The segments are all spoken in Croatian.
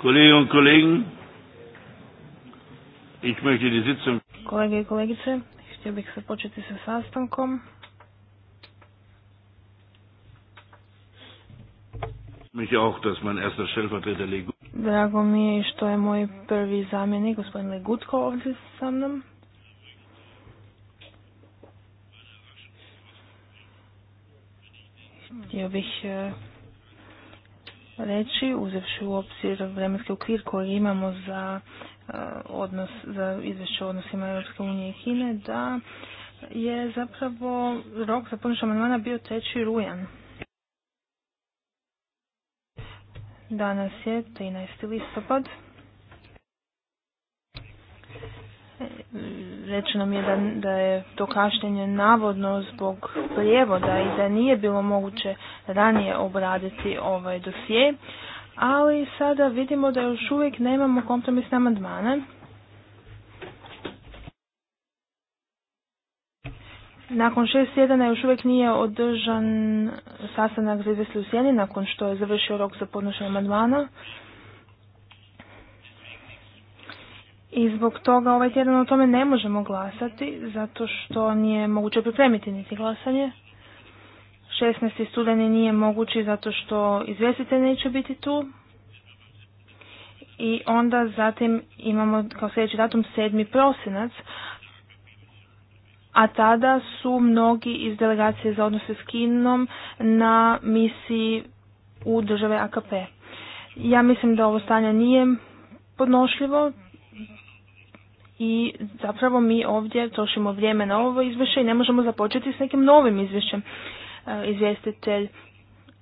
Kolleginnen und Kollegen, ich möchte die Sitzung. Kolege i kolegice, htio bih se početi sa sastankom. Mich auch, dass mein erster Stellvertreter Legut. Drago mi je što je moj prvi zamjenik, gospodin Legutko, ovdje sa mnom. Htio bih eh, reći, uzevši u obzir vremenski okvir koji imamo za e, odnos, za izvješće o odnosima Europske unije i Kine, da je zapravo rok za podnošenje amandmana bio treći rujan. Danas je 13. listopad. rečeno mi je da, da je to kašnjenje navodno zbog prijevoda i da nije bilo moguće ranije obraditi ovaj dosje, ali sada vidimo da još uvijek nemamo kompromisne amandmane. Nakon šest tjedana još uvijek nije održan sastanak za u nakon što je završio rok za podnošenje amandmana. I zbog toga ovaj tjedan o tome ne možemo glasati, zato što nije moguće pripremiti niti glasanje. 16. studeni nije mogući zato što izvjestitelji neće biti tu. I onda zatim imamo kao sljedeći datum 7. prosinac, a tada su mnogi iz delegacije za odnose s Kinom na misiji u države AKP. Ja mislim da ovo stanje nije podnošljivo, i zapravo mi ovdje trošimo vrijeme na ovo izvješće i ne možemo započeti s nekim novim izvješćem. E, izvjestitelj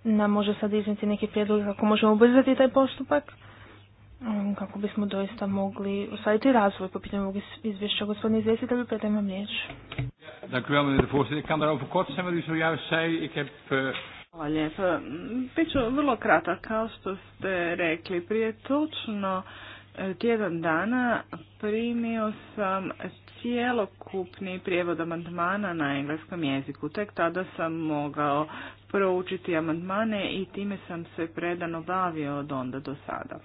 nam može sad iznijeti neki prijedlog kako možemo ubrzati taj postupak mm, kako bismo doista mogli ostaviti razvoj po pitanju ovog izvješća. Gospodin izvjestitelju, predajem vam riječ. Hvala lijepa. Biću vrlo kratak, kao što ste rekli. Prije točno tjedan dana primio sam cijelokupni prijevod amandmana na engleskom jeziku. Tek tada sam mogao proučiti amandmane i time sam se predano bavio od onda do sada.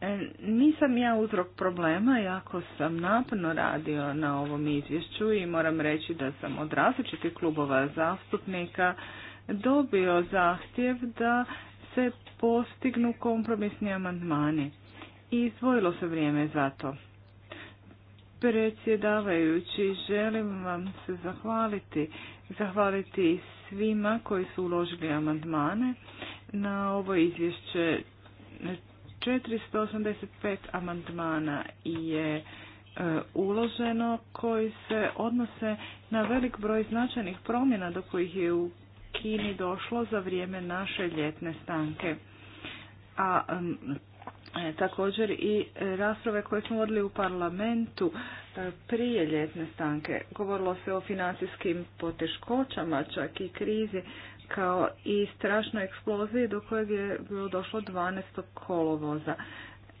E, nisam ja uzrok problema, jako sam napno radio na ovom izvješću i moram reći da sam od različitih klubova zastupnika dobio zahtjev da se postignu kompromisni amandmani. I izdvojilo se vrijeme za to. Predsjedavajući, želim vam se zahvaliti, zahvaliti svima koji su uložili amandmane na ovo izvješće. 485 amandmana je e, uloženo koji se odnose na velik broj značajnih promjena do kojih je u Kini došlo za vrijeme naše ljetne stanke a e, također i rasprave koje smo vodili u parlamentu e, prije ljetne stanke. Govorilo se o financijskim poteškoćama, čak i krizi, kao i strašnoj eksploziji do kojeg je bilo došlo 12. kolovoza.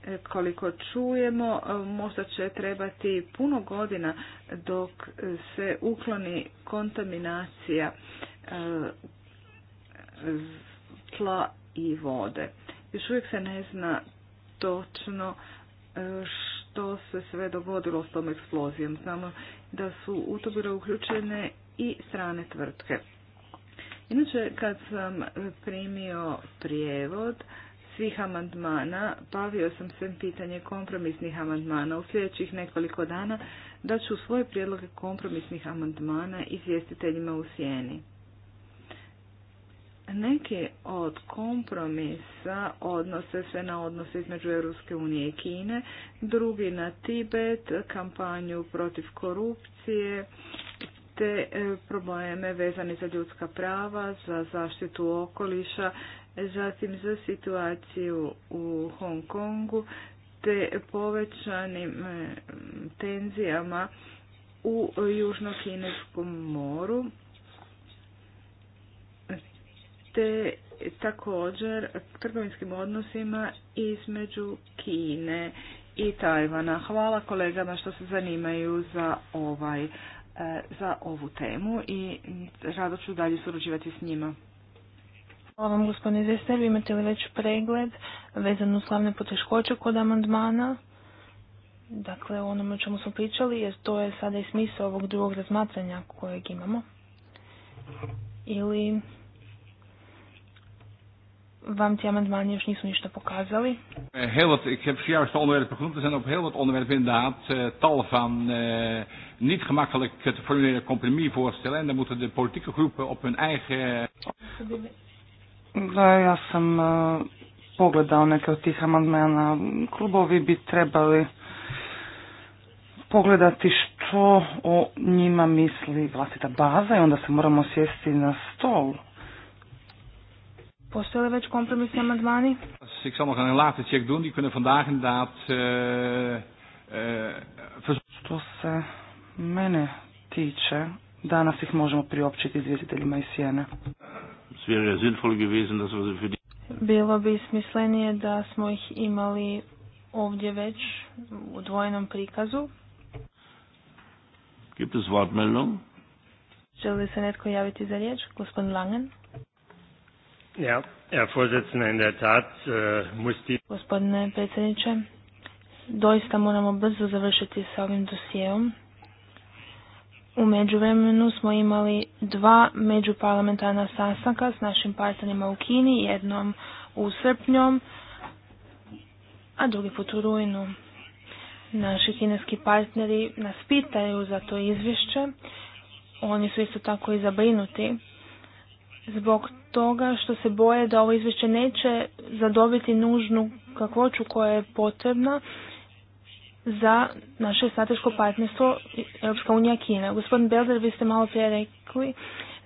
E, koliko čujemo, možda će trebati puno godina dok se ukloni kontaminacija tla i vode. Još uvijek se ne zna točno e, što se sve dogodilo s tom eksplozijom. Znamo da su u to uključene i strane tvrtke. Inače, kad sam primio prijevod svih amandmana, bavio sam se pitanje kompromisnih amandmana. U sljedećih nekoliko dana da ću svoje prijedloge kompromisnih amandmana izvjestiteljima u sjeni. Neki od kompromisa odnose se na odnose između Europske unije i Kine, drugi na Tibet, kampanju protiv korupcije, te e, probleme vezane za ljudska prava, za zaštitu okoliša, zatim za situaciju u Hong Kongu, te povećanim e, tenzijama u Južno-Kineskom moru te također trgovinskim odnosima između Kine i Tajvana. Hvala kolegama što se zanimaju za ovaj e, za ovu temu i rado ću dalje surađivati s njima. Hvala vam gospodine Zester, vi imate li već pregled vezano uz slavne poteškoće kod amandmana? Dakle, ono o čemu smo pričali, jer to je sada i smisao ovog drugog razmatranja kojeg imamo. Ili vam ti amandmani još nisu ništa pokazali. Eh, heel wat, ik heb zojuist de onderwerpen genoemd. Er zijn op heel wat onderwerpen inderdaad uh, tal van uh, niet gemakkelijk te formuleren voorstellen En dan moeten de politieke groepen op hun eigen... Da, ja sam pogleda pogledao neke od tih amandmana. Klubovi bi trebali pogledati što o njima misli vlastita baza i onda se moramo sjesti na stol Postoje li već kompromisni amandmani? Ik zal nog een later check doen. Die kunnen vandaag inderdaad... Eh, eh, Što se mene tiče, danas ih možemo priopćiti izvjetiteljima iz Sijene. Bilo bi smislenije da smo ih imali ovdje već u dvojnom prikazu. Gibt es Wortmeldung? Želi se netko javiti za riječ? Gospodin Langen? Äh, Gospodine predsjedniče, doista moramo brzo završiti sa ovim dosijevom. U međuvremenu smo imali dva međuparlamentarna sastanka s našim partnerima u Kini, jednom u srpnjom, a drugi put u rujnu. Naši kineski partneri nas pitaju za to izvješće. Oni su isto tako i zabrinuti zbog toga što se boje da ovo izvješće neće zadobiti nužnu kakvoću koja je potrebna za naše strateško partnerstvo Europska unija Kina. Gospodin Belder, vi ste malo prije rekli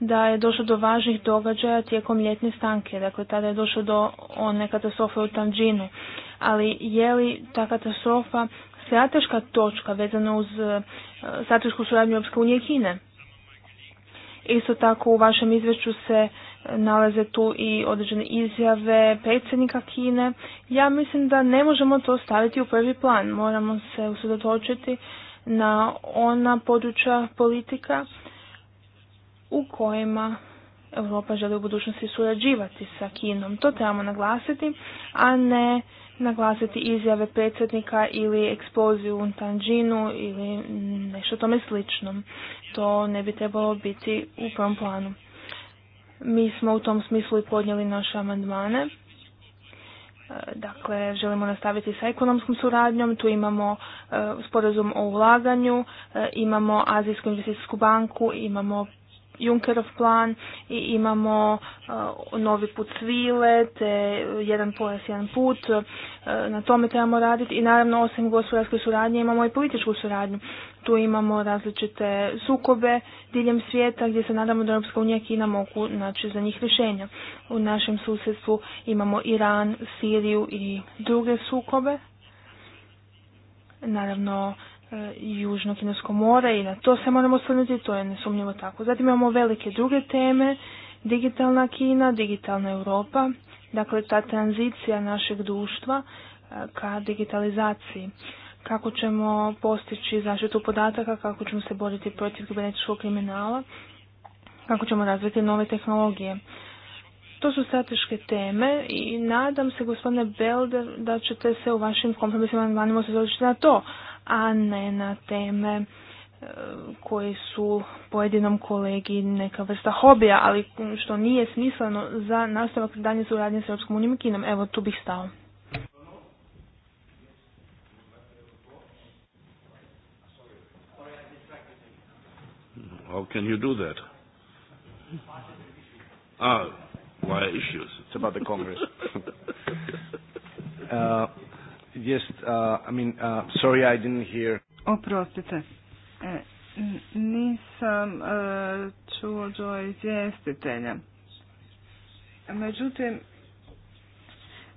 da je došlo do važnih događaja tijekom ljetne stanke, dakle tada je došlo do one katastrofe u Tanđinu. Ali je li ta katastrofa strateška točka vezana uz eh, stratešku suradnju Europske unije Kine? Isto tako u vašem izvješću se nalaze tu i određene izjave predsjednika Kine. Ja mislim da ne možemo to staviti u prvi plan. Moramo se usredotočiti na ona područja politika u kojima Europa želi u budućnosti surađivati sa Kinom. To trebamo naglasiti, a ne naglasiti izjave predsjednika ili eksploziju u Tanđinu ili nešto tome slično. To ne bi trebalo biti u prvom planu. Mi smo u tom smislu i podnijeli naše amandmane. E, dakle, želimo nastaviti sa ekonomskom suradnjom, tu imamo e, sporazum o ulaganju, e, imamo Azijsku investicijsku banku, imamo Junkerov plan i imamo uh, novi put svile, te jedan pojas, jedan put. Uh, na tome trebamo raditi i naravno osim gospodarske suradnje imamo i političku suradnju. Tu imamo različite sukobe diljem svijeta gdje se nadamo da Europska unija i Kina mogu naći za njih rješenja. U našem susjedstvu imamo Iran, Siriju i druge sukobe. Naravno, E, Južno Kinesko more i na to se moramo osvrnuti, to je nesumnjivo tako. Zatim imamo velike druge teme, digitalna Kina, digitalna Europa, dakle ta tranzicija našeg društva e, ka digitalizaciji. Kako ćemo postići zaštitu podataka, kako ćemo se boriti protiv kibernetičkog kriminala, kako ćemo razviti nove tehnologije. To su strateške teme i nadam se, gospodine Belder, da ćete se u vašim kompromisnim se složiti na to, a ne na teme e, koje su pojedinom kolegi neka vrsta hobija, ali što nije smisleno za nastavak danje suradnje s Europskom unijom Kinom. Evo, tu bih stao. How can you do that? Ah, my issues. It's about the Congress. uh, yes, uh, I mean, uh, sorry I didn't hear. Oprostite. E, nisam uh, čuo do izvjestitelja. Međutim,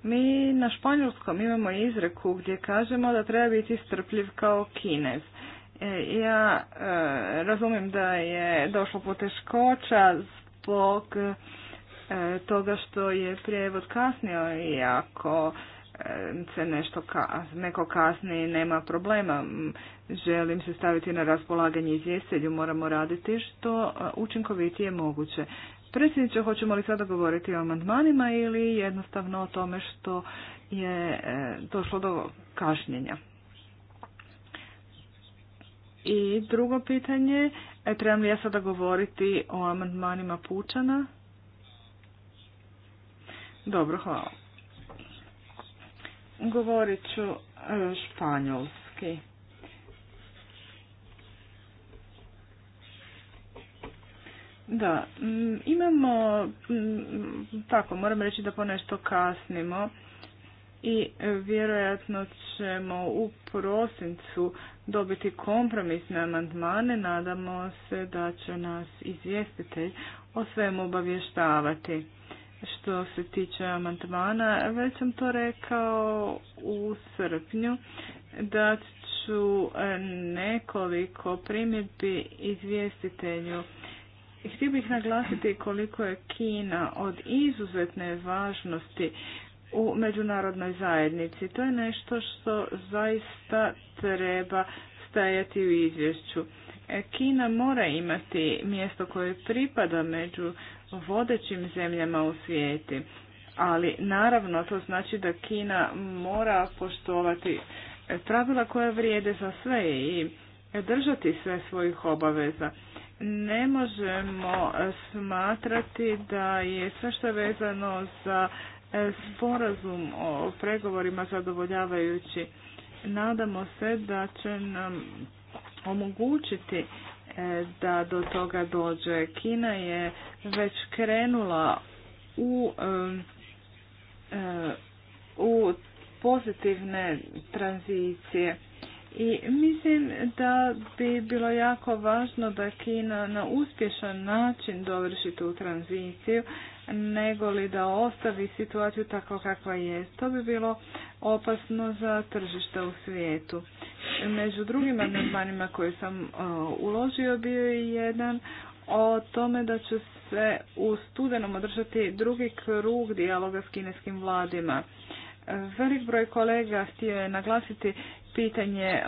mi na španjolskom imamo izreku gdje kažemo da treba biti strpljiv kao kinez. E, ja e, razumijem da je došlo poteškoća zbog E, toga što je prijevod kasnio i ako e, se nešto neko kasni nema problema. Želim se staviti na raspolaganje izvjestelju, moramo raditi što e, učinkovitije moguće. Predsjedniče, hoćemo li sada govoriti o amandmanima ili jednostavno o tome što je došlo do kašnjenja? I drugo pitanje, trebam li ja sada govoriti o amandmanima Pučana? Dobro, hvala. Govorit ću e, španjolski. Da, imamo, tako moram reći da ponešto kasnimo i vjerojatno ćemo u prosincu dobiti kompromisne amandmane. Nadamo se da će nas izvjestitelj o svemu obavještavati što se tiče amandmana. Već sam to rekao u srpnju da ću e, nekoliko primjedbi izvjestitelju. Htio bih naglasiti koliko je Kina od izuzetne važnosti u međunarodnoj zajednici. To je nešto što zaista treba stajati u izvješću. E, Kina mora imati mjesto koje pripada među vodećim zemljama u svijeti. Ali naravno to znači da Kina mora poštovati pravila koja vrijede za sve i držati sve svojih obaveza. Ne možemo smatrati da je sve što je vezano za sporazum o pregovorima zadovoljavajući. Nadamo se da će nam omogućiti E, da do toga dođe. Kina je već krenula u, e, u pozitivne tranzicije i mislim da bi bilo jako važno da Kina na uspješan način dovrši tu tranziciju nego li da ostavi situaciju tako kakva je. To bi bilo opasno za tržište u svijetu. Među drugim amandmanima koje sam e, uložio bio je jedan o tome da će se u studenom održati drugi krug dijaloga s kineskim vladima. Velik broj kolega htio je naglasiti pitanje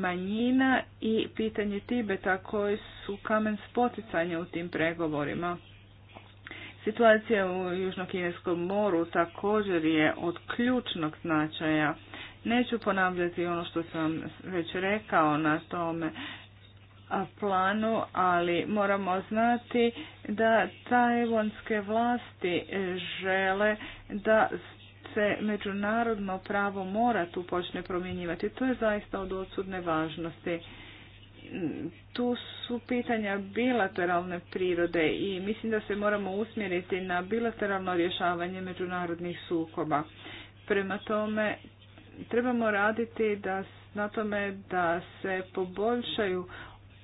manjina i pitanje Tibeta koji su kamen spoticanja u tim pregovorima. Situacija u Južnokineskom moru također je od ključnog značaja Neću ponavljati ono što sam već rekao na tome planu, ali moramo znati da tajvonske vlasti e, žele da se međunarodno pravo mora tu počne promjenjivati. To je zaista od odsudne važnosti. Tu su pitanja bilateralne prirode i mislim da se moramo usmjeriti na bilateralno rješavanje međunarodnih sukoba. Prema tome, trebamo raditi da, na tome da se poboljšaju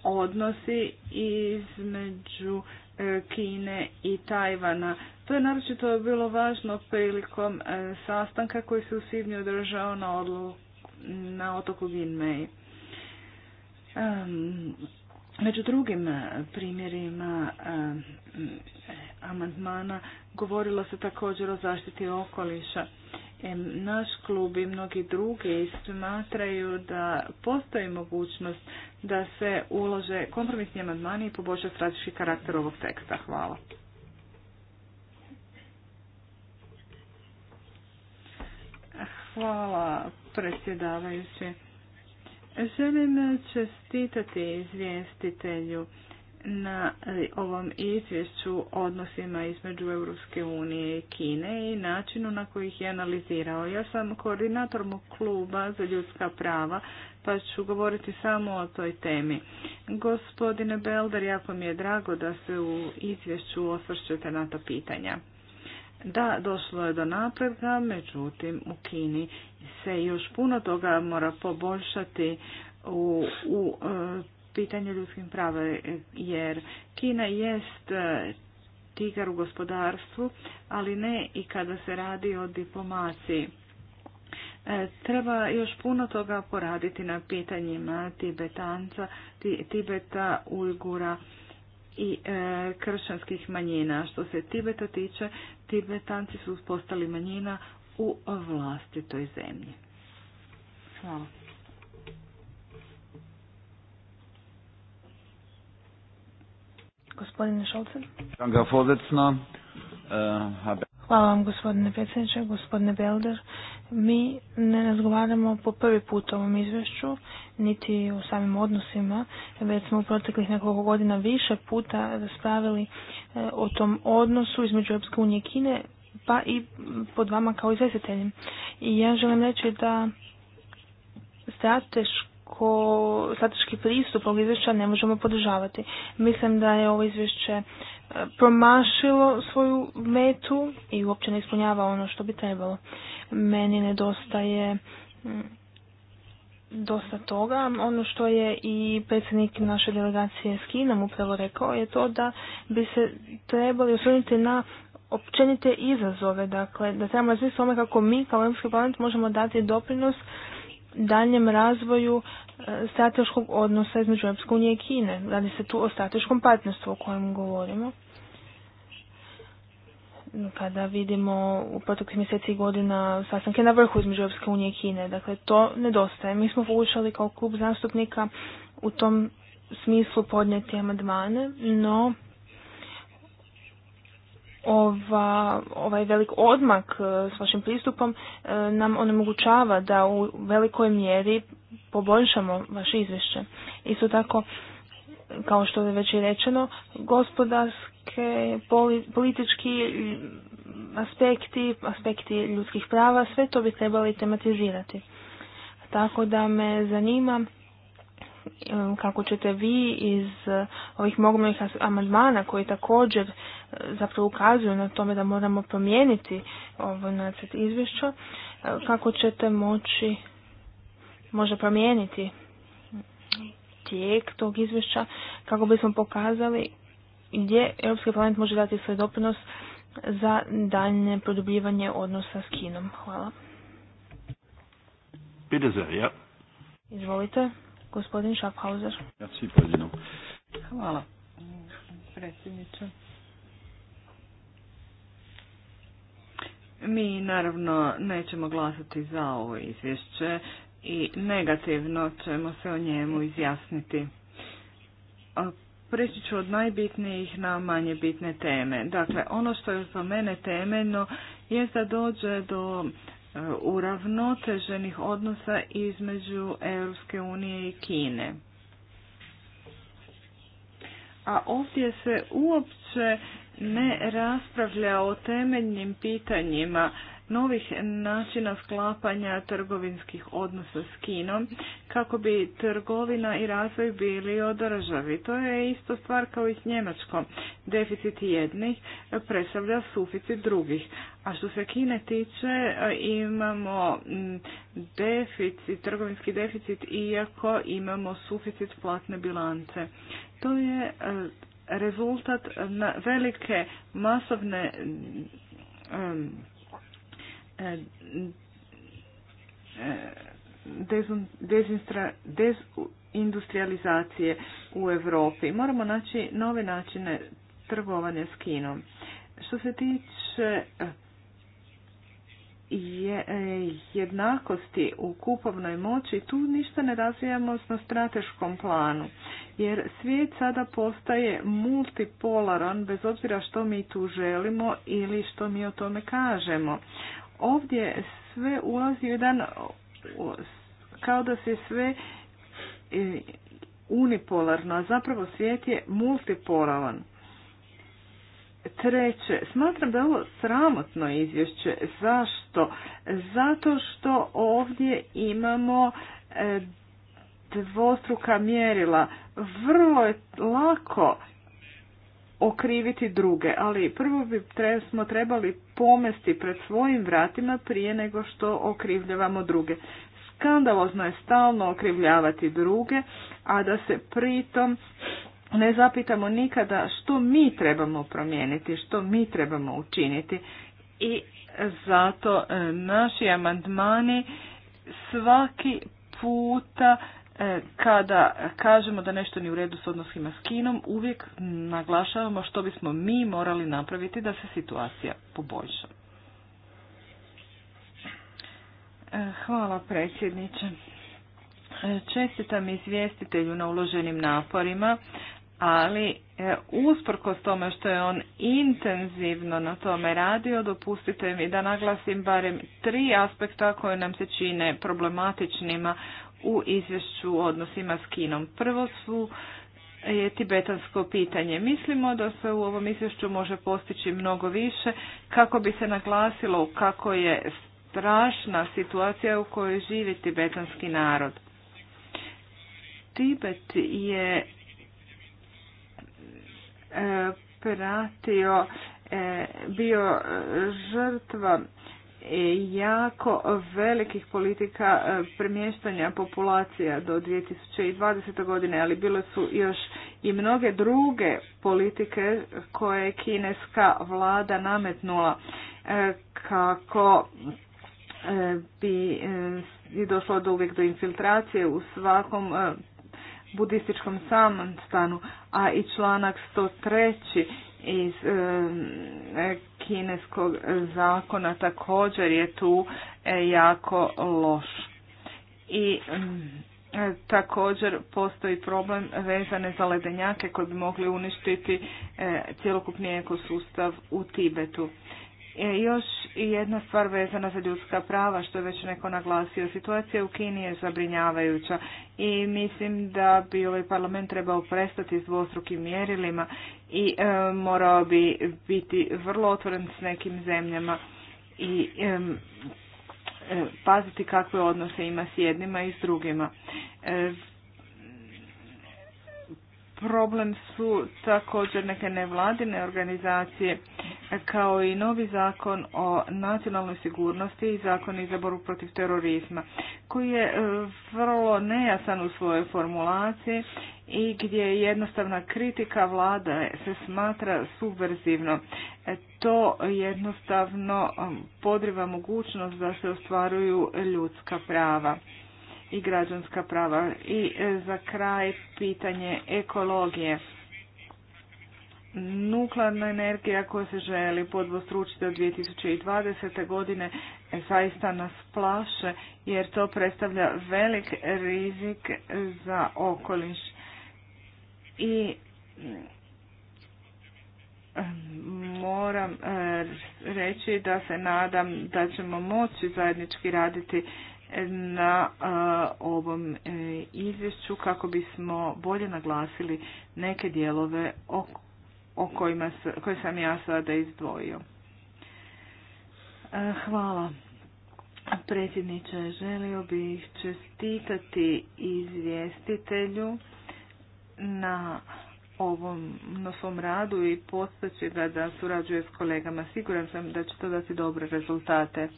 odnosi između e, Kine i Tajvana. To je naročito bilo važno prilikom e, sastanka koji se u svibnju održao na, odlu, na otoku Ginmei. Među drugim e, primjerima amandmana govorilo se također o zaštiti okoliša. Naš klub i mnogi drugi smatraju da postoji mogućnost da se ulože kompromisni amandmani i poboljša strateški karakter ovog teksta. Hvala. Hvala predsjedavajući. Želim čestitati izvjestitelju na ovom izvješću odnosima između Europske unije i Kine i načinu na koji ih je analizirao. Ja sam koordinator mog kluba za ljudska prava, pa ću govoriti samo o toj temi. Gospodine Belder, jako mi je drago da se u izvješću osvršćete na to pitanja. Da, došlo je do napretka, međutim u Kini se još puno toga mora poboljšati u, u pitanje ljudskim prava, jer Kina jest e, tigar u gospodarstvu, ali ne i kada se radi o diplomaciji. E, treba još puno toga poraditi na pitanjima Tibetanca, Tibeta, Ujgura i e, kršćanskih manjina. Što se Tibeta tiče, Tibetanci su postali manjina u vlastitoj zemlji. Hvala. Gospodine Šolcen. Hvala vam gospodine predsjedniče, gospodine Belder. Mi ne razgovaramo po prvi put o ovom izvješću, niti o samim odnosima, već smo u proteklih nekoliko godina više puta raspravili eh, o tom odnosu između Europske unije i Kine, pa i pod vama kao izvjestiteljem. I ja želim reći da strateško o strateški pristup ovog izvješća ne možemo podržavati. Mislim da je ovo izvješće e, promašilo svoju metu i uopće ne ispunjava ono što bi trebalo. Meni nedostaje dosta toga. Ono što je i predsjednik naše delegacije s Kinom upravo rekao je to da bi se trebali osvrnuti na općenite izazove, dakle da trebamo razmisliti o kako mi kao Europski parlament možemo dati doprinos daljem razvoju strateškog odnosa između Europske unije i Kine. Radi se tu o strateškom partnerstvu o kojem govorimo. Kada vidimo u proteklih mjeseci i godina sastanke na vrhu između Europske unije i Kine, dakle to nedostaje. Mi smo pokušali kao klub zastupnika u tom smislu podnijeti amandmane, no ova, ovaj velik odmak e, s vašim pristupom e, nam onemogućava da u velikoj mjeri poboljšamo vaše izvješće. Isto tako, kao što je već i rečeno, gospodarske, politički e, aspekti, aspekti ljudskih prava, sve to bi trebali tematizirati. Tako da me zanima Um, kako ćete vi iz uh, ovih mogućih amandmana koji također uh, zapravo ukazuju na tome da moramo promijeniti ovo ovaj nacrt izvješća, uh, kako ćete moći možda promijeniti tijek tog izvješća kako bismo pokazali gdje Europski parlament može dati svoj doprinos za daljnje produbljivanje odnosa s Kinom. Hvala. Izvolite. Gospodin Schaffhauser. Hvala, predsjedniče. Mi naravno nećemo glasati za ovo izvješće i negativno ćemo se o njemu izjasniti. Preći ću od najbitnijih na manje bitne teme. Dakle, ono što je za mene temeljno je da dođe do uravnoteženih odnosa između Europske unije i Kine. A ovdje se uopće ne raspravlja o temeljnim pitanjima novih načina sklapanja trgovinskih odnosa s Kinom kako bi trgovina i razvoj bili održavi. To je isto stvar kao i s Njemačkom. Deficit jednih predstavlja suficit drugih. A što se Kine tiče, imamo mm, deficit, trgovinski deficit iako imamo suficit platne bilance. To je e, rezultat na velike masovne mm, dezindustrializacije u Europi. Moramo naći nove načine trgovanja s Kinom. Što se tiče jednakosti u kupovnoj moći, tu ništa ne razvijamo na strateškom planu, jer svijet sada postaje multipolaran bez obzira što mi tu želimo ili što mi o tome kažemo. Ovdje sve ulazi u jedan, kao da se sve e, unipolarno, a zapravo svijet je multipolaran. Treće, smatram da je ovo sramotno izvješće. Zašto? Zato što ovdje imamo e, dvostruka mjerila. Vrlo je lako okriviti druge, ali prvo bi smo trebali pomesti pred svojim vratima prije nego što okrivljavamo druge. Skandalozno je stalno okrivljavati druge, a da se pritom ne zapitamo nikada što mi trebamo promijeniti, što mi trebamo učiniti. I zato e, naši amandmani svaki puta E, kada kažemo da nešto nije u redu s odnosima s Kinom, uvijek naglašavamo što bismo mi morali napraviti da se situacija poboljša. E, hvala predsjedniče. E, čestitam izvjestitelju na uloženim naporima, ali usprkos tome što je on intenzivno na tome radio, dopustite mi da naglasim barem tri aspekta koje nam se čine problematičnima u izvješću o odnosima s Kinom. Prvo su je tibetansko pitanje. Mislimo da se u ovom izvješću može postići mnogo više kako bi se naglasilo kako je strašna situacija u kojoj živi tibetanski narod. Tibet je e, pratio e, bio e, žrtva jako velikih politika e, premještanja populacija do 2020. godine, ali bile su još i mnoge druge politike koje je kineska vlada nametnula e, kako e, bi došlo do uvijek do infiltracije u svakom budističkom samostanu, a i članak 103 iz e, kineskog zakona također je tu e, jako loš. I e, također postoji problem vezane za ledenjake koji bi mogli uništiti cjelokupni ekosustav u Tibetu. E, još jedna stvar vezana za ljudska prava, što je već neko naglasio. Situacija u Kini je zabrinjavajuća i mislim da bi ovaj parlament trebao prestati s dvostrukim mjerilima i e, morao bi biti vrlo otvoren s nekim zemljama i e, e, paziti kakve odnose ima s jednima i s drugima. problem su također neke nevladine organizacije kao i novi zakon o nacionalnoj sigurnosti i Zakon za borbu protiv terorizma, koji je e, vrlo nejasan u svojoj formulaciji i gdje jednostavna kritika vlada se smatra subverzivno. E, to jednostavno e, podriva mogućnost da se ostvaruju ljudska prava i građanska prava. I za kraj pitanje ekologije nuklearna energija koja se želi podvostručiti od 2020. godine e, zaista nas plaše jer to predstavlja velik rizik za okoliš. I mm, moram e, reći da se nadam da ćemo moći zajednički raditi na e, ovom izvješću kako bismo bolje naglasili neke dijelove o kojima, koje sam ja sada izdvojio. E, hvala. Predsjedniče, želio bih čestitati izvjestitelju na ovom na svom radu i postaći ga da surađuje s kolegama. Siguran sam da će to dati dobre rezultate.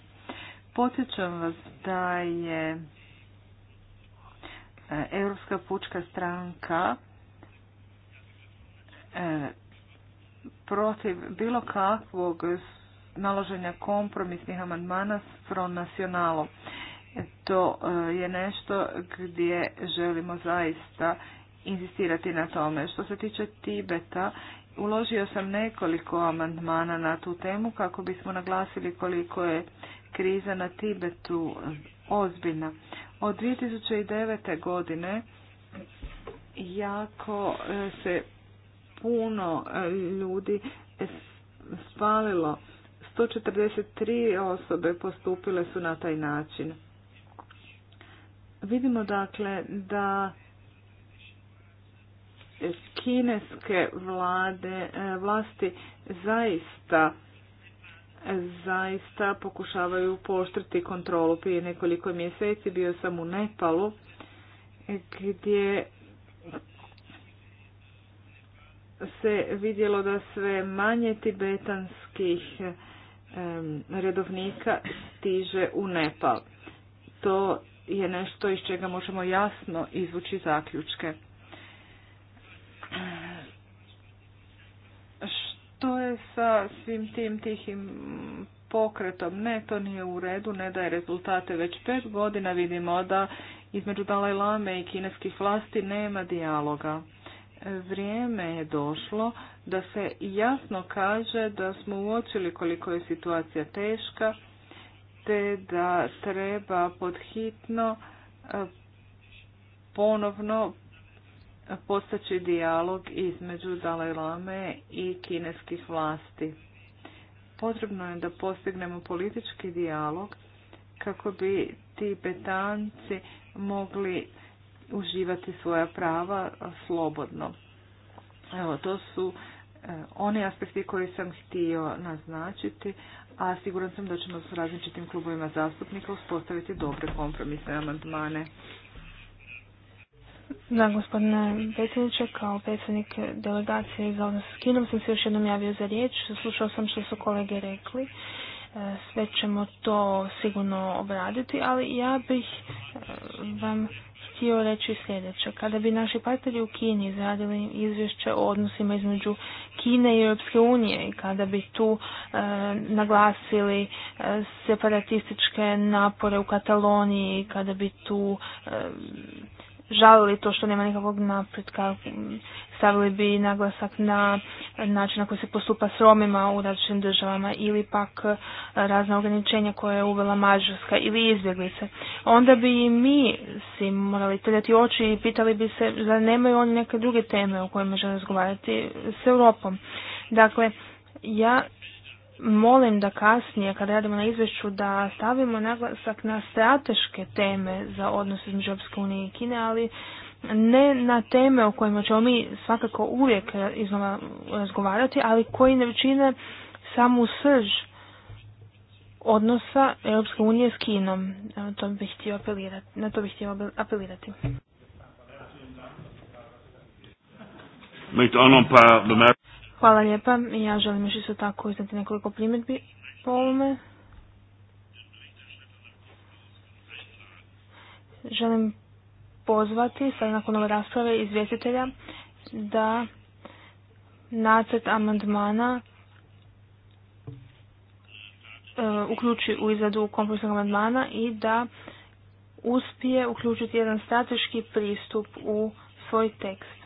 Podsjećam vas da je e, Europska pučka stranka e, protiv bilo kakvog naloženja kompromisnih amandmana s Nacionalom. E, to e, je nešto gdje želimo zaista inzistirati na tome. Što se tiče Tibeta, uložio sam nekoliko amandmana na tu temu kako bismo naglasili koliko je kriza na Tibetu ozbiljna. Od 2009. godine jako e, se puno e, ljudi spalilo. 143 osobe postupile su na taj način. Vidimo dakle da kineske vlade, e, vlasti zaista zaista pokušavaju poštriti kontrolu. Prije nekoliko mjeseci bio sam u Nepalu gdje se vidjelo da sve manje tibetanskih redovnika stiže u Nepal. To je nešto iz čega možemo jasno izvući zaključke. Što je sa svim tim tihim pokretom? Ne, to nije u redu, ne daje rezultate. Već pet godina vidimo da između Dalaj Lame i kineskih vlasti nema dijaloga vrijeme je došlo da se jasno kaže da smo uočili koliko je situacija teška te da treba podhitno e, ponovno postaći dijalog između Dalaj Lame i kineskih vlasti. Potrebno je da postignemo politički dijalog kako bi Tibetanci mogli uživati svoja prava slobodno. Evo, to su e, oni aspekti koji sam htio naznačiti, a siguran sam da ćemo s različitim klubovima zastupnika uspostaviti dobre kompromisne amandmane. Da, gospodine predsjedniče, kao predsjednik delegacije za odnos s Kinom sam se još jednom javio za riječ. Slušao sam što su kolege rekli. E, sve ćemo to sigurno obraditi, ali ja bih e, vam htio reći sljedeće. Kada bi naši partneri u Kini izradili izvješće o odnosima između Kine i Europske unije i kada bi tu e, naglasili e, separatističke napore u Kataloniji, kada bi tu e, žalili to što nema nikakvog napretka, stavili bi naglasak na način na koji se postupa s Romima u različitim državama ili pak e, razna ograničenja koje je uvela Mađarska ili izbjeglice. Onda bi i mi si morali trljati oči i pitali bi se da nemaju oni neke druge teme o kojima žele razgovarati s Europom. Dakle, ja molim da kasnije kada radimo na izvješću da stavimo naglasak na strateške teme za odnos između EU unije i Kine, ali ne na teme o kojima ćemo mi svakako uvijek iznova razgovarati, ali koji ne čine samu srž odnosa Europske unije s Kinom. To bih htio apelirati, na to bih htio apelirati. Hvala lijepa. Ja želim još isto tako iznati nekoliko primjedbi po ovome. Želim pozvati, sad nakon ove rasprave, izvjestitelja da nacrt amandmana e, uključi u izradu kompromisnog amandmana i da uspije uključiti jedan strateški pristup u svoj tekst.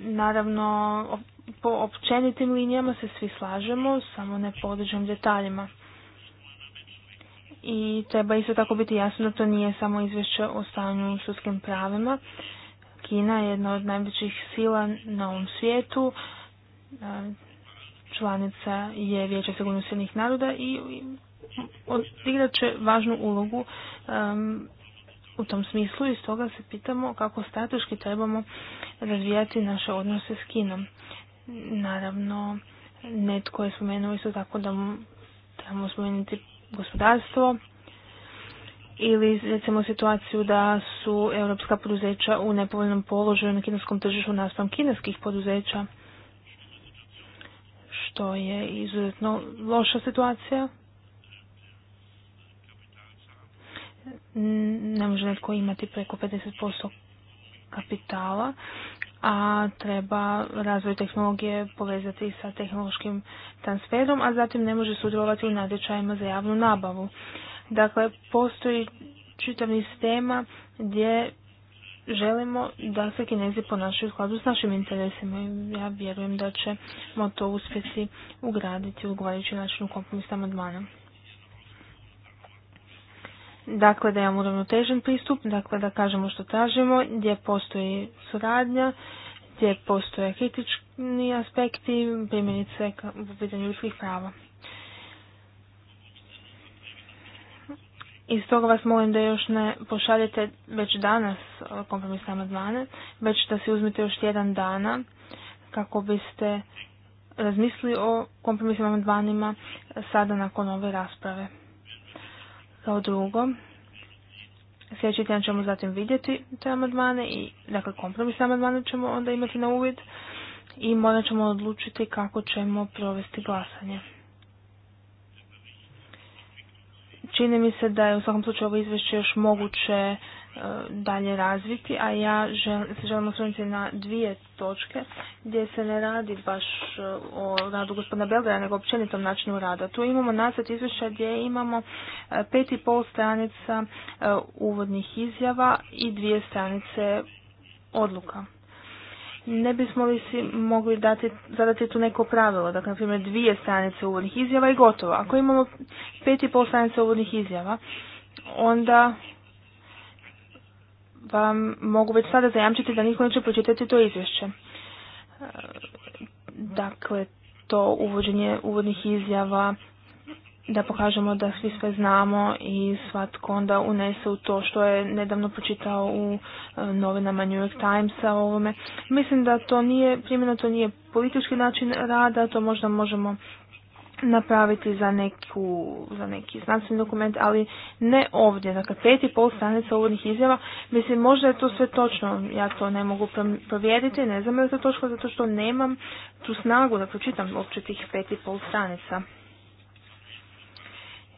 Naravno, po općenitim linijama se svi slažemo, samo ne po određenim detaljima. I treba isto tako biti jasno da to nije samo izvješće o stanju sudskim pravima. Kina je jedna od najvećih sila na ovom svijetu. Članica je Vijeća sigurnosti naroda i odigrat će važnu ulogu u tom smislu i stoga se pitamo kako strateški trebamo razvijati naše odnose s Kinom. Naravno, netko je spomenuo isto tako da trebamo spomenuti gospodarstvo ili recimo situaciju da su europska poduzeća u nepovoljnom položaju na kineskom tržištu naspram kineskih poduzeća, što je izuzetno loša situacija ne može netko imati preko 50% kapitala, a treba razvoj tehnologije povezati sa tehnološkim transferom, a zatim ne može sudjelovati u natječajima za javnu nabavu. Dakle, postoji čitav niz tema gdje želimo da se kinezi ponašaju u skladu s našim interesima i ja vjerujem da ćemo to uspjeti ugraditi u odgovarajući način u kompromis amandmana. Dakle, da imamo uravnotežen pristup, dakle da kažemo što tražimo, gdje postoji suradnja, gdje postoje kritični aspekti, primjerice u pitanju ljudskih prava. I stoga vas molim da još ne pošaljete već danas e, kompromisne amandmane, već da si uzmete još jedan dana kako biste razmislili o kompromisnim amandmanima e, sada nakon ove rasprave. Kao drugo, sljedeći tjedan ćemo zatim vidjeti te amandmane i dakle kompromis amandmane ćemo onda imati na uvid i morat ćemo odlučiti kako ćemo provesti glasanje. Čini mi se da je u svakom slučaju ovo izvješće još moguće E, dalje razviti, a ja želim osvrnuti na dvije točke gdje se ne radi baš e, o radu gospodina Belgrada, nego općenitom načinu rada. Tu imamo nacrt izvješća gdje imamo e, pet i pol stranica uvodnih izjava i dvije stranice odluka. Ne bismo li si mogli dati, zadati tu neko pravilo, dakle, na primjer, dvije stranice uvodnih izjava i gotovo. Ako imamo pet i pol stranica uvodnih izjava, onda vam mogu već sada zajamčiti da niko neće pročitati to izvješće. E, dakle, to uvođenje uvodnih izjava, da pokažemo da svi sve znamo i svatko onda unese u to što je nedavno pročitao u e, novinama New York Timesa o ovome. Mislim da to nije, primjeno to nije politički način rada, to možda možemo napraviti za, neku, za neki znanstveni dokument, ali ne ovdje. Dakle, pet i pol stranica uvodnih izjava, mislim, možda je to sve točno, ja to ne mogu provjeriti, ne znam je li to točno, zato što nemam tu snagu da pročitam uopće tih pet i pol stranica.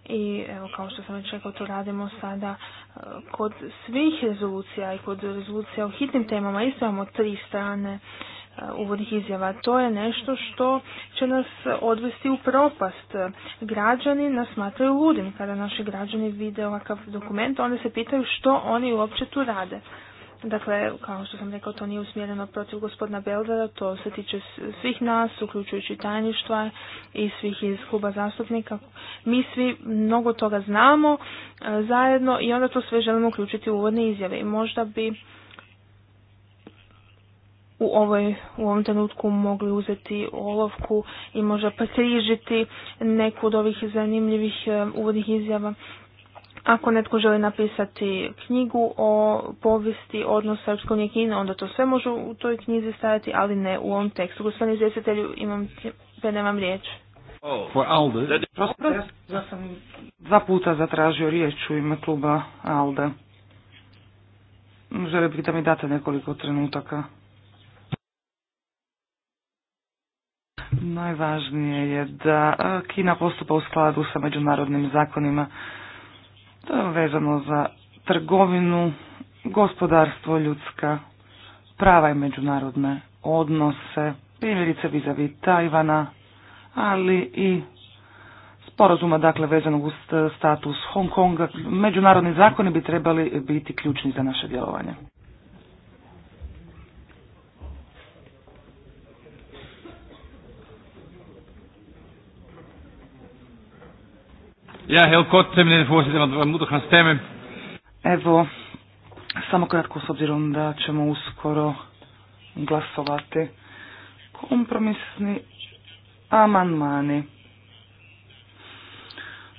I evo, kao što sam već rekao, to radimo sada e, kod svih rezolucija i kod rezolucija o hitnim temama. Isto imamo tri strane uvodnih izjava. To je nešto što će nas odvesti u propast. Građani nas smatraju ludim. Kada naši građani vide ovakav dokument, onda se pitaju što oni uopće tu rade. Dakle, kao što sam rekao, to nije usmjereno protiv gospodina Beldara. to se tiče svih nas, uključujući tajništva i svih iz kluba zastupnika. Mi svi mnogo toga znamo e, zajedno i onda to sve želimo uključiti u uvodne izjave. I možda bi u, ovoj, u ovom trenutku mogli uzeti olovku i možda prekrižiti neku od ovih zanimljivih e, uvodnih izjava. Ako netko želi napisati knjigu o povijesti odnosa Srpskog njekina, onda to sve može u toj knjizi stajati, ali ne u ovom tekstu. Gospodin izvjestitelju, imam, riječ. sam dva puta zatražio riječ u ime kluba Alde. Želio bih da mi date nekoliko trenutaka. Najvažnije je da Kina postupa u skladu sa međunarodnim zakonima. To vezano za trgovinu, gospodarstvo, ljudska prava i međunarodne odnose, primjerice vizavi Tajvana, ali i sporazuma dakle vezanog uz status Hong Konga. Međunarodni zakoni bi trebali biti ključni za naše djelovanje. Ja, heel kort, meneer voorzitter, want we moeten gaan stemmen. Evo, samo kratko s obzirom da ćemo uskoro glasovati kompromisni amandmani.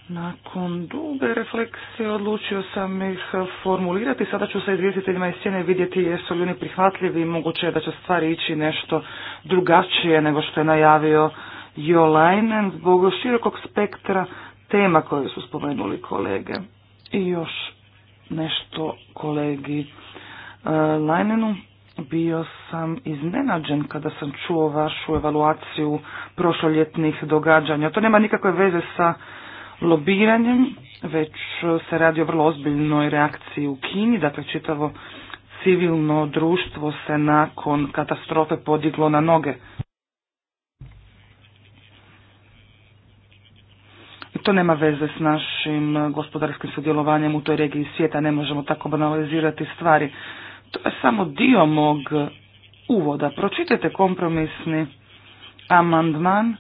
Nakon duge refleksije odlučio sam ih formulirati. Sada ću sa izvjestiteljima iz cijene vidjeti jesu li oni prihvatljivi i moguće je da će stvari ići nešto drugačije nego što je najavio Jolajnen zbog širokog spektra tema koje su spomenuli kolege. I još nešto kolegi e, Lajnenu. Bio sam iznenađen kada sam čuo vašu evaluaciju prošoljetnih događanja. To nema nikakve veze sa lobiranjem, već se radi o vrlo ozbiljnoj reakciji u Kini, dakle čitavo civilno društvo se nakon katastrofe podiglo na noge. To nema veze s našim gospodarskim sudjelovanjem u toj regiji svijeta, ne možemo tako banalizirati stvari. To je samo dio mog uvoda. Pročitajte kompromisni amandman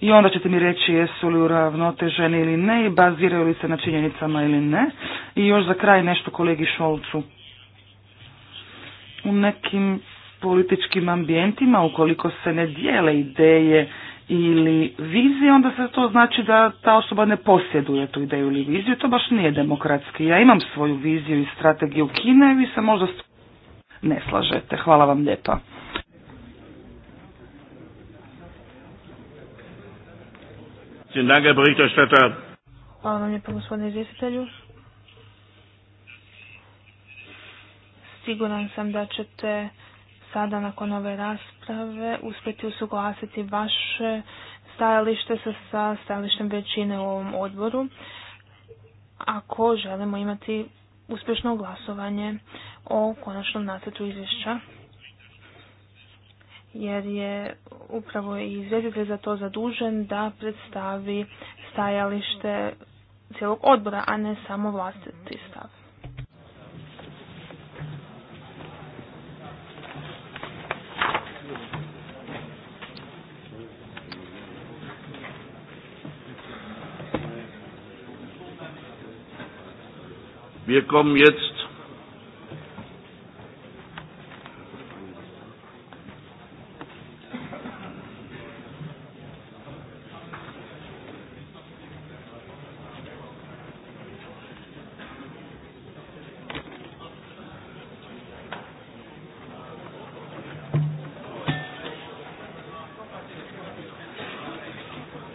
i onda ćete mi reći jesu li uravnoteženi ili ne i baziraju li se na činjenicama ili ne. I još za kraj nešto kolegi Šolcu. U nekim političkim ambijentima, ukoliko se ne dijele ideje ili vizije, onda se to znači da ta osoba ne posjeduje tu ideju ili viziju. To baš nije demokratski. Ja imam svoju viziju i strategiju Kine i vi se možda ne slažete. Hvala vam lijepa. Hvala vam lijepo gospodine izvjestitelju. Siguran sam da ćete sada nakon ove rasprave uspjeti usuglasiti vaše stajalište sa stajalištem većine u ovom odboru ako želimo imati uspješno glasovanje o konačnom nacrtu izvješća jer je upravo i izvjetitelj za to zadužen da predstavi stajalište cijelog odbora, a ne samo vlastiti stav. Wir kommen jetzt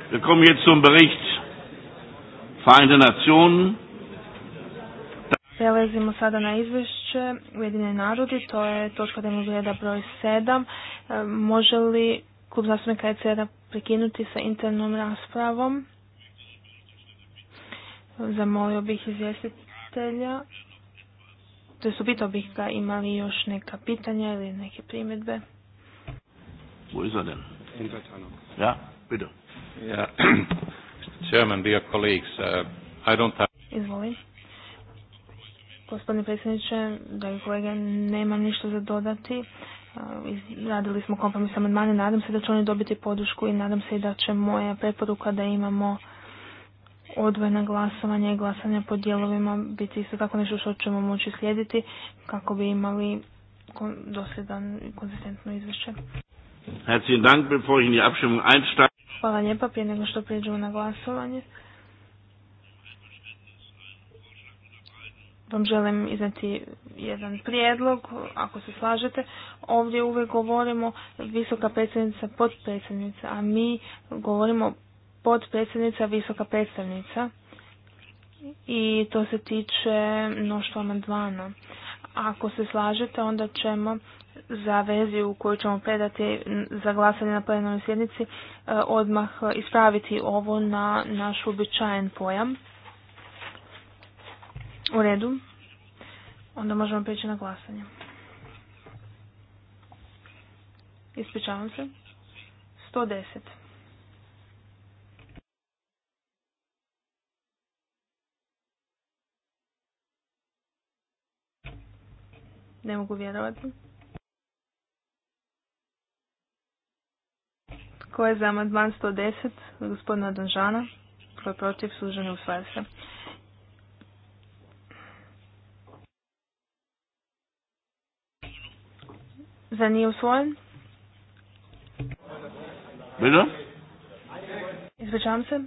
Wir kommen jetzt zum Bericht Vereinter Nationen Prelazimo sada na izvješće Ujedine narodi, to je točka dnevnog reda broj 7. E, može li klub zastupnika ECR prekinuti sa internom raspravom? Zamolio bih izvjestitelja, to je upitao bih ga imali još neka pitanja ili neke primjedbe. Wo er Ja, bitte. Ja, Chairman, dear colleagues, uh, I don't Gospodine predsjedniče, dragi kolege, nemam ništa za dodati. E, Radili smo kompromis amandmane, nadam se da će oni dobiti podršku i nadam se i da će moja preporuka da imamo odvojena glasovanja i glasanja po dijelovima biti isto tako nešto što ćemo moći slijediti kako bi imali dosljedan i konzistentno izvješće. Hvala lijepa, prije nego što prijeđemo na glasovanje. vam želim izneti jedan prijedlog, ako se slažete. Ovdje uvijek govorimo visoka predsjednica, podpredsjednica, a mi govorimo podpredsjednica, visoka predstavnica. I to se tiče mnoštva amandmana. Ako se slažete, onda ćemo za veziju koju ćemo predati za glasanje na plenarnoj sjednici e, odmah ispraviti ovo na naš uobičajen pojam u redu. Onda možemo prijeći na glasanje. Ispričavam se. 110. Ne mogu vjerovati. Ko je za amandman 110? Gospodina Donžana. Ko je protiv? služenja u se. Za nije usvojen? Bilo? Ispričavam se.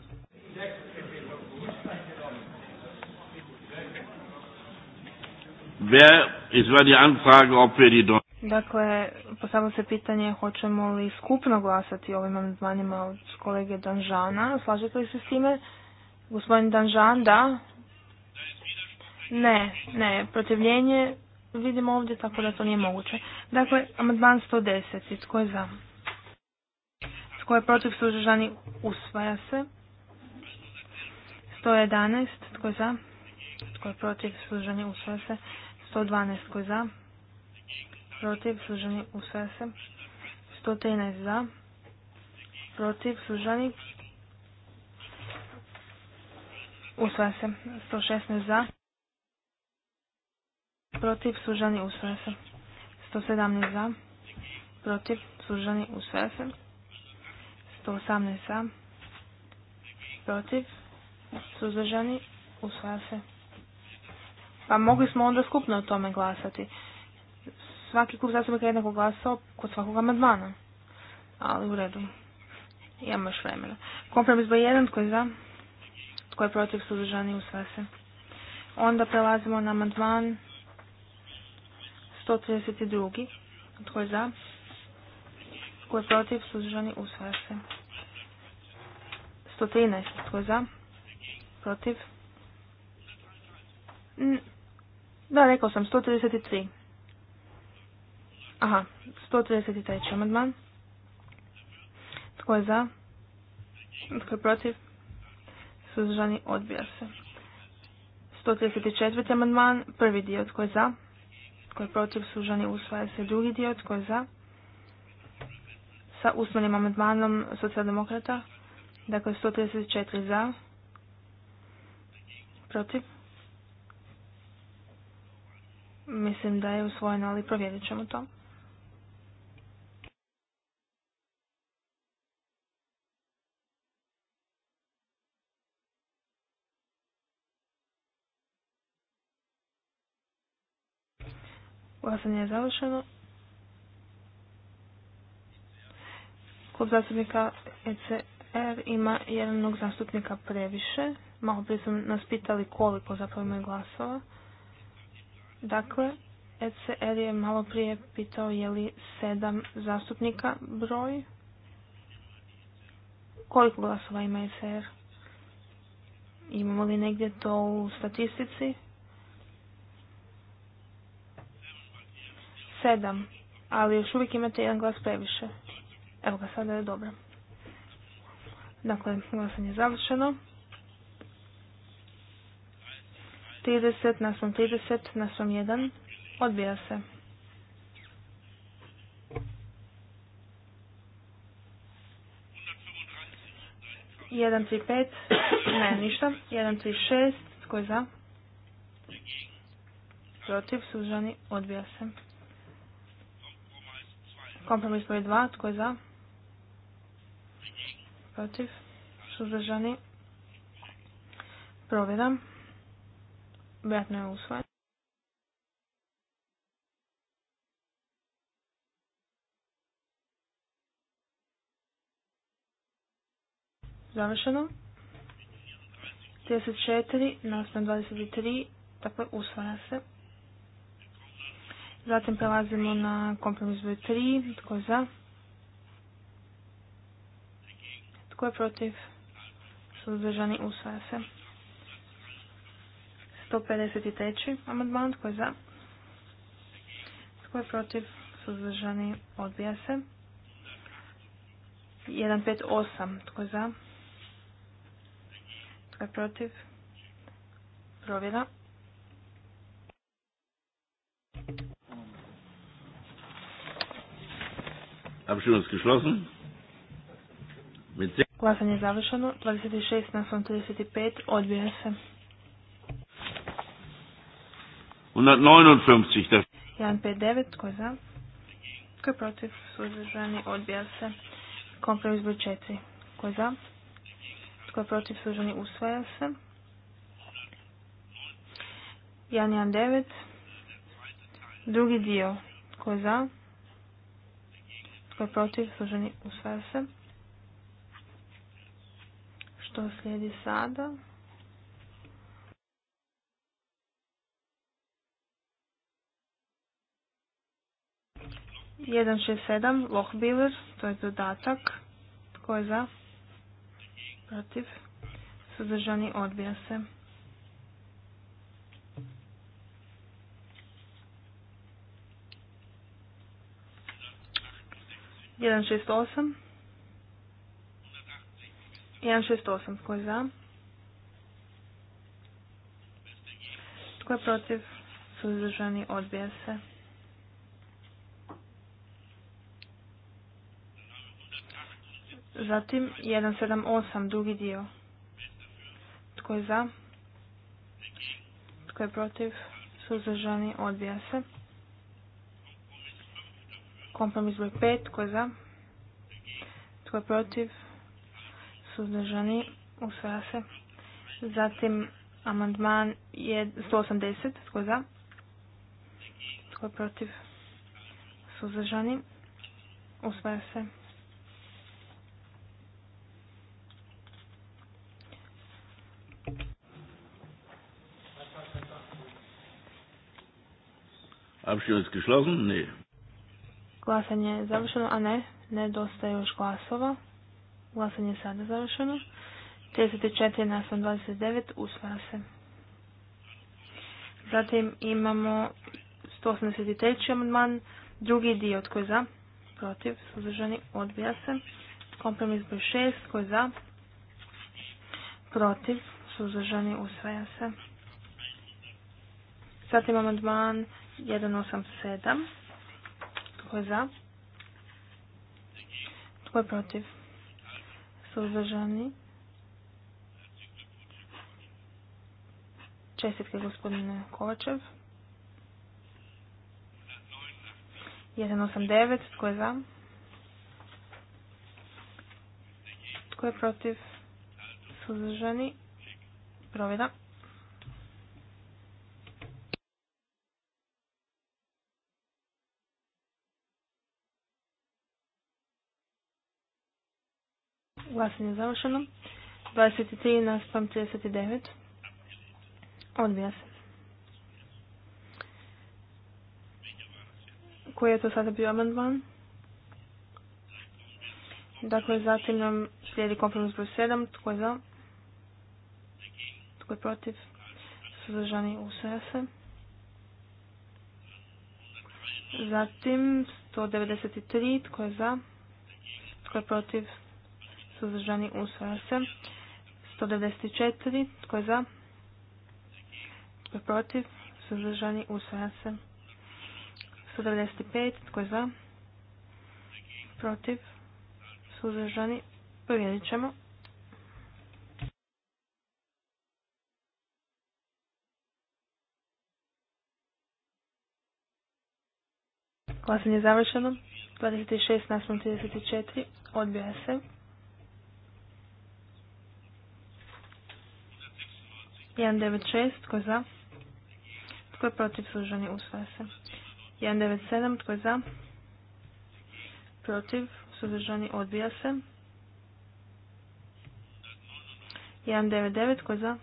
Wer, ist war die Anfrage, ob wir Dakle, postavlja se pitanje hoćemo li skupno glasati o ovim amandmanima od kolege Danžana. Slažete li se s time? Gospodin Danžan, da? Ne, ne. Protivljenje vidimo ovdje, tako da to nije moguće. Dakle, amandman 110. Tko je za? Tko je protiv suzdržani? Usvaja se. 111. Tko je za? Tko je protiv suzdržani? Usvaja se. 112. Tko je za? Protiv suzdržani? Usvaja se. 113 za. Protiv suzdržani? Usvaja se. 116 za protiv, sužani, usvaja se. 117 za, protiv, sužani, usvaja se. 118 za, protiv, suzdržani, u se. Pa mogli smo onda skupno o tome glasati. Svaki klub zastupnika je jednako glasao kod svakog amandmana. Ali u redu. Imamo još vremena. Kompromis broj 1, tko je za? Tko je protiv suzdržani, usvaja se. Onda prelazimo na amandman 132. Tko je za? Tko je protiv? Suzdržani usvaja se. 113. Tko je za? Protiv? Da, rekao sam 133. Aha, 133. amandman. Tko je za? Tko je protiv? Suzdržani odbija se. 134. amandman, prvi dio. Tko je za? koji je protiv sužani usvaja se drugi dio. Tko je za? Sa usmenim amandmanom socijaldemokrata. Dakle, 134 za. Protiv. Mislim da je usvojeno, ali provjerit ćemo to. Glasanje je završeno. Klub zastupnika ECR ima jednog zastupnika previše. Malo prije su nas pitali koliko zapravo imaju glasova. Dakle, ECR je malo prije pitao je li sedam zastupnika broj. Koliko glasova ima ECR? Imamo li negdje to u statistici? Sedam. Ali još uvijek imate jedan glas previše. Evo ga, sada je dobro. Dakle, glasanje je završeno. 30, nasom 30, nasom 1. Odbija se. Jedan, tri, pet. Ne, ništa. Jedan, tri, šest. Tko je za? Protiv, sužani, odbija se. Kompromis broj 2. Tko je za? Protiv? Suzdržani? Provjeram. Vjerojatno je usvojen. Završeno. 34, nastavno 23, tako je usvaja se. Zatim prelazimo na kompromis broj 3. Tko je za? Tko je protiv? Suzdržani usvaja se. 153. amandman. Tko je za? Tko je protiv? Suzdržani odbija se. 158. Tko je za? Tko je protiv? Provjera. Abstimmung ist geschlossen. Mit Glasanje je završeno. 26 na 35 odbija se. 159. 159, tko je za? Tko je protiv? Suzdržani odbija se. Kompromis broj 4. Tko je za? Tko je protiv? Suzdržani usvaja se. 119. Drugi dio. Tko je za? Tko je protiv? Suženi usvaja se. Što slijedi sada? Jedan šest sedam, Lohbiler, to je dodatak. Tko je za? Protiv? Suzdržani odbija se. 168. 168. Tko je za? Tko je protiv? Suzdržani odbija se. Zatim 178. Drugi dio. Tko je za? Tko je protiv? Suzdržani odbija se. Kompromis broj 5, tko je za? Tko je protiv? Suzdržani, usvaja se. Zatim amandman je 180, tko je za? Tko je protiv? Suzdržani, usvaja se. Abstimmung ist geschlossen? Nee. Glasanje je završeno, a ne, nedostaje još glasova. Glasanje je sada završeno. 34 na 29 usvaja se. Zatim imamo 183. amandman, drugi dio tko je za, protiv, suzdržani, odbija se. Kompromis broj 6 tko je za, protiv, suzdržani, usvaja se. Zatim amandman 187 tko je za? Tko je protiv? Suzdržani? Čestitke gospodine Kovačev. 189. Tko je za? Tko je protiv? Suzdržani? Provjera. Glasanje je završeno. 23 na 39. Odbija se. Koji je to sada bio amandman? Dakle, zatim nam slijedi kompromis broj 7. Tko je za? Tko je protiv? Suzdržani usvaja se. Zatim 193. Tko je za? Tko je protiv? suzdržani, usvaja se. 194, tko je za? Tko je protiv? Suzdržani, usvaja se. 195, tko je za? Protiv? Suzdržani, provjerit ćemo. Glasanje je završeno. 26 nasmo 34. Odbija se. 196, tko je za? Tko je protiv suzdržani? Usvaja se. 197, tko je za? Protiv suzdržani? Odbija se. 199, tko je za?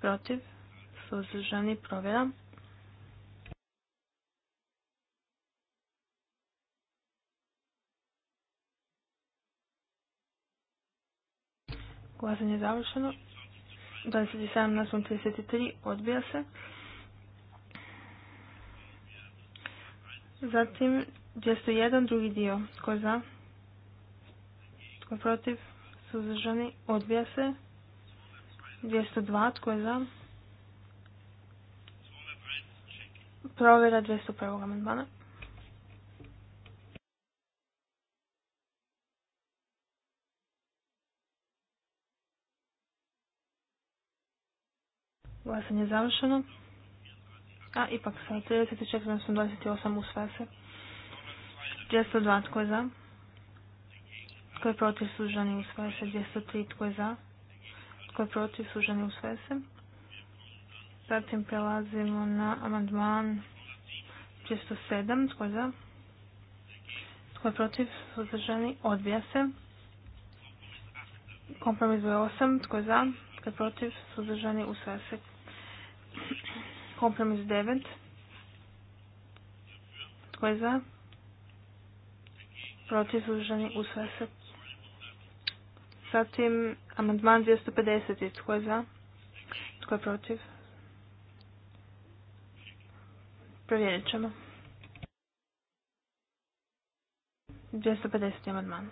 Protiv suzdržani? provjera. Glasanje je završeno. 27 naspom 33 odbija se. Zatim 201 drugi dio. Tko je za? Tko protiv? Suzdržani odbija se. 202 tko je za? Provjera 201. amandmana. Glasanje je završeno. A, ipak sa 34.28 na 28 usvaja se. 202 tko je za? Tko je protiv sužani usvaja se? 203 tko je za? Tko je protiv suženi usvaja se? Zatim prelazimo na amandman 207. Tko je za? Tko je protiv? Suzdržani? Odbija se. Kompromis broj 8. Tko je za? Tko je protiv? Suzdržani? u se. Kompromis 9. Tko je za? Protiv suzdržani usvaja se. Zatim amandman 250. Tko je za? Tko je protiv? Provjerit ćemo. 250. amandman.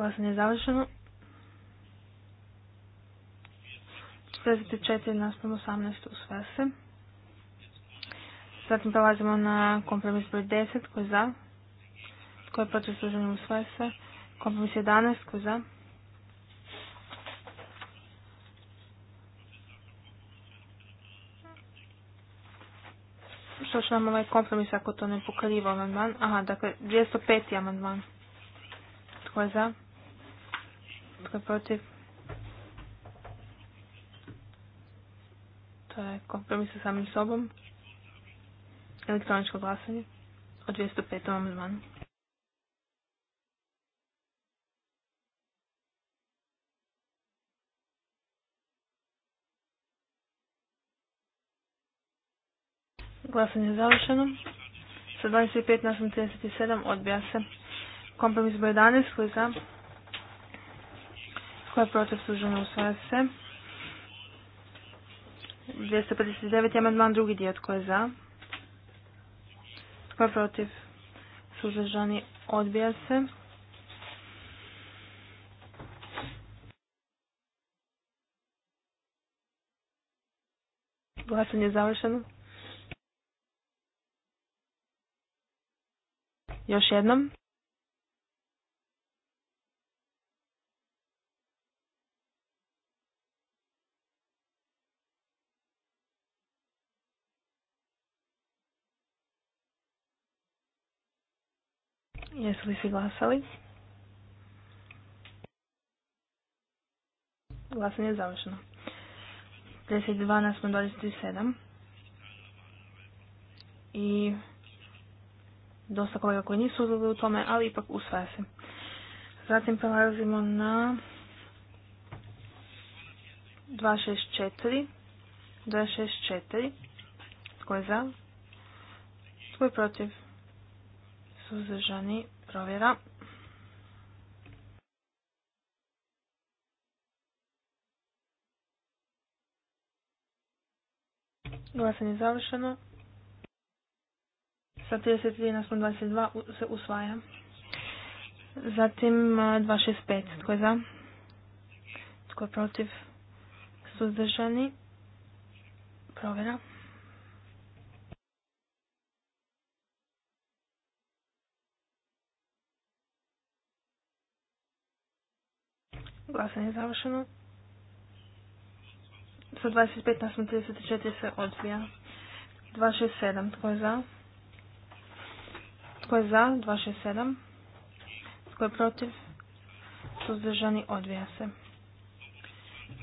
Glasanje je završeno. 44 nastavno 18 usvaja se. Zatim prelazimo na kompromis broj 10 koji je za. Koji je protiv služenja usvaja se. Kompromis 11 koji je za. Što će nam ovaj kompromis ako to ne pokriva amandman? Aha, dakle 205. amandman. Tko je za? Tko je protiv? To je kompromis sa samim sobom. Elektroničko glasanje o 205. amandmanu. Glasanje je završeno. Sa 25 na 37 odbija se. Kompromis broj 11 koji je za koja je protiv sužena usvaja se. 259. amandman drugi dio. Tko je za? Tko je protiv? Suzdržani odbija se. Glasanje je završeno. Još jednom. Jesu li svi glasali? Glasanje je završeno. 32 na smo 27. I dosta kolega koji nisu uzeli u tome, ali ipak usvaja se. Zatim prelazimo na 264. 264. Tko je za? Tko je protiv? Suzdržani provjera. Glasanje je završeno. Sa 33 na 122 se usvaja. Zatim 265. Tko je za? Tko je protiv? Suzdržani. Provjera. Glasanje je završeno. Sa 25 na 34 se odbija. 267. Tko je za? Tko je za? 267. Tko je protiv? Suzdržani odvija se.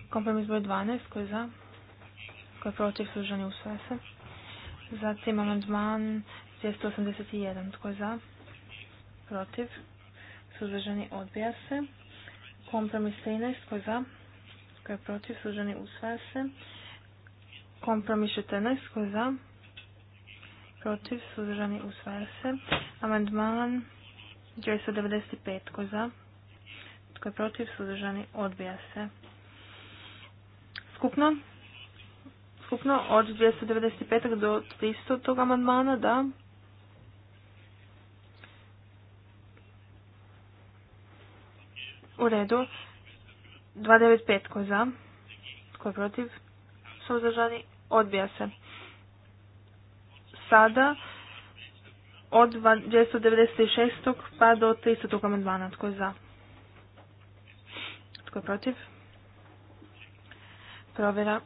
Kompromis broj 12. Tko je za? Tko je protiv? Suzdržani usvaja se. Zatim amandman 281. Tko je za? Protiv? Suzdržani odbija se. Kompromis 13 koji je za, koji je protiv, suženi usvaja se. Kompromis 14 koji je za, protiv, suzdržani usvaja se. Amandman 295 koji je za, koji je protiv, suzdržani odbija se. Skupno, skupno od 295. do 300. amandmana, da, U redu. 295 ko za, ko je protiv, suzdržani, odbija se. Sada od 296. pa do 300. amandmana. Tko je za? Tko je protiv? Provjera.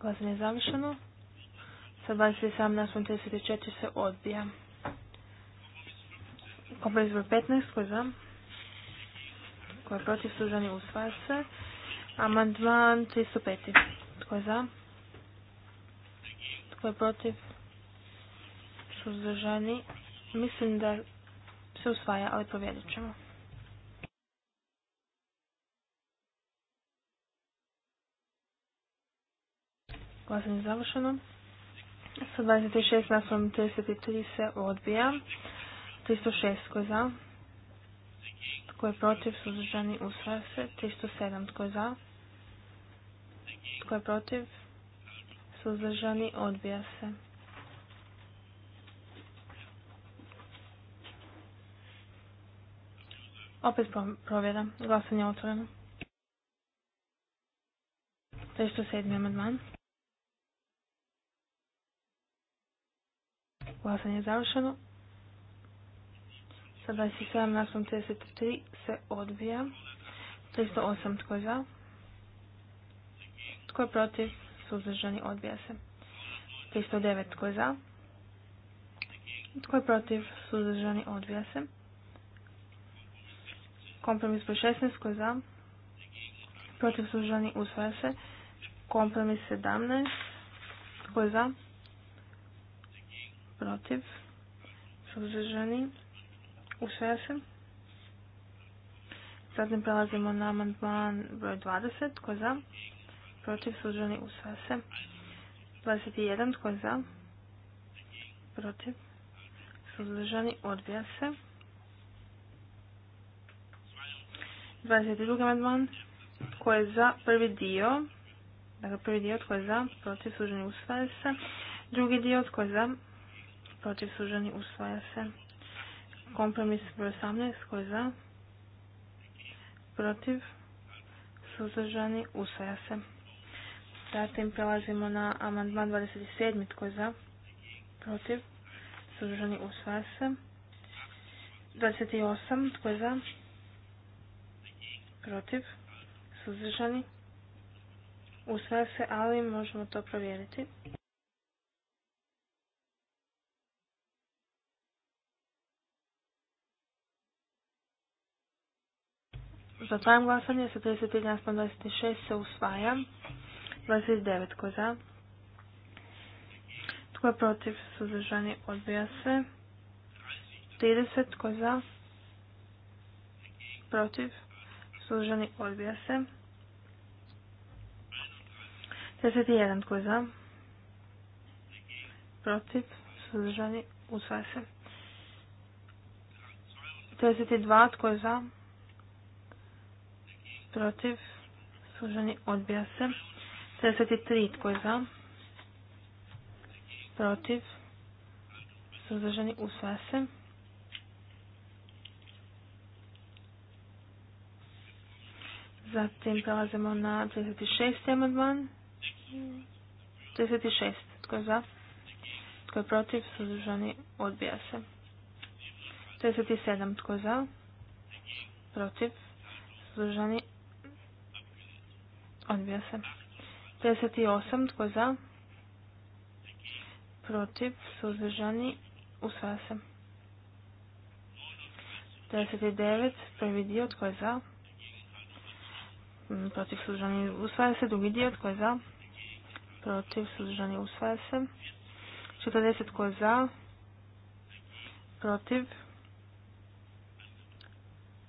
Glasanje je završeno sa 27 na četiri se odbija. Kompromis broj 15, koji za? Koji je protiv Služani usvaja se. Amandman 305. Tko je za? Tko je protiv? Suzdržani. Mislim da se usvaja, ali povijedit ćemo. Glasanje završeno. Sa 26 33 se odbija. 306 tko je za? Tko je protiv? Suzdržani usvaja se. 307 tko je za? Tko je protiv? Suzdržani odbija se. Opet provjera. Glasanje je otvoreno. 307. amandman. Glasanje je završeno. Sa 27 nasom 33 se odbija. 308 tko je za? Tko je protiv? Suzdržani odbija se. 309 tko je za? Tko je protiv? Suzdržani odbija se. Kompromis broj 16 tko je za? Protiv suzdržani usvaja se. Kompromis 17 tko je za? protiv, suzdržani, usvaja se. Zatim prelazimo na amandman broj 20, tko je za, protiv, suzdržani, usvaja se. 21, tko je za, protiv, suzdržani, odbija se. 22. amandman, tko je za prvi dio, dakle prvi dio tko je za, protiv, suzdržani, usvaja se. Drugi dio tko je za, protiv suženi usvaja se. Kompromis broj 18 tko je za, protiv suzdržani usvaja se. Zatim prelazimo na amandman 27. Tko je za? Protiv? Suzdržani usvaja se. 28. Tko je za? Protiv? Suzdržani usvaja se, ali možemo to provjeriti. Zatvaram glasanje sa 35 26 se usvaja. 29 tko za. Tko je protiv suzdržani odbija se. 30 tko za. Protiv suzdržani odbija se. 31 tko za. Protiv suzdržani usvaja se. 32 tko je za protiv, suženi, odbija se. 33 tko je za, protiv, suzdržani, usvaja se. Zatim prelazimo na 36. amandman. 36. Tko je za? Tko je protiv? Suzdržani odbija se. 37. Tko je za? Protiv? Suzdržani Odbija se. 58. Tko za? Protiv. Suzdržani. Usvaja se. 59. Prvi dio. Tko je za? Protiv. Suzdržani. Usvaja se. Drugi dio. Tko je za? Protiv. Suzdržani. Usvaja se. 40. Tko je za? Protiv.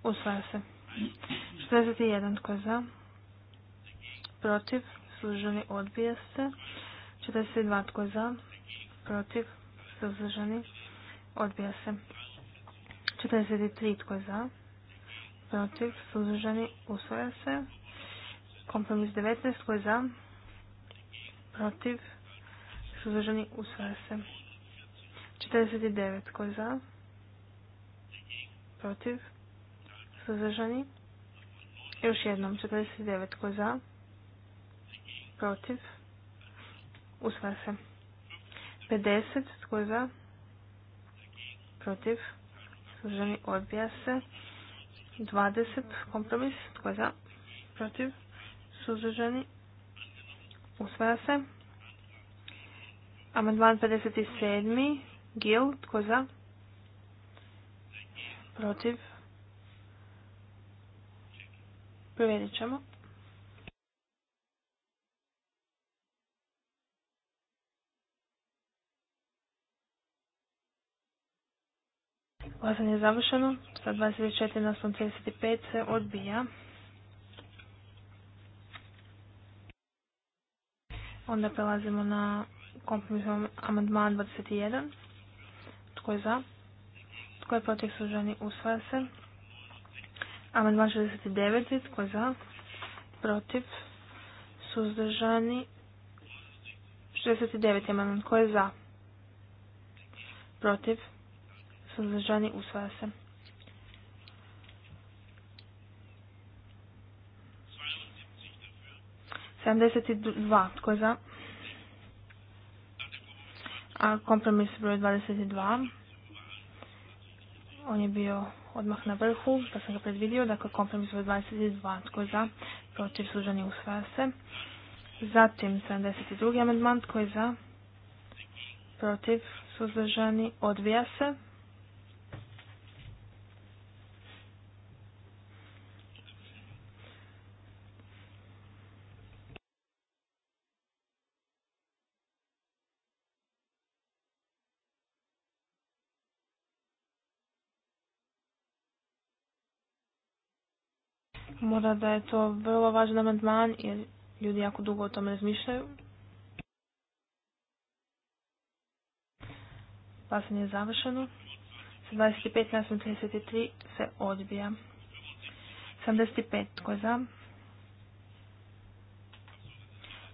Usvaja se. 41. Tko je za? Protiv protiv, suzdržani, odbija se. 42 tko za, protiv, suzdržani, odbija se. 43 tko za, protiv, suzdržani, usvoja se. Kompromis 19 tko je za, protiv, suzdržani, usvoja se. 49 tko je za, protiv, suzdržani, još jednom 49 tko je za, protiv, usvaja se. 50, tko je za, protiv, Služeni odbija se. 20, kompromis, tko je za, protiv, suzdržani, usvaja se. Amandman 57, Gil, tko je za, protiv, provjerit ćemo. Glasanje je završeno. Sa 24 na 35 se odbija. Onda prelazimo na kompromisno amandman 21. Tko je za? Tko je protiv suženi? Usvaja se. Amandman 69. Tko je za? Protiv. Suzdržani. 69. Amandman. Tko je za? Protiv suzdržani, usvaja se. Sedamdeset dva, tko je za? A kompromis broj 22, on je bio odmah na vrhu, pa sam ga predvidio, dakle kompromis broj 22, tko je za, protiv suzdržani, usvaja se. Zatim 72. amandman, tko je za, protiv, suzdržani, odvija se. mora da je to vrlo važan amandman jer ljudi jako dugo o tome razmišljaju. Glasanje je završeno. Sa 25 na 33 se odbija. 75 tko je za?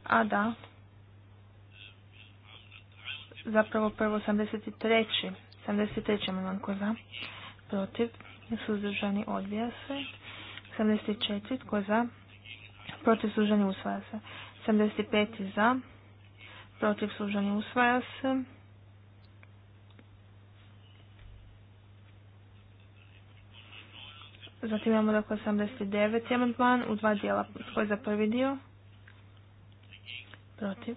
A da. Zapravo prvo 73. 73. amandman tko je za? Protiv. Suzdržani odbija se. 74 tko za, protiv služenja usvaja se. 75 za, protiv služenja usvaja se. Zatim imamo dakle 79, plan u dva dijela. Tko je za prvi dio? Protiv.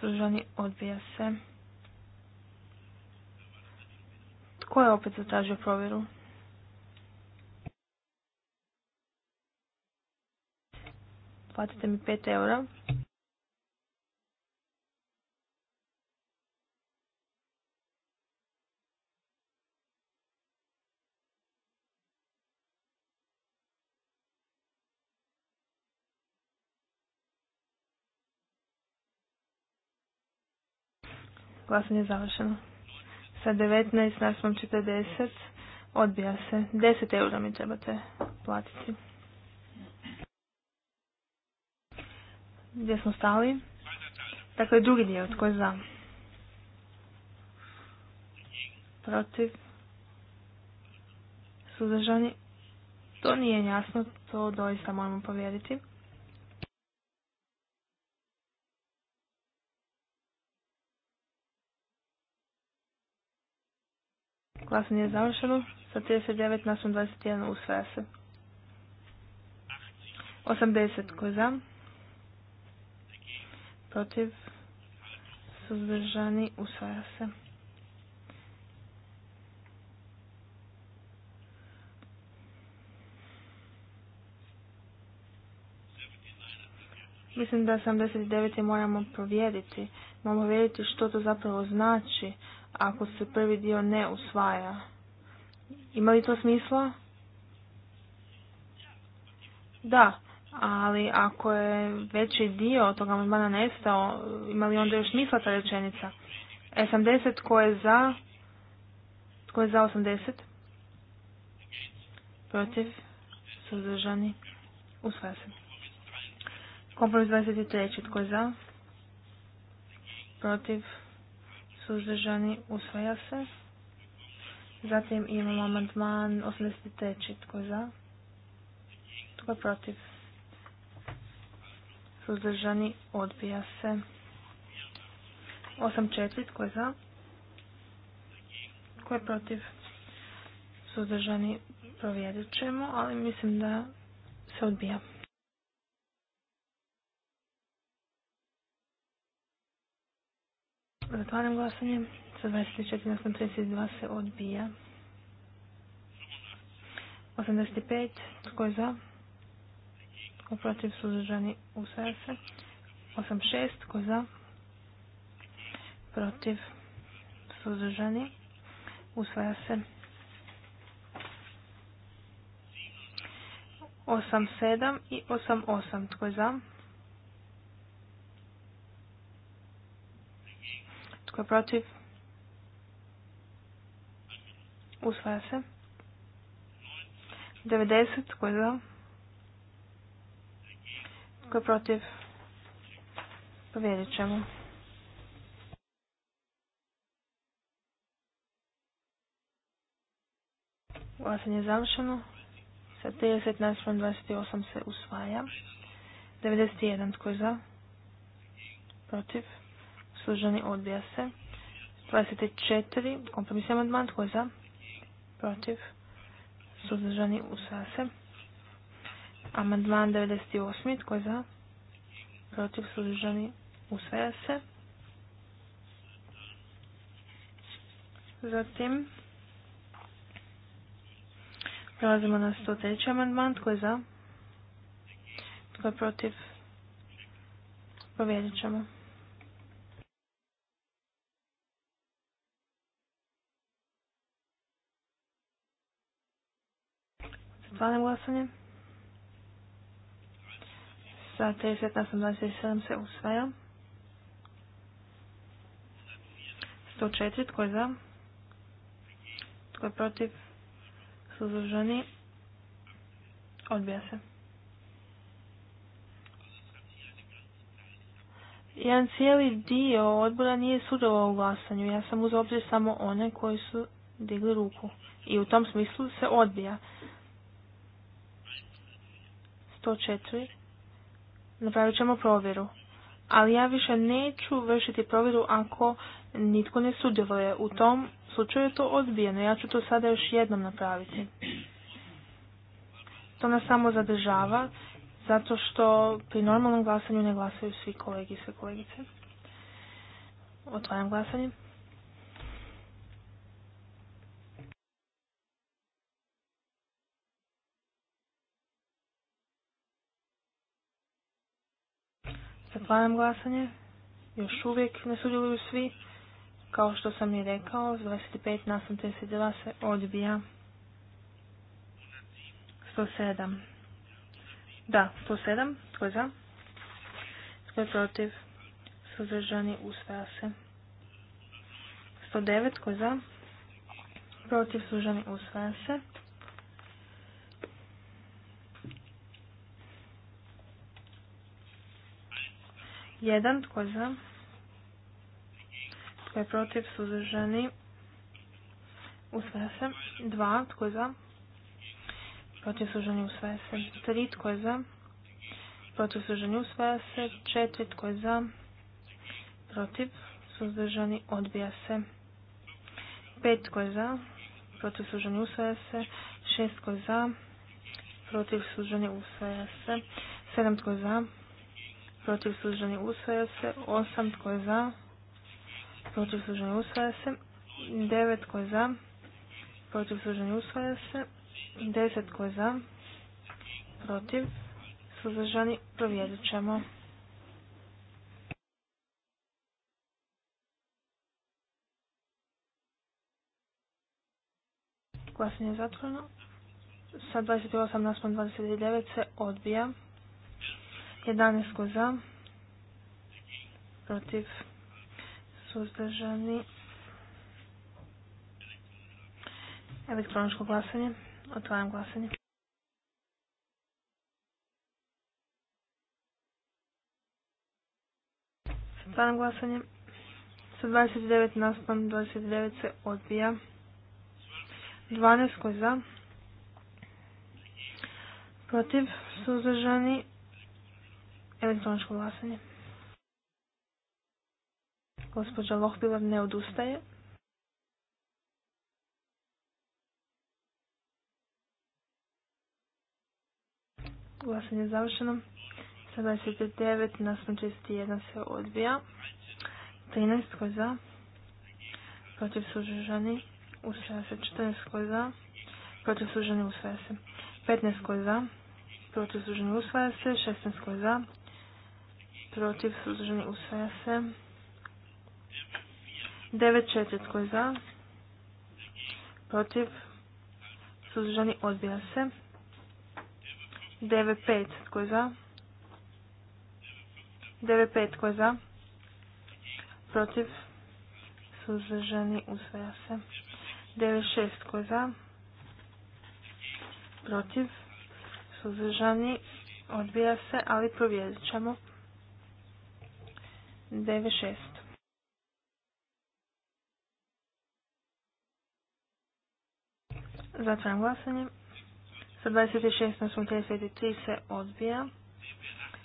Služani odbija se. Tko je opet zatražio provjeru? platite mi 5 eura. Glasanje je završeno. Sa 19 naspom 40 odbija se. 10 eura mi trebate platiti. Gdje smo stali? Dakle, drugi dio, tko je za? Protiv? Suzdržani? To nije jasno, to doista moramo povjeriti. Glasanje je završeno. Sa 39 nasom 21 usvaja se. 80 ko je za protiv, suzdržani, usvaja se. Mislim da 79. moramo provjeriti. Moramo vjeriti što to zapravo znači ako se prvi dio ne usvaja. Ima li to smisla? Da, ali ako je veći dio toga amandmana nestao, ima li onda još smisla ta rečenica? 80 tko je za? Tko je za 80? Protiv? Suzdržani? Usvaja se. Kompromis 23. Tko je za? Protiv? Suzdržani? Usvaja se. Zatim imamo amandman 83. Tko je za? Tko je protiv? suzdržani, odbija se. 8.4. Tko je za? Tko je protiv? Suzdržani provjerit ćemo, ali mislim da se odbija. Zatvaram glasanje. Sa 24 32 se odbija. 85. Tko je za? Ko protiv suzdržani usvaja se. 86. Ko za? Protiv suzdržani usvaja se. 87 i 88. Tko je za? Tko je protiv? Usvaja se. 90. Tko je za? Tko je protiv? povjerit ćemo. Glasanje je završeno. Sa 30 naspram se usvaja. 91 tko je za? Protiv. Služeni odbija se. 24. Kompromisni amandman tko je za? Protiv. Suzdržani usvaja se. Amandman 98. Tko je za? Protiv suzdržani usvaja se. Zatim prelazimo na 103. amandman. Tko je za? Tko je protiv? Provjerit ćemo. Zatvaram glasanje. 1527 na se usvaja. 104 tko je za? Tko je protiv? Suzdržani? Odbija se. Jedan cijeli dio odbora nije sudovao u glasanju. Ja sam uz obzir samo one koji su digli ruku. I u tom smislu se odbija. 104 napravit ćemo provjeru. Ali ja više neću vršiti provjeru ako nitko ne sudjeluje. U tom slučaju je to odbijeno. Ja ću to sada još jednom napraviti. To nas samo zadržava, zato što pri normalnom glasanju ne glasaju svi kolegi i sve kolegice. Otvaram glasanje. Zatvaram glasanje. Još uvijek ne sudjeluju svi. Kao što sam i rekao, 25 nasam 32 se odbija. 107. Da, 107. Tko je za? Tko je protiv? Suzdržani usvaja se. 109. Tko je za? Protiv suzdržani usvaja se. 1. Tko je za? Tko je protiv? Suzdržani? Usvaja se. 2. Tko je za? Protiv suzdržani usvaja se. 3. Tko je za? Protiv suzdržani usvaja se. 4. Tko je za? Protiv suzdržani odbija se. 5. Tko je za? Protiv suzdržani usvaja se. 6. Tko je za? Protiv suzdržani usvaja se. 7. Tko za? protiv služeni, usvaja se, Osam, tko je za, protiv služeni, usvaja se, Devet, tko je za, protiv služeni, usvaja se, Deset, tko je za, protiv suzdržani provjerit ćemo. Glasanje je zatvoreno. Sa 28 nasmo 29 se odbija. 11 za, protiv, suzdržani, elektroničko glasanje, otvaram glasanje. Otvaram glasanje. Sa 29 naspam 29 se odbija. 12 za. Protiv suzdržani Elektroničko glasanje. Gospođa Lohpilar ne odustaje. Glasanje je završeno. 79 na 161 se odbija. 13 koji za. Protiv sužežani usvaja se. 14 koji za. Protiv sužežani usvaja se. 15 koji za. Protiv sužežani usvaja se. 16 koji za protiv, suzdržani, usvaja se. 9.4. Tko je za? Protiv, suzdržani, odbija se. 9.5. Tko je za? 9.5. Tko je za? Protiv, suzdržani, usvaja se. 9.6. Tko je za? Protiv, suzdržani, odbija se, ali provjerit ćemo. 9.6. Zatvaram glasanje. Sa 26 na 33 se odbija.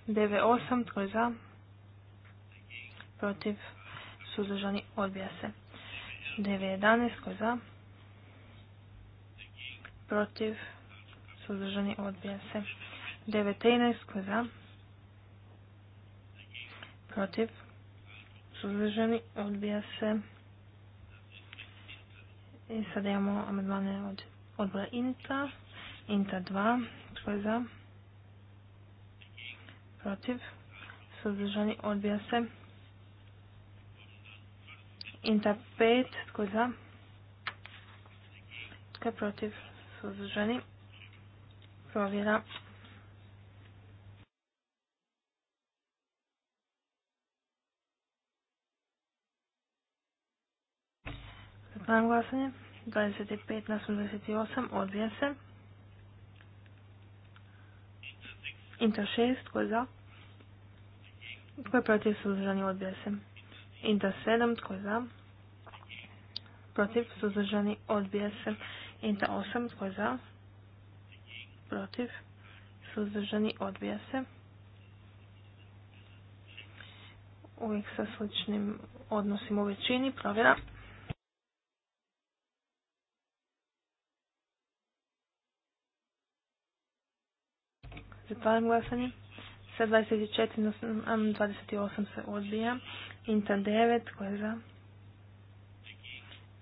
9.8. tko je za? Protiv. Suzdržani odbija se. 9.11. tko je za? Protiv. Suzdržani odbija se. 9.13 tko je za? Protiv suzdržani, odbija se. I sad imamo amedmane od odbora INTA, INTA 2, tko je za, protiv, suzdržani, odbija se. INTA 5, tko je za, tko je protiv, suzdržani, provjera. Zatvaram glasanje. 25 na 88 odbija se. Inter 6, tko je za? Tko je protiv suzdržani odbija se. Inter 7, tko je za? Protiv suzdržani odbija se. Inter 8, tko je za? Protiv suzdržani odbija se. Uvijek sa sličnim odnosima u većini provjera. Zatvaram glasanje. Sa 24 na 28 se odbija. Inta 9, koja je za?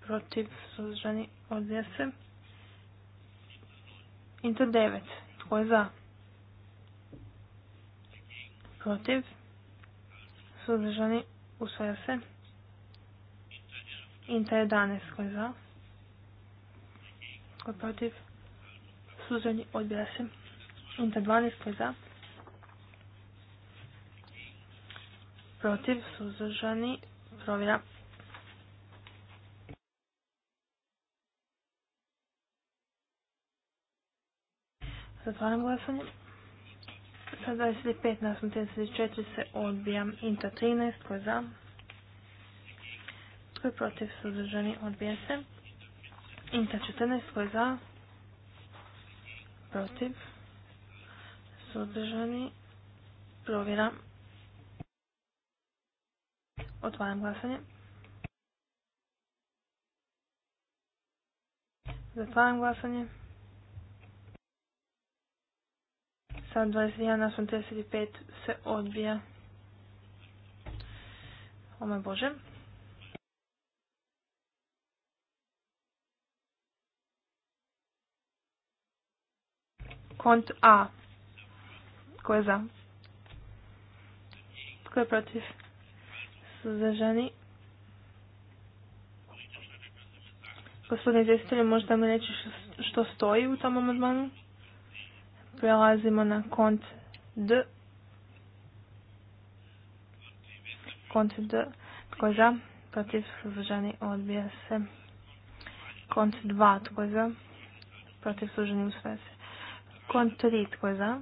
Protiv, suzdržani, odbija se. Inta 9, koja je za? Protiv, suzdržani, usvaja se. Inta 11, koja je za? protiv? Suzdržani, odbija se. Unta 12 je za. Protiv zažani provjera. Zatvaram glasanje. Sa 25 na 34 se odbija. Inta 13 je za. Tko je protiv zažani? odbija se. Inta 14 je za. Protiv suzdržani, Provjeram. Otvaram glasanje. Zatvaram glasanje. Sad 21 na 35 se odbija. O moj Bože. Kont A. Tko je za? Tko je protiv? Suzdržani? Gospodine izvjestitelju, možda mi reći što stoji u tom amandmanu? Prelazimo na kont D. Kont D. Tko je za? Protiv suzdržani odbija se. Kont 2. Tko je za? Protiv suzdržani u se. Kont 3. Tko je za?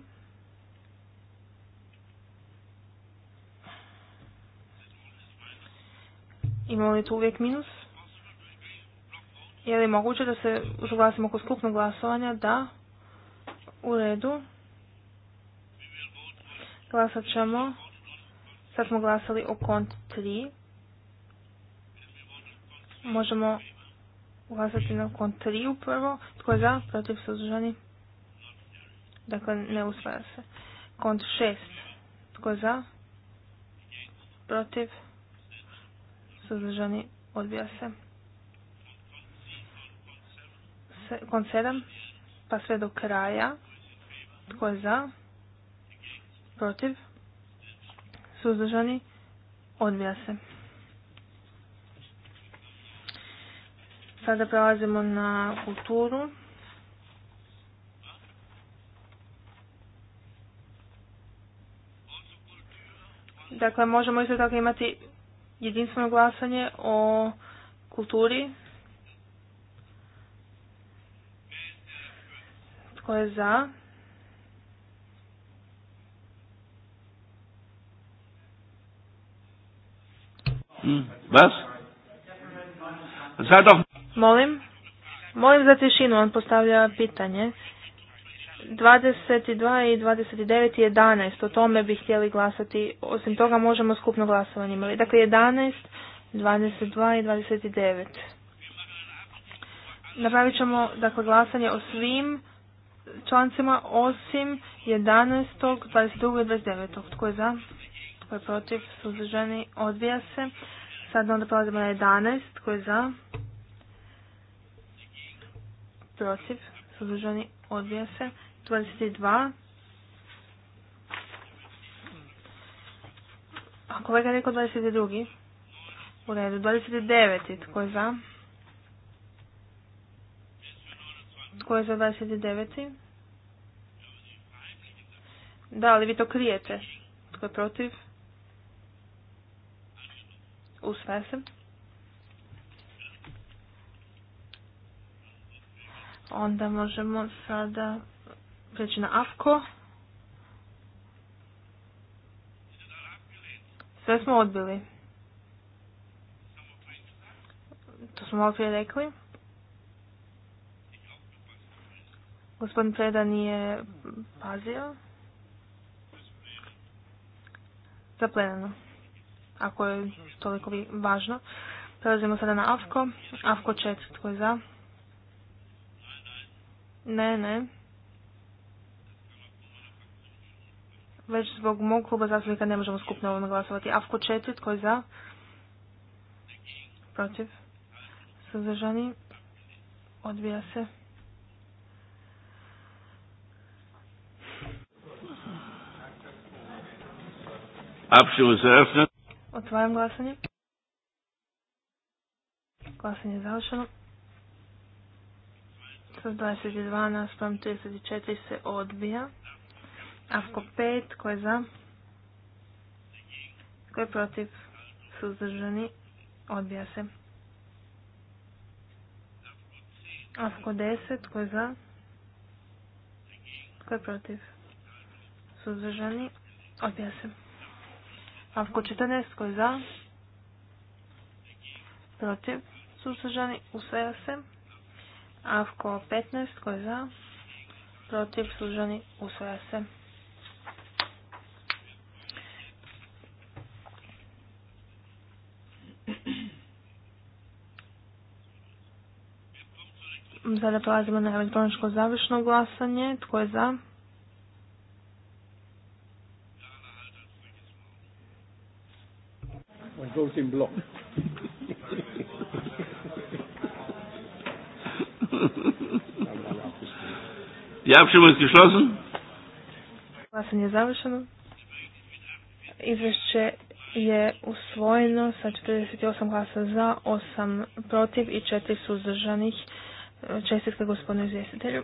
Imamo li tu uvijek minus? Je li moguće da se usuglasimo oko skupnog glasovanja? Da. U redu. Glasat ćemo. Sad smo glasali o kont 3. Možemo glasati na kont 3 upravo. Tko je za? Protiv suzdržani? Dakle, ne usvaja se. Kont 6. Tko je za? Protiv? suzdržani, odbija se. Kon 7, pa sve do kraja. Tko je za? Protiv? Suzdržani? Odbija se. Sada prelazimo na kulturu. Dakle, možemo isto tako imati jedinstveno glasanje o kulturi. Tko je za? Vas? Molim? Molim za tišinu, on postavlja pitanje. 22 i 29 i 11, o tome bih htjeli glasati, osim toga možemo skupno glasovanje imali. Dakle 11, 22 i 29. Napravit ćemo dakle, glasanje o svim člancima osim 11, 22 i 29. Tko je za? Tko je protiv? Suzdržani? Odvija se. Sad onda prelazimo na 11. Tko je za? Protiv? Suzdržani? Odvija se. 22. A kolega je rekao 22. U redu. 29. Tko je za? Tko je za 29. Da, ali vi to krijete. Tko je protiv? Usve se. Onda možemo sada Preći na AFKO. Sve smo odbili. To smo malo prije rekli. Gospodin Preda nije pazio. Zapleneno. Ako je toliko važno. Prelazimo sada na AFKO. AFKO čet, Tko je za? Ne, ne. već zbog mog kluba zastupnika ne možemo skupno ovome glasovati. vko četiri, tko je za? Protiv? Suzdržani? Odbija se. Otvajam glasanje. Glasanje je završeno. Sa 22 naspram 34 se odbija ako pet ko je za? Ko je protiv? Suzdržani? Odbija se. ako deset, ko je za? Ko je protiv? Suzdržani? Odbija se. Avko 14, ko je za? Protiv? Suzdržani? Usvaja se. ako petnest ko je za? Protiv? Suzdržani? Usvaja se. Sada prelazimo na elektroničko završno glasanje. Tko je za? Ja goes in block. Die Glasanje je završeno. Izvešće je usvojeno sa 48 glasa za, 8 protiv i 4 suzdržanih. Čestitka gospodine izvjestitelju.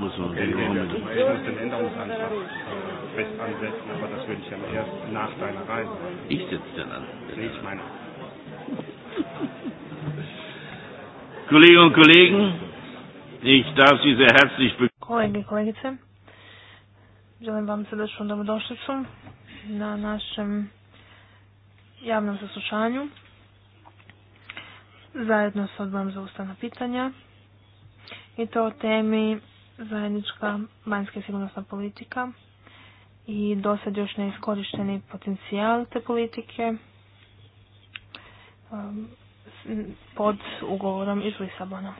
muss man Kolleginnen und Kollegen, ich darf Sie sehr herzlich begrüßen. želim vam na našem javnom saslušanju zajedno s odborom za ustavna pitanja i to o temi zajednička vanjska sigurnosna politika i dosad još neiskorišteni potencijal te politike um, pod ugovorom iz Lisabona.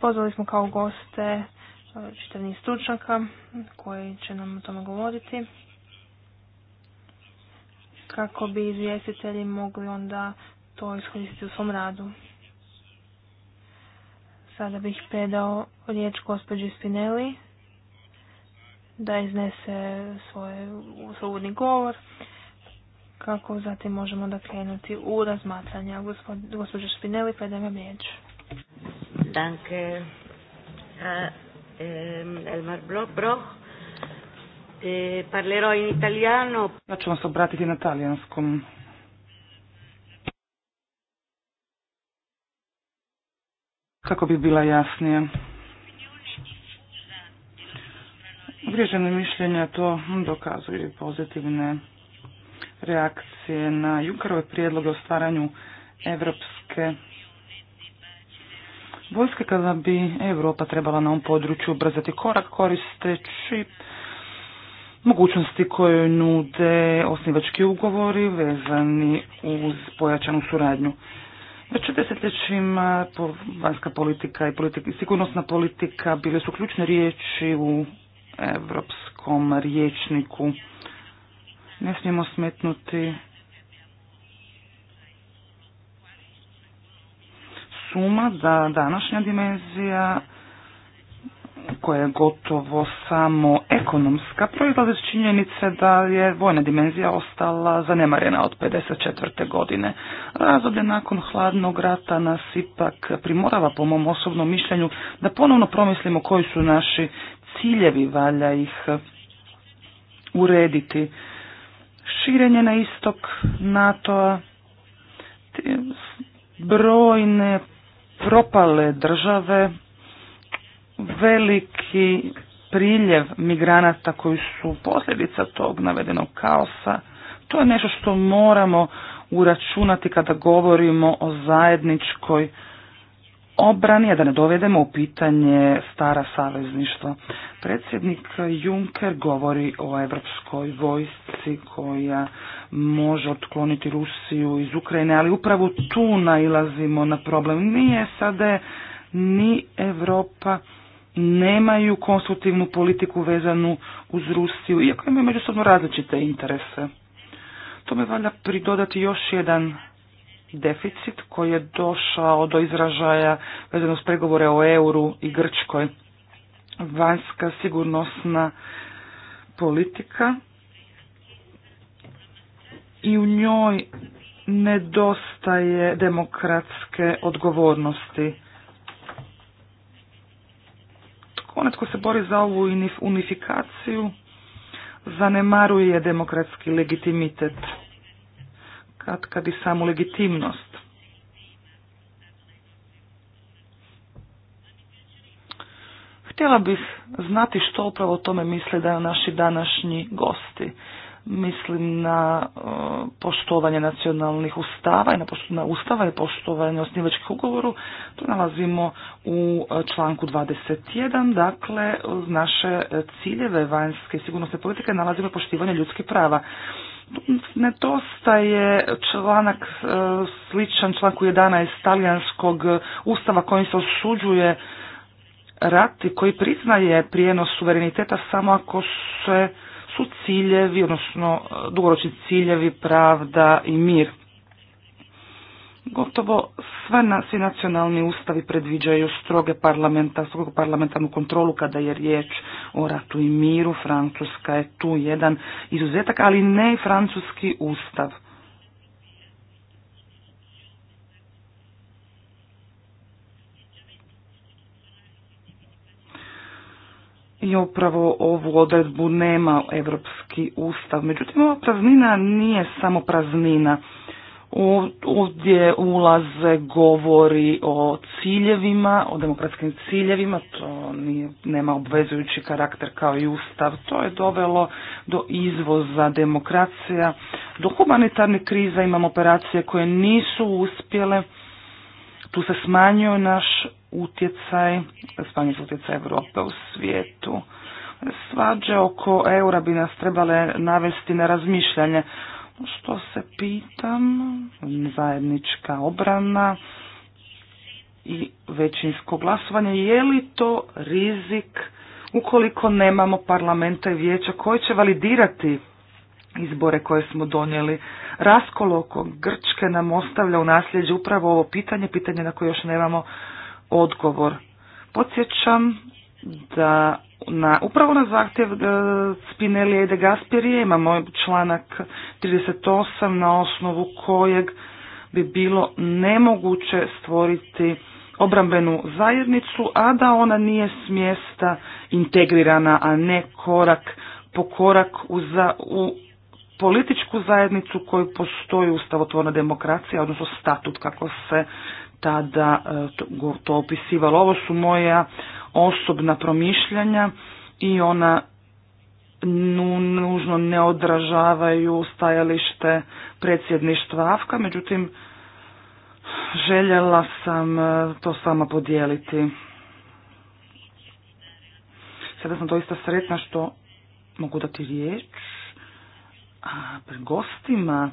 Pozvali smo kao goste uh, čitav niz stručnjaka koji će nam o tome govoriti kako bi izvjestitelji mogli onda to iskoristiti u svom radu. Sada bih predao riječ gospođi Spinelli da iznese svoj uvodni govor kako zatim možemo da krenuti u razmatranja. Gospođo Spinelli, predajem vam riječ. Danke. Elmar Broh. E, parlerò in italiano. Ja ću se obratiti na talijanskom. kako bi bila jasnija. Uvriježene mišljenja to dokazuju pozitivne reakcije na Junkarove prijedloge o stvaranju evropske vojske kada bi Europa trebala na ovom području ubrzati korak koristeći mogućnosti koje nude osnivački ugovori vezani uz pojačanu suradnju. Već u desetljećima vanjska politika i politika, sigurnosna politika bile su ključne riječi u evropskom riječniku. Ne smijemo smetnuti suma da današnja dimenzija koja je gotovo samo ekonomska, proizlazi iz činjenice da je vojna dimenzija ostala zanemarena od 54. godine. Razdoblje nakon hladnog rata nas ipak primorava, po mom osobnom mišljenju, da ponovno promislimo koji su naši ciljevi, valja ih urediti. Širenje na istok NATO-a, brojne propale države veliki priljev migranata koji su posljedica tog navedenog kaosa. To je nešto što moramo uračunati kada govorimo o zajedničkoj obrani, a da ne dovedemo u pitanje stara savezništva. Predsjednik Juncker govori o evropskoj vojsci koja može otkloniti Rusiju iz Ukrajine, ali upravo tu nailazimo na problem. Nije sada ni Europa nemaju konstruktivnu politiku vezanu uz Rusiju, iako imaju međusobno različite interese. me valja pridodati još jedan deficit koji je došao do izražaja vezano s pregovore o euru i Grčkoj. Vanjska sigurnosna politika i u njoj nedostaje demokratske odgovornosti. Onaj tko se bori za ovu unifikaciju zanemaruje demokratski legitimitet, kad kad i samu legitimnost. Htjela bih znati što upravo o tome misle da naši današnji gosti mislim na uh, poštovanje nacionalnih ustava i na, na ustava i poštovanje osnivačkih ugovoru, to nalazimo u uh, članku 21, dakle naše uh, ciljeve vanjske sigurnosne politike nalazimo poštivanje ljudskih prava. je članak sličan članku 11 talijanskog ustava kojim se osuđuje rat i koji priznaje prijenos suvereniteta samo ako se su ciljevi, odnosno e, dugoročni ciljevi pravda i mir. Gotovo sve na, svi nacionalni ustavi predviđaju stroge parlamenta, strogu parlamentarnu kontrolu kada je riječ o ratu i miru. Francuska je tu jedan izuzetak, ali ne i francuski ustav. i upravo ovu odredbu nema Evropski ustav. Međutim, ova praznina nije samo praznina. Ovdje ulaze govori o ciljevima, o demokratskim ciljevima, to nije, nema obvezujući karakter kao i ustav. To je dovelo do izvoza demokracija, do humanitarnih kriza imamo operacije koje nisu uspjele, tu se smanjio naš utjecaj, smanjiti utjecaj Europe u svijetu. Svađe oko eura bi nas trebale navesti na razmišljanje. Što se pitam, zajednička obrana i većinsko glasovanje, je li to rizik ukoliko nemamo parlamenta i vijeća koji će validirati izbore koje smo donijeli. Raskol oko Grčke nam ostavlja u nasljeđu upravo ovo pitanje, pitanje na koje još nemamo odgovor. Podsjećam da na, upravo na zahtjev e, Spinelli i de Gasperije imamo članak 38 na osnovu kojeg bi bilo nemoguće stvoriti obrambenu zajednicu, a da ona nije smjesta integrirana, a ne korak po korak u, za, u političku zajednicu koju postoji ustavotvorna demokracija, odnosno statut kako se tada e, to opisivalo. Ovo su moja osobna promišljanja i ona nužno ne odražavaju stajalište predsjedništva Afka, međutim željela sam e, to s vama podijeliti. Sada sam doista sretna što mogu dati riječ a, pre gostima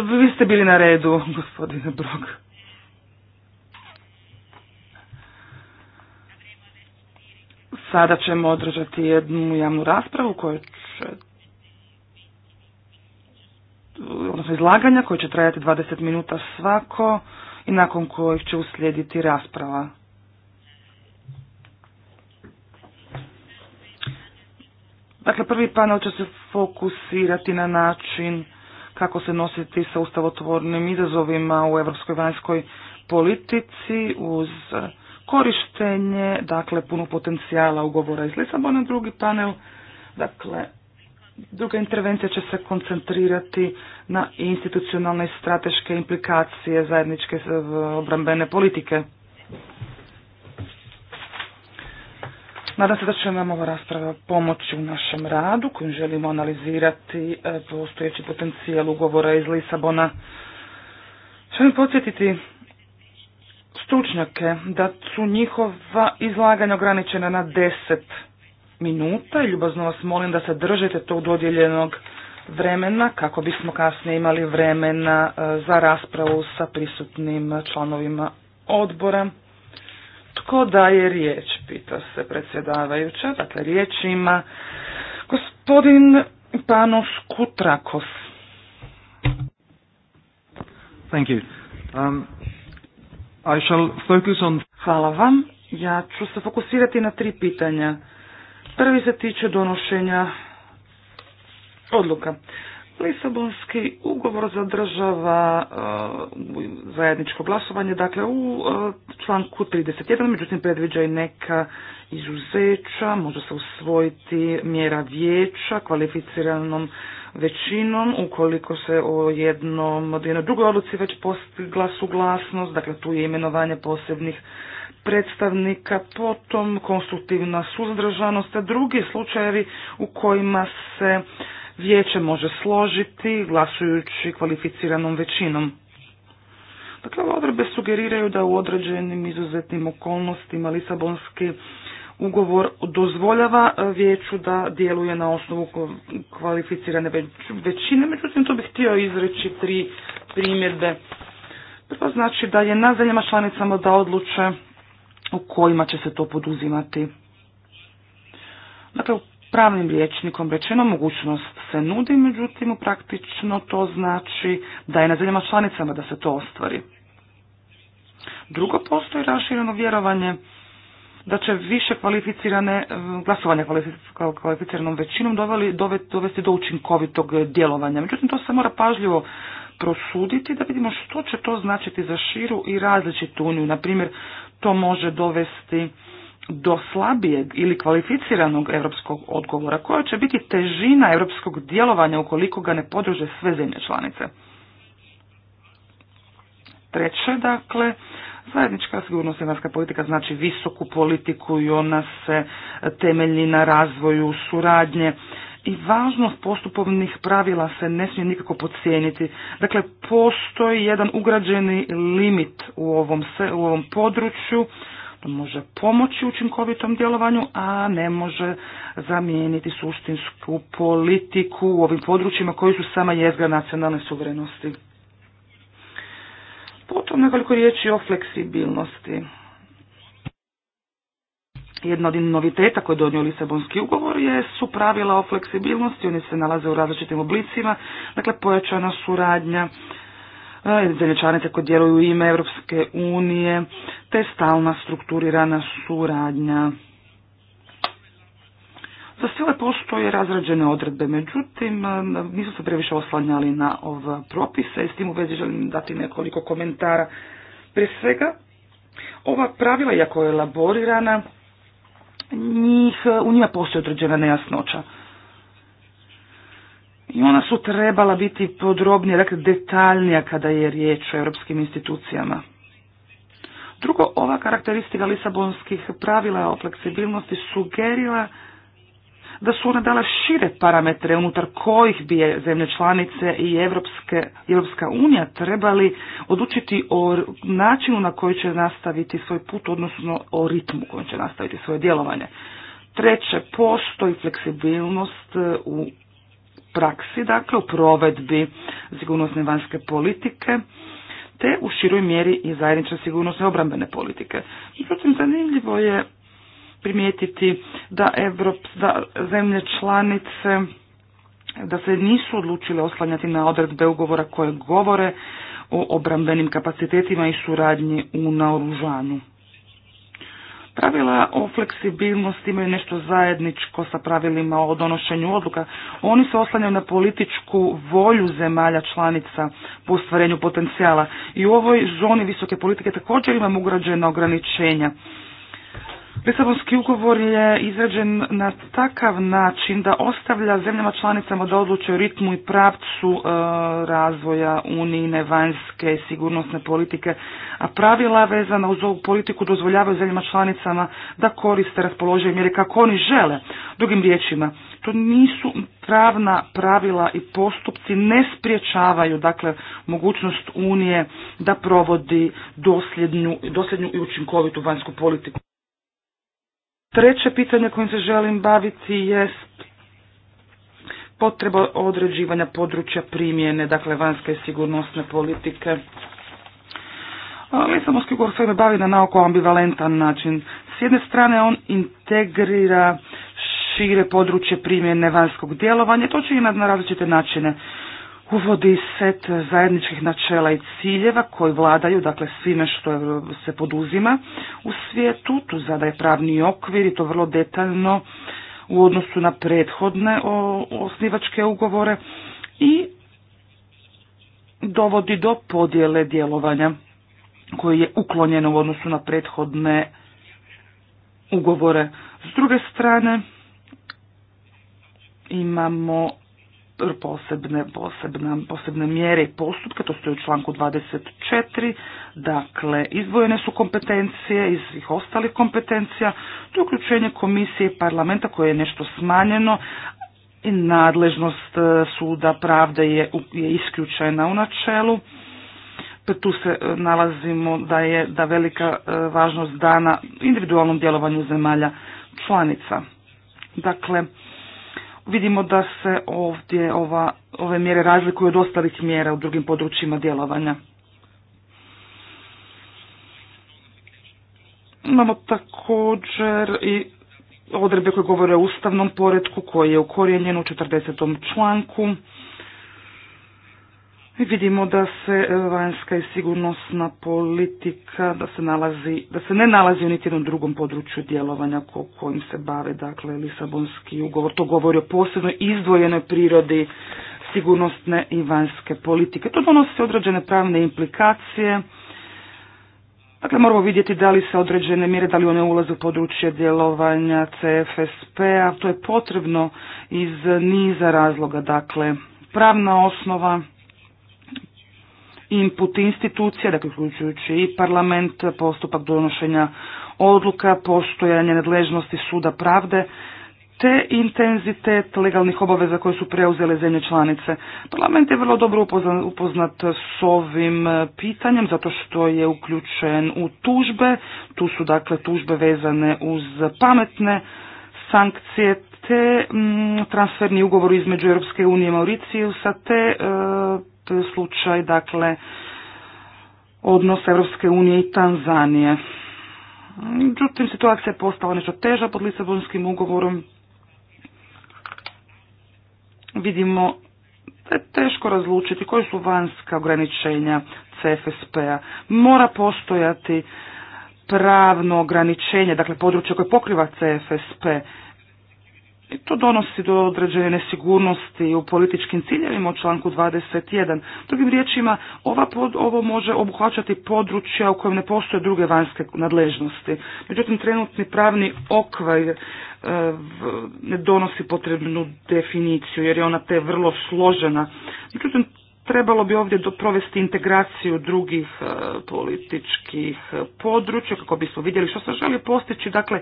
Vi ste bili na redu, gospodine Brog. Sada ćemo održati jednu javnu raspravu koja će odnosno izlaganja koje će trajati 20 minuta svako i nakon kojih će uslijediti rasprava. Dakle, prvi panel će se fokusirati na način kako se nositi sa ustavotvornim izazovima u europskoj vanjskoj politici uz korištenje, dakle, puno potencijala ugovora iz Lisabona. Drugi panel, dakle, druga intervencija će se koncentrirati na institucionalne i strateške implikacije zajedničke obrambene politike. Nadam se da će nam ova rasprava pomoći u našem radu kojim želimo analizirati e, postojeći potencijal ugovora iz Lisabona. Želim podsjetiti stručnjake da su njihova izlaganja ograničena na 10 minuta i ljubazno vas molim da se držite tog dodijeljenog vremena kako bismo kasnije imali vremena e, za raspravu sa prisutnim članovima odbora. Tko daje riječ, pita se predsjedavajuća. Dakle, riječ ima gospodin Panoš Kutrakos. Thank you. Um, I shall focus on... Hvala vam. Ja ću se fokusirati na tri pitanja. Prvi se tiče donošenja odluka. Lisabonski ugovor zadržava e, zajedničko glasovanje, dakle u e, članku 31, međutim predviđa i neka izuzeća, može se usvojiti mjera vijeća kvalificiranom većinom, ukoliko se o jednom od jednoj drugoj odluci već postigla suglasnost, dakle tu je imenovanje posebnih predstavnika, potom konstruktivna suzdržanost, a drugi slučajevi u kojima se vijeće može složiti glasujući kvalificiranom većinom. Dakle, ove odredbe sugeriraju da u određenim izuzetnim okolnostima Lisabonski ugovor dozvoljava e, vijeću da djeluje na osnovu kvalificirane većine, međutim to bih htio izreći tri primjedbe. Prvo znači da je na zemljama članicama da odluče u kojima će se to poduzimati. Dakle, u pravnim riječnikom rečeno mogućnost se nudi, međutim praktično to znači da je na zemljama članicama da se to ostvari. Drugo, postoji rašireno vjerovanje da će više kvalificirane, eh, glasovanje kvalificiranom većinom dovesti do učinkovitog djelovanja. Međutim, to se mora pažljivo prosuditi da vidimo što će to značiti za širu i različitu uniju. Naprimjer, to može dovesti do slabijeg ili kvalificiranog europskog odgovora, koja će biti težina europskog djelovanja ukoliko ga ne podruže sve zemlje članice. Treće, dakle, zajednička sigurnost i politika znači visoku politiku i ona se temelji na razvoju suradnje i važnost postupovnih pravila se ne smije nikako podcijeniti. Dakle, postoji jedan ugrađeni limit u ovom, u ovom području može pomoći učinkovitom djelovanju, a ne može zamijeniti suštinsku politiku u ovim područjima koji su sama jezgra nacionalne suverenosti. Potom nekoliko riječi o fleksibilnosti. Jedna od noviteta koje je donio Lisabonski ugovor je, su pravila o fleksibilnosti, oni se nalaze u različitim oblicima, dakle pojačana suradnja zemlje članice koje djeluju u ime Europske unije, te stalna strukturirana suradnja. Za sve ove postoje razrađene odredbe, međutim nisu se previše oslanjali na ove propise i s tim u vezi želim dati nekoliko komentara. Prije svega, ova pravila, iako je elaborirana, njih, u njima postoji određena nejasnoća i ona su trebala biti podrobnije dakle detaljnija kada je riječ o europskim institucijama. Drugo, ova karakteristika lisabonskih pravila o fleksibilnosti sugerila da su ona dala šire parametre unutar kojih bi zemlje članice i Evropske, Evropska unija trebali odlučiti o načinu na koji će nastaviti svoj put, odnosno o ritmu kojim će nastaviti svoje djelovanje. Treće, postoji fleksibilnost e, u praksi, dakle u provedbi sigurnosne vanjske politike, te u široj mjeri i zajedničke sigurnosne obrambene politike. Međutim, zanimljivo je primijetiti da, da zemlje članice da se nisu odlučile oslanjati na odredbe ugovora koje govore o obrambenim kapacitetima i suradnji u naoružanju. Pravila o fleksibilnosti imaju nešto zajedničko sa pravilima o donošenju odluka. Oni se oslanjaju na političku volju zemalja članica po ostvarenju potencijala. I u ovoj zoni visoke politike također imamo ugrađena ograničenja. Lisabonski ugovor je izrađen na takav način da ostavlja zemljama članicama da odluče o ritmu i pravcu e, razvoja unijine vanjske sigurnosne politike, a pravila vezana uz ovu politiku dozvoljavaju zemljama članicama da koriste raspoložuje mjere kako oni žele. Drugim riječima, to nisu pravna pravila i postupci ne spriječavaju dakle mogućnost unije da provodi dosljednju, dosljednju i učinkovitu vanjsku politiku. Treće pitanje kojim se želim baviti jest potreba određivanja područja primjene, dakle vanjske sigurnosne politike. Lisabonski ugovor se bavi na naoko ambivalentan način. S jedne strane on integrira šire područje primjene vanjskog djelovanja, to će i na različite načine uvodi set zajedničkih načela i ciljeva koji vladaju, dakle svime što se poduzima u svijetu, tu zadaje pravni okvir i to vrlo detaljno u odnosu na prethodne osnivačke ugovore i dovodi do podjele djelovanja koji je uklonjeno u odnosu na prethodne ugovore. S druge strane imamo posebne, posebne mjere i postupke, to stoji u članku 24, dakle izdvojene su kompetencije iz svih ostalih kompetencija, to je uključenje komisije i parlamenta koje je nešto smanjeno i nadležnost e, suda pravde je, je isključena u načelu. Tu se e, nalazimo da je da velika e, važnost dana individualnom djelovanju zemalja članica. Dakle, Vidimo da se ovdje ova, ove mjere razlikuju od ostalih mjera u drugim područjima djelovanja. Imamo također i odredbe koje govore o ustavnom poretku koji je ukorijenjen u 40. članku. Vidimo da se e, vanjska i sigurnosna politika, da se, nalazi, da se ne nalazi u niti jednom drugom području djelovanja kojim se bave, dakle, Lisabonski ugovor. To govori o posebno izdvojenoj prirodi sigurnosne i vanjske politike. To donosi određene pravne implikacije. Dakle, moramo vidjeti da li se određene mjere, da li one ulaze u područje djelovanja CFSP-a. To je potrebno iz niza razloga, dakle, pravna osnova, input institucija, dakle uključujući i parlament, postupak donošenja odluka, postojanje nadležnosti suda pravde, te intenzitet legalnih obaveza koje su preuzele zemlje članice. Parlament je vrlo dobro upoznat s ovim e, pitanjem zato što je uključen u tužbe, tu su dakle tužbe vezane uz pametne sankcije te mm, transferni ugovor između Europske unije i Mauricijusa te e, slučaj, dakle, odnos Europske unije i Tanzanije. Međutim, situacija je postala nešto teža pod Lisabonskim ugovorom. Vidimo da je teško razlučiti koje su vanjska ograničenja CFSP-a. Mora postojati pravno ograničenje, dakle područje koje pokriva CFSP. I to donosi do određene nesigurnosti u političkim ciljevima u članku 21. Drugim riječima, ova pod, ovo može obuhvaćati područja u kojem ne postoje druge vanjske nadležnosti. Međutim, trenutni pravni okvir e, ne donosi potrebnu definiciju jer je ona te vrlo složena. Međutim, Trebalo bi ovdje provesti integraciju drugih e, političkih područja kako bismo vidjeli što se želi postići, dakle,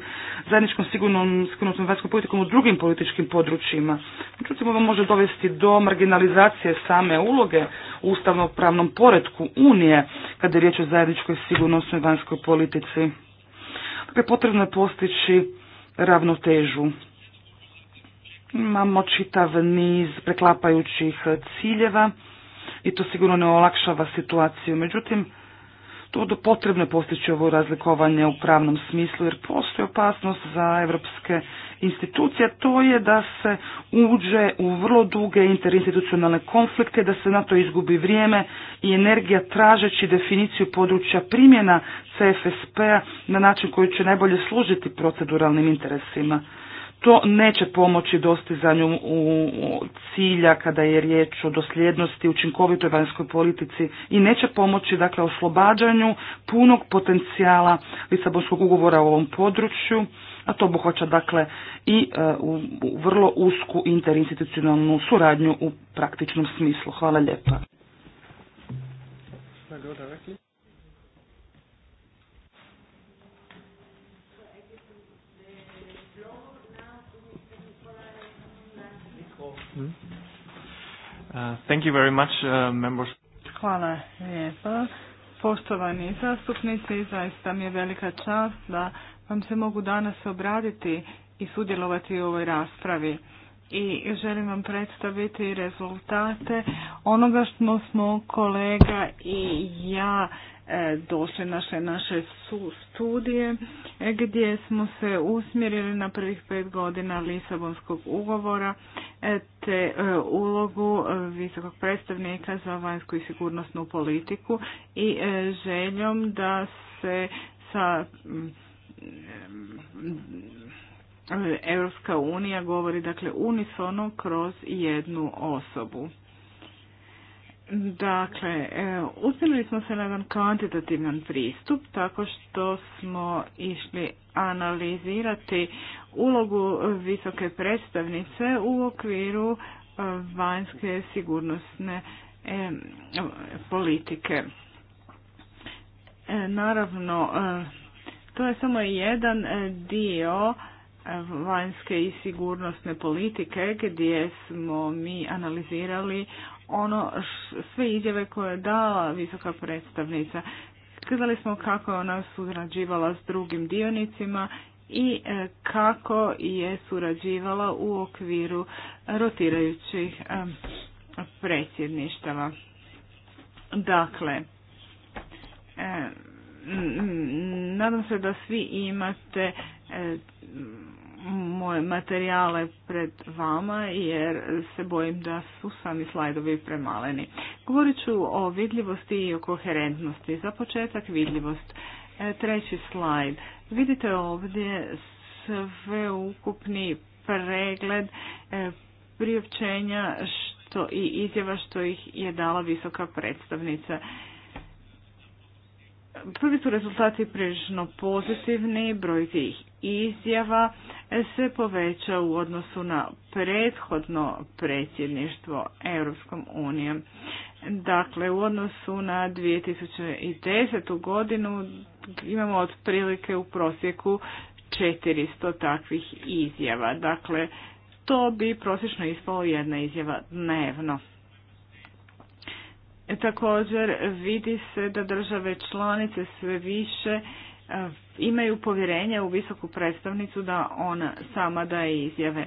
zajedničkom sigurnom sigurnosnom vanjskom politikom u drugim političkim područjima. Međutim, ovo može dovesti do marginalizacije same uloge u ustavnopravnom poretku Unije kada je riječ o zajedničkoj sigurnosnoj vanjskoj politici. Dakle, potrebno je postići ravnotežu. Imamo čitav niz preklapajućih ciljeva i to sigurno ne olakšava situaciju. Međutim, to do potrebno je postići ovo razlikovanje u pravnom smislu jer postoji opasnost za evropske institucije, to je da se uđe u vrlo duge interinstitucionalne konflikte, da se na to izgubi vrijeme i energija tražeći definiciju područja primjena CFSP-a na način koji će najbolje služiti proceduralnim interesima to neće pomoći dostizanju cilja kada je riječ o dosljednosti, učinkovitoj vanjskoj politici i neće pomoći dakle oslobađanju punog potencijala Lisabonskog ugovora u ovom području, a to obuhvaća dakle i e, u vrlo usku interinstitucionalnu suradnju u praktičnom smislu. Hvala lijepa. Uh, thank very much, uh, Hvala lijepa. Poštovani zastupnici, zaista mi je velika čast da vam se mogu danas obraditi i sudjelovati u ovoj raspravi. I želim vam predstaviti rezultate onoga što smo kolega i ja E, došle naše naše studije e, gdje smo se usmjerili na prvih pet godina Lisabonskog ugovora e, te ulogu visokog predstavnika za vanjsku i sigurnosnu politiku i željom da se sa Europska unija govori dakle unisono kroz jednu osobu. Dakle, e, uspjeli smo se na jedan kvantitativan pristup tako što smo išli analizirati ulogu visoke predstavnice u okviru e, vanjske sigurnosne e, politike. Naravno, to je samo jedan dio vanjske i sigurnosne politike gdje smo mi analizirali ono sve izjave koje je dala visoka predstavnica. Skazali smo kako je ona surađivala s drugim dionicima i e, kako je surađivala u okviru rotirajućih e, predsjedništava. Dakle, e, nadam se da svi imate moje materijale pred vama jer se bojim da su sami slajdovi premaleni. Govorit ću o vidljivosti i o koherentnosti. Za početak vidljivost. E, treći slajd. Vidite ovdje sveukupni pregled e, priopćenja i izjava što ih je dala visoka predstavnica. Prvi su rezultati prilično pozitivni, brojke ih izjava se poveća u odnosu na prethodno predsjedništvo Europskom unijom. Dakle, u odnosu na 2010. godinu imamo otprilike u prosjeku 400 takvih izjava. Dakle, to bi prosječno ispalo jedna izjava dnevno. E, također vidi se da države članice sve više imaju povjerenje u visoku predstavnicu da ona sama daje izjave.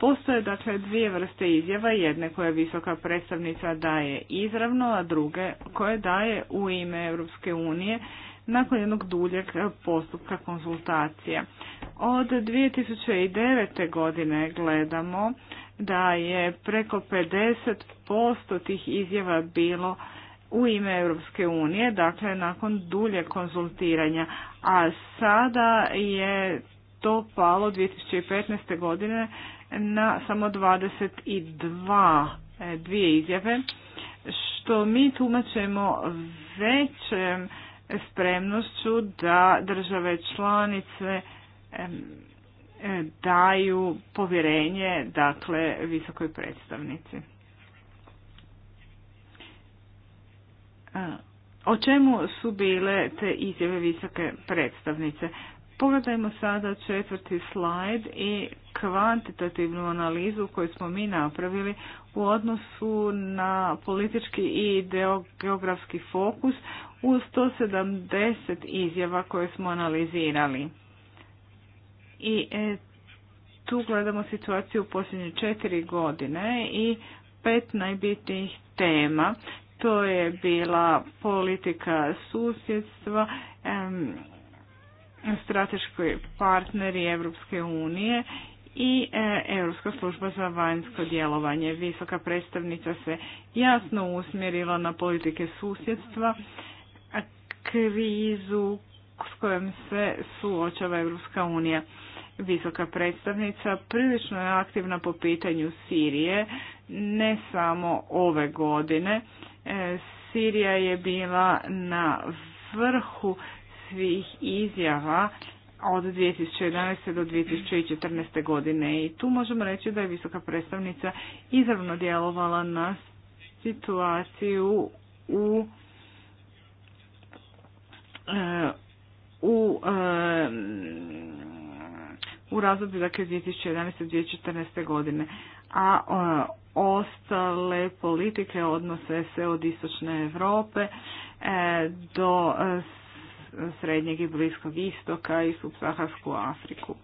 Postoje dakle dvije vrste izjava, jedne koje visoka predstavnica daje izravno, a druge koje daje u ime Europske unije nakon jednog duljeg postupka konzultacija. Od 2009. godine gledamo da je preko 50% tih izjava bilo u ime Europske unije, dakle nakon dulje konzultiranja, a sada je to palo 2015. godine na samo 22 e, dvije izjave, što mi tumačemo većem spremnošću da države članice e, daju povjerenje dakle visokoj predstavnici. O čemu su bile te izjave visoke predstavnice? Pogledajmo sada četvrti slajd i kvantitativnu analizu koju smo mi napravili u odnosu na politički i geografski fokus u 170 izjava koje smo analizirali. I e, tu gledamo situaciju u posljednje četiri godine i pet najbitnijih tema to je bila politika susjedstva, strateški partneri Evropske unije i Europska služba za vanjsko djelovanje. Visoka predstavnica se jasno usmjerila na politike susjedstva, krizu s kojom se suočava Evropska unija. Visoka predstavnica prilično je aktivna po pitanju Sirije, ne samo ove godine, E, Sirija je bila na vrhu svih izjava od 2011. do 2014. godine i tu možemo reći da je visoka predstavnica izravno djelovala na situaciju u e, u e, u razdoblju dakle 2011. 2014. godine a ostale politike odnose se od istočne Europe e, do e, srednjeg i bliskog istoka i subsaharsku Afriku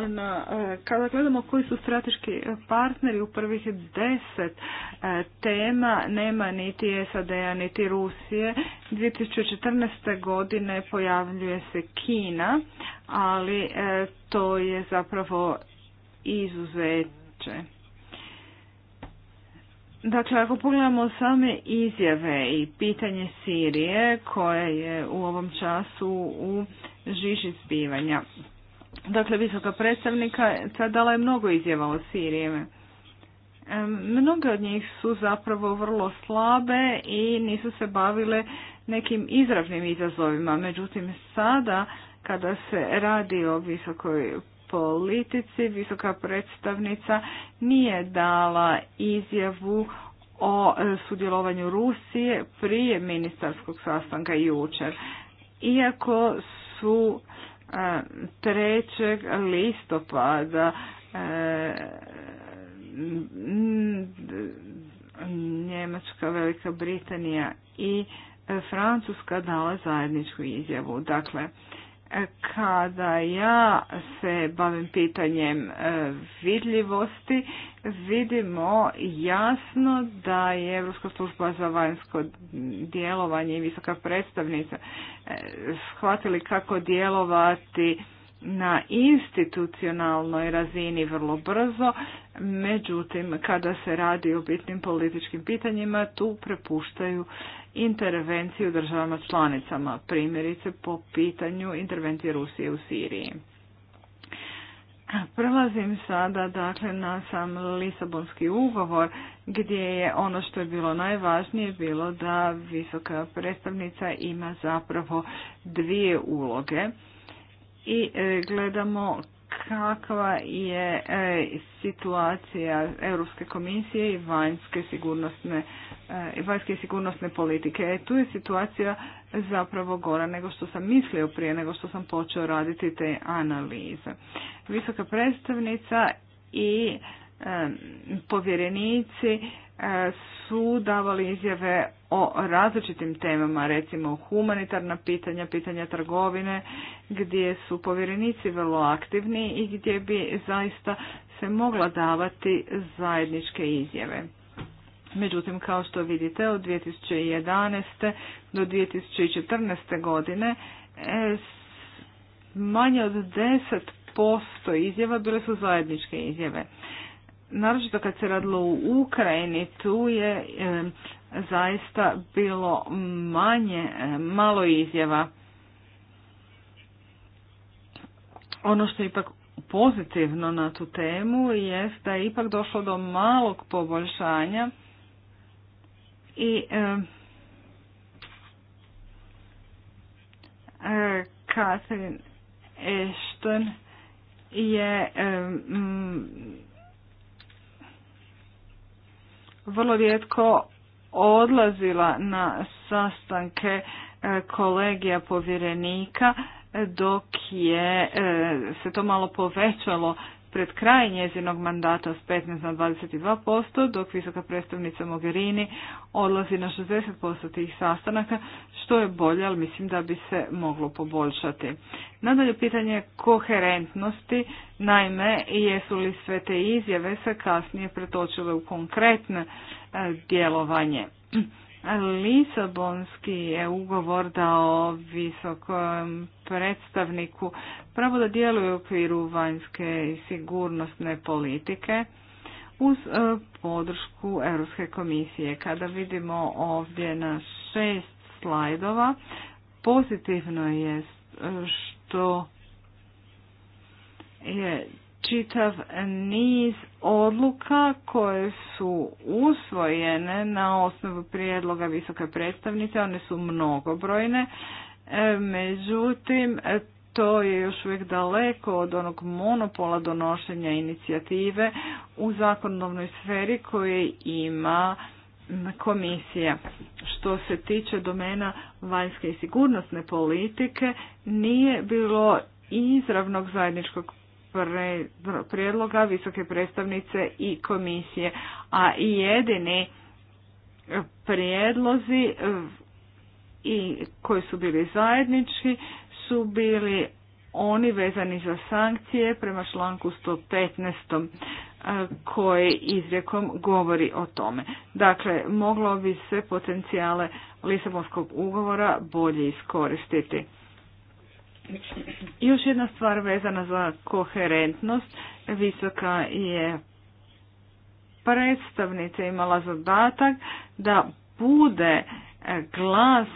na, e, kada gledamo koji su strateški partneri u prvih deset e, tema, nema niti SAD-a, niti Rusije. 2014. godine pojavljuje se Kina, ali e, to je zapravo izuzeće. Dakle, ako pogledamo same izjave i pitanje Sirije koje je u ovom času u žiži zbivanja. Dakle, visoka predstavnika dala je mnogo izjava o Siriji. Mnoge od njih su zapravo vrlo slabe i nisu se bavile nekim izravnim izazovima. Međutim, sada kada se radi o visokoj politici, visoka predstavnica nije dala izjavu o e, sudjelovanju Rusije prije ministarskog sastanka jučer. Iako su 3. listopada e, Njemačka, Velika Britanija i Francuska dala zajedničku izjavu. Dakle, kada ja se bavim pitanjem e, vidljivosti, vidimo jasno da je Europska služba za vanjsko djelovanje i visoka predstavnica e, shvatili kako djelovati na institucionalnoj razini vrlo brzo, međutim kada se radi o bitnim političkim pitanjima tu prepuštaju intervenciju državama članicama, primjerice po pitanju intervencije Rusije u Siriji. Prelazim sada dakle na sam Lisabonski ugovor gdje je ono što je bilo najvažnije bilo da visoka predstavnica ima zapravo dvije uloge i e, gledamo kakva je e, situacija Europske komisije i vanjske sigurnosne, e, vanjske sigurnosne politike. tu je situacija zapravo gora nego što sam mislio prije nego što sam počeo raditi te analize. Visoka predstavnica i povjerenici e, su davali izjave o različitim temama, recimo humanitarna pitanja, pitanja trgovine, gdje su povjerenici vrlo aktivni i gdje bi zaista se mogla davati zajedničke izjave. Međutim, kao što vidite, od 2011. do 2014. godine e, manje od 10% izjava bile su zajedničke izjave naročito kad se radilo u Ukrajini, tu je zaista bilo manje, malo izjava. Ono što je ipak pozitivno na tu temu jest da je ipak došlo do malog poboljšanja i e, Catherine je vrlo rijetko odlazila na sastanke e, kolegija povjerenika dok je e, se to malo povećalo pred kraj njezinog mandata s 15 na 22%, dok visoka predstavnica Mogherini odlazi na 60% tih sastanaka, što je bolje, ali mislim da bi se moglo poboljšati. Nadalje pitanje koherentnosti, naime, jesu li sve te izjave se kasnije pretočile u konkretne e, djelovanje. Lisabonski je ugovor dao visokom predstavniku pravo da djeluje u okviru vanjske i sigurnosne politike uz e, podršku Europske komisije. Kada vidimo ovdje na šest slajdova, pozitivno je e, što je čitav niz odluka koje su usvojene na osnovu prijedloga visoke predstavnice. One su mnogobrojne, e, međutim to je još uvijek daleko od onog monopola donošenja inicijative u zakonodavnoj sferi koje ima komisija. Što se tiče domena vanjske i sigurnosne politike, nije bilo izravnog zajedničkog prijedloga visoke predstavnice i komisije. A i jedini prijedlozi eh, i koji su bili zajednički su bili oni vezani za sankcije prema članku 115 eh, koji izrijekom govori o tome. Dakle, moglo bi se potencijale Lisabonskog ugovora bolje iskoristiti. Još jedna stvar vezana za koherentnost. Visoka je predstavnica imala zadatak da bude glas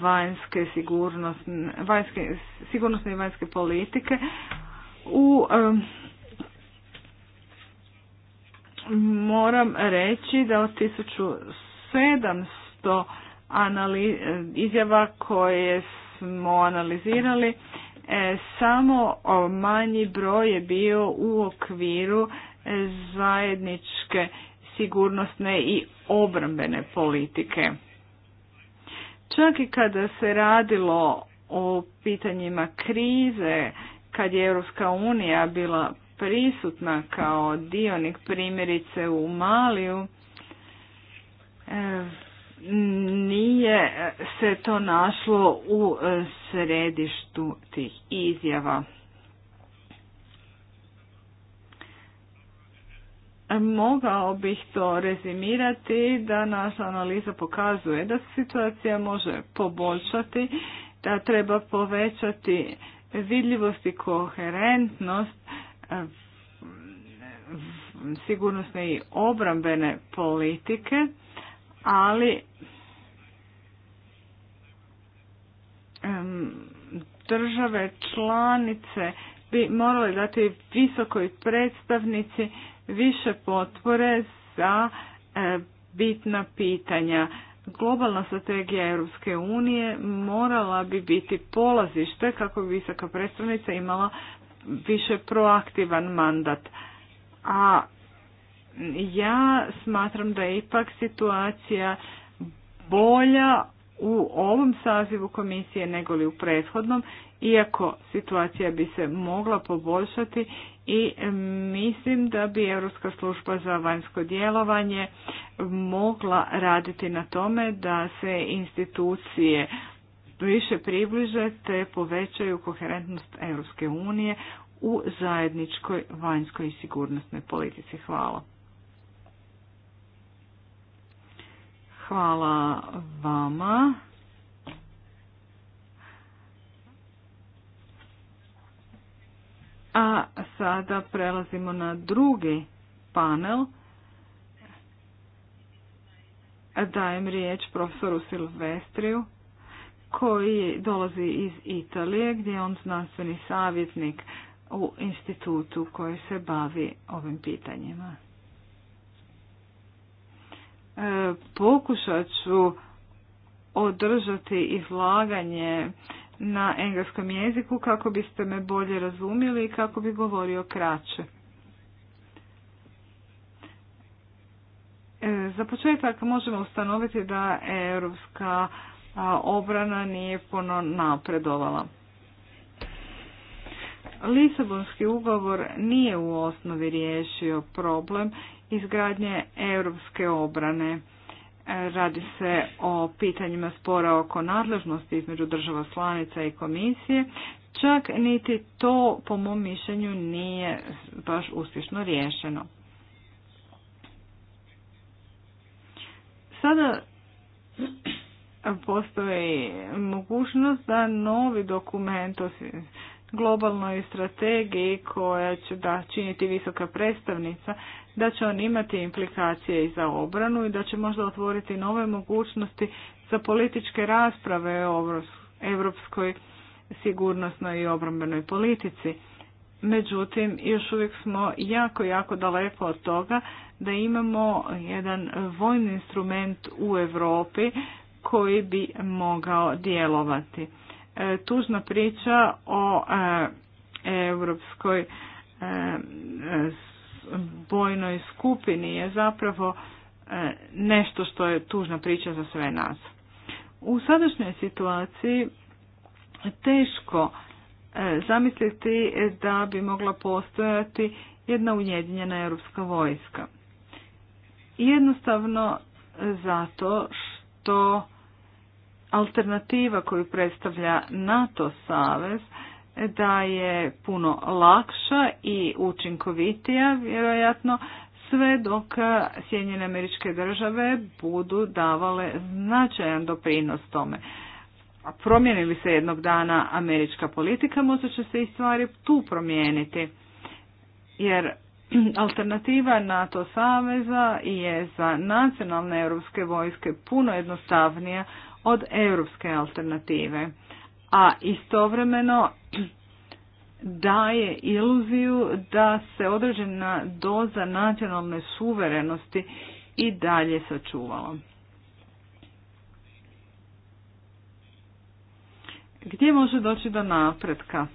vanjske sigurnosne, vanjske, sigurnosne i vanjske politike u moram reći da od 1700 izjava koje smo analizirali, e, samo manji broj je bio u okviru e, zajedničke sigurnosne i obrambene politike. Čak i kada se radilo o pitanjima krize, kad je Europska unija bila prisutna kao dionik primjerice u Maliju, e, nije se to našlo u središtu tih izjava. Mogao bih to rezimirati da naša analiza pokazuje da se situacija može poboljšati, da treba povećati vidljivost i koherentnost eh, sigurnosne i obrambene politike ali države članice bi morale dati visokoj predstavnici više potpore za e, bitna pitanja. Globalna strategija Europske unije morala bi biti polazište kako bi visoka predstavnica imala više proaktivan mandat. A ja smatram da je ipak situacija bolja u ovom sazivu komisije nego li u prethodnom, iako situacija bi se mogla poboljšati i mislim da bi Europska služba za vanjsko djelovanje mogla raditi na tome da se institucije više približe te povećaju koherentnost Europske unije u zajedničkoj vanjskoj i sigurnosnoj politici. Hvala. Hvala vama. A sada prelazimo na drugi panel. Dajem riječ profesoru Silvestriju koji dolazi iz Italije gdje je on znanstveni savjetnik u institutu koji se bavi ovim pitanjima. E, pokušat ću održati izlaganje na engleskom jeziku kako biste me bolje razumjeli i kako bi govorio kraće. E, za početak možemo ustanoviti da europska obrana nije puno napredovala. Lisabonski ugovor nije u osnovi riješio problem izgradnje europske obrane. E, radi se o pitanjima spora oko nadležnosti između država članica i komisije. Čak niti to, po mom mišljenju, nije baš uspješno riješeno. Sada postoji mogućnost da novi dokument globalnoj strategiji koja će da činiti visoka predstavnica, da će on imati implikacije i za obranu i da će možda otvoriti nove mogućnosti za političke rasprave o europskoj sigurnosnoj i obrambenoj politici. Međutim, još uvijek smo jako, jako daleko od toga da imamo jedan vojni instrument u Europi koji bi mogao djelovati. E, tužna priča o e, europskoj e, bojnoj skupini je zapravo nešto što je tužna priča za sve nas. U sadašnjoj situaciji teško zamisliti da bi mogla postojati jedna ujedinjena europska vojska. Jednostavno zato što alternativa koju predstavlja NATO savez da je puno lakša i učinkovitija vjerojatno sve dok Sjedinjene američke države budu davale značajan doprinos tome. promijeni li se jednog dana američka politika, možda će se i stvari tu promijeniti. Jer alternativa NATO saveza je za nacionalne europske vojske puno jednostavnija od europske alternative, a istovremeno daje iluziju da se određena doza nacionalne suverenosti i dalje sačuvala. Gdje može doći do napretka?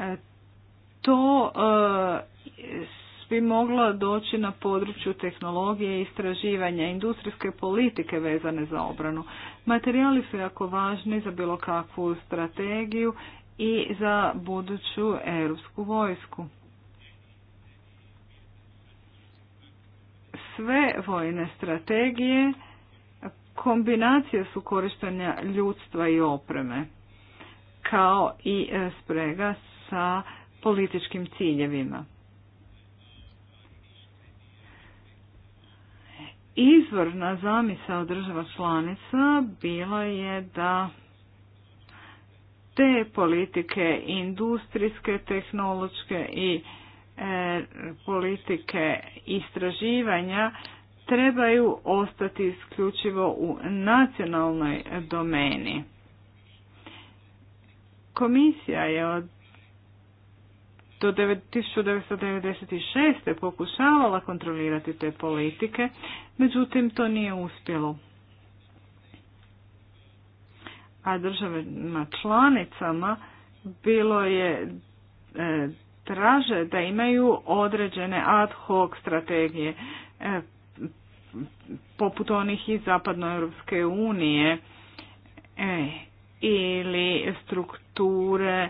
E, to e, bi mogla doći na području tehnologije, i istraživanja, industrijske politike vezane za obranu. Materijali su jako važni za bilo kakvu strategiju i za buduću europsku vojsku. Sve vojne strategije kombinacije su korištenja ljudstva i opreme, kao i sprega sa političkim ciljevima. izvorna zamisa od država članica bila je da te politike industrijske, tehnološke i e, politike istraživanja trebaju ostati isključivo u nacionalnoj domeni. Komisija je od do 1996. pokušavala kontrolirati te politike, međutim to nije uspjelo. A državama članicama bilo je e, traže da imaju određene ad hoc strategije, e, poput onih iz Zapadnoevropske unije e, ili strukture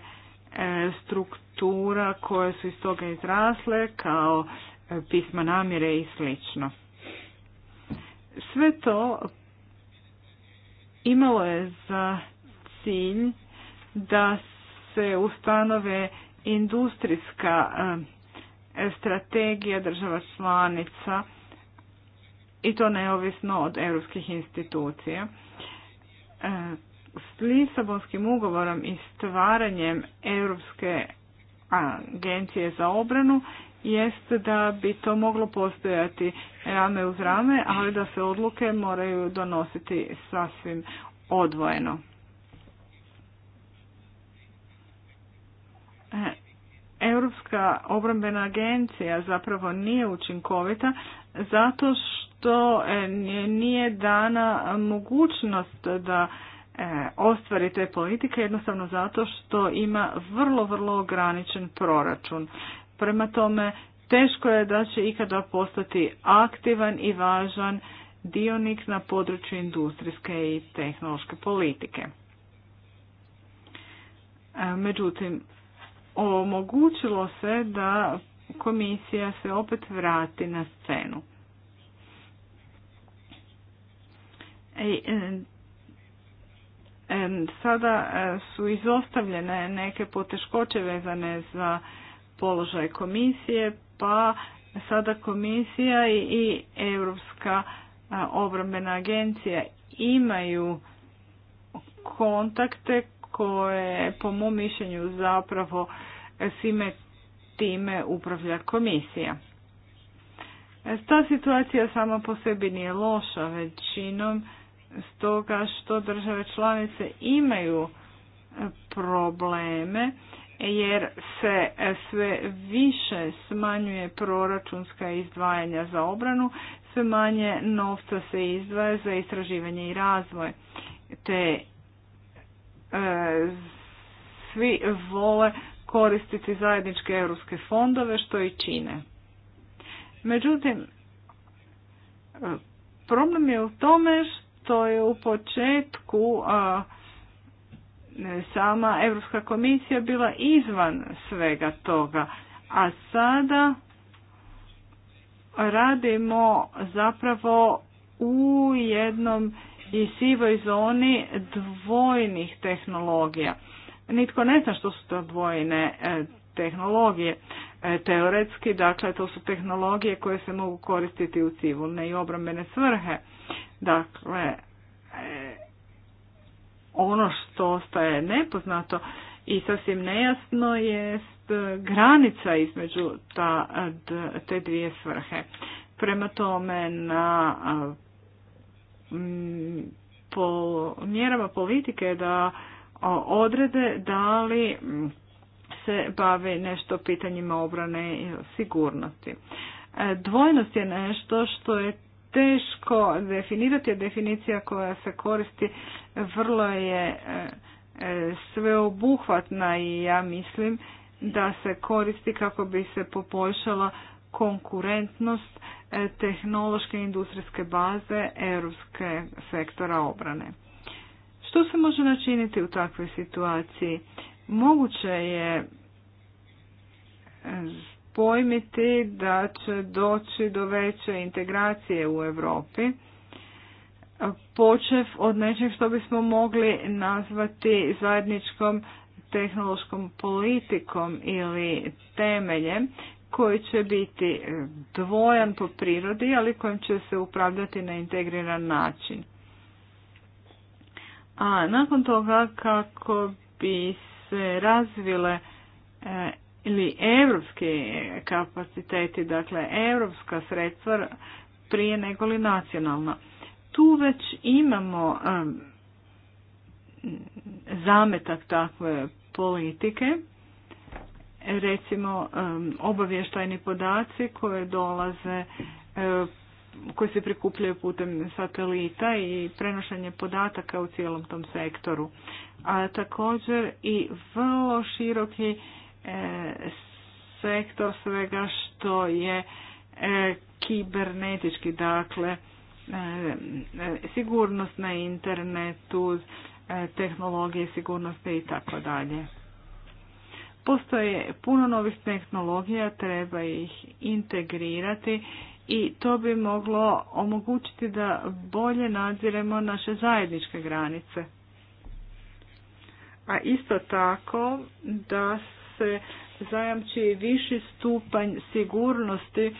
struktura koje su iz toga izrasle kao e, pisma namjere i slično. Sve to imalo je za cilj da se ustanove industrijska e, strategija država članica i to neovisno od europskih institucija. E, s Lisabonskim ugovorom i stvaranjem Europske agencije za obranu jest da bi to moglo postojati rame uz rame, ali da se odluke moraju donositi sasvim odvojeno. E, Europska obrambena agencija zapravo nije učinkovita zato što e, nije dana mogućnost da ostvari te politike jednostavno zato što ima vrlo, vrlo ograničen proračun. Prema tome, teško je da će ikada postati aktivan i važan dionik na području industrijske i tehnološke politike. E, međutim, omogućilo se da komisija se opet vrati na scenu. E, Sada e, su izostavljene neke poteškoće vezane za položaj komisije, pa sada komisija i Europska e, obrambena agencija imaju kontakte koje po mom mišljenju zapravo e, svime time upravlja komisija. Ta situacija sama po sebi nije loša, većinom stoga što države članice imaju e, probleme jer se e, sve više smanjuje proračunska izdvajanja za obranu, sve manje novca se izdvaja za istraživanje i razvoj. Te e, svi vole koristiti zajedničke europske fondove što i čine. Međutim, problem je u tome što što je u početku a, sama Europska komisija bila izvan svega toga, a sada radimo zapravo u jednom i sivoj zoni dvojnih tehnologija. Nitko ne zna što su to dvojne e, tehnologije. E, teoretski, dakle, to su tehnologije koje se mogu koristiti u civilne i obrambene svrhe. Dakle, e, ono što ostaje nepoznato i sasvim nejasno jest granica između ta, te dvije svrhe. Prema tome na po mjerama politike da odrede da li se bave nešto pitanjima obrane i sigurnosti. E, dvojnost je nešto što je teško definirati, definicija koja se koristi vrlo je e, sveobuhvatna i ja mislim da se koristi kako bi se poboljšala konkurentnost e, tehnološke industrijske baze europske sektora obrane. Što se može načiniti u takvoj situaciji? Moguće je e, pojmiti da će doći do veće integracije u Europi počev od nečeg što bismo mogli nazvati zajedničkom tehnološkom politikom ili temeljem koji će biti dvojan po prirodi, ali kojim će se upravljati na integriran način. A nakon toga kako bi se razvile e, ili europski kapaciteti, dakle europska sredstva prije nego li nacionalna. Tu već imamo zametak takve politike, recimo obavještajni podaci koje dolaze e, koji se prikupljaju putem satelita i prenošenje podataka u cijelom tom sektoru. A također i vrlo široki E, sektor svega što je e, kibernetički, dakle e, sigurnost na internetu, tehnologije sigurnosti i tako dalje. Postoje puno novih tehnologija, treba ih integrirati i to bi moglo omogućiti da bolje nadziremo naše zajedničke granice. A isto tako da se zajamči viši stupanj sigurnosti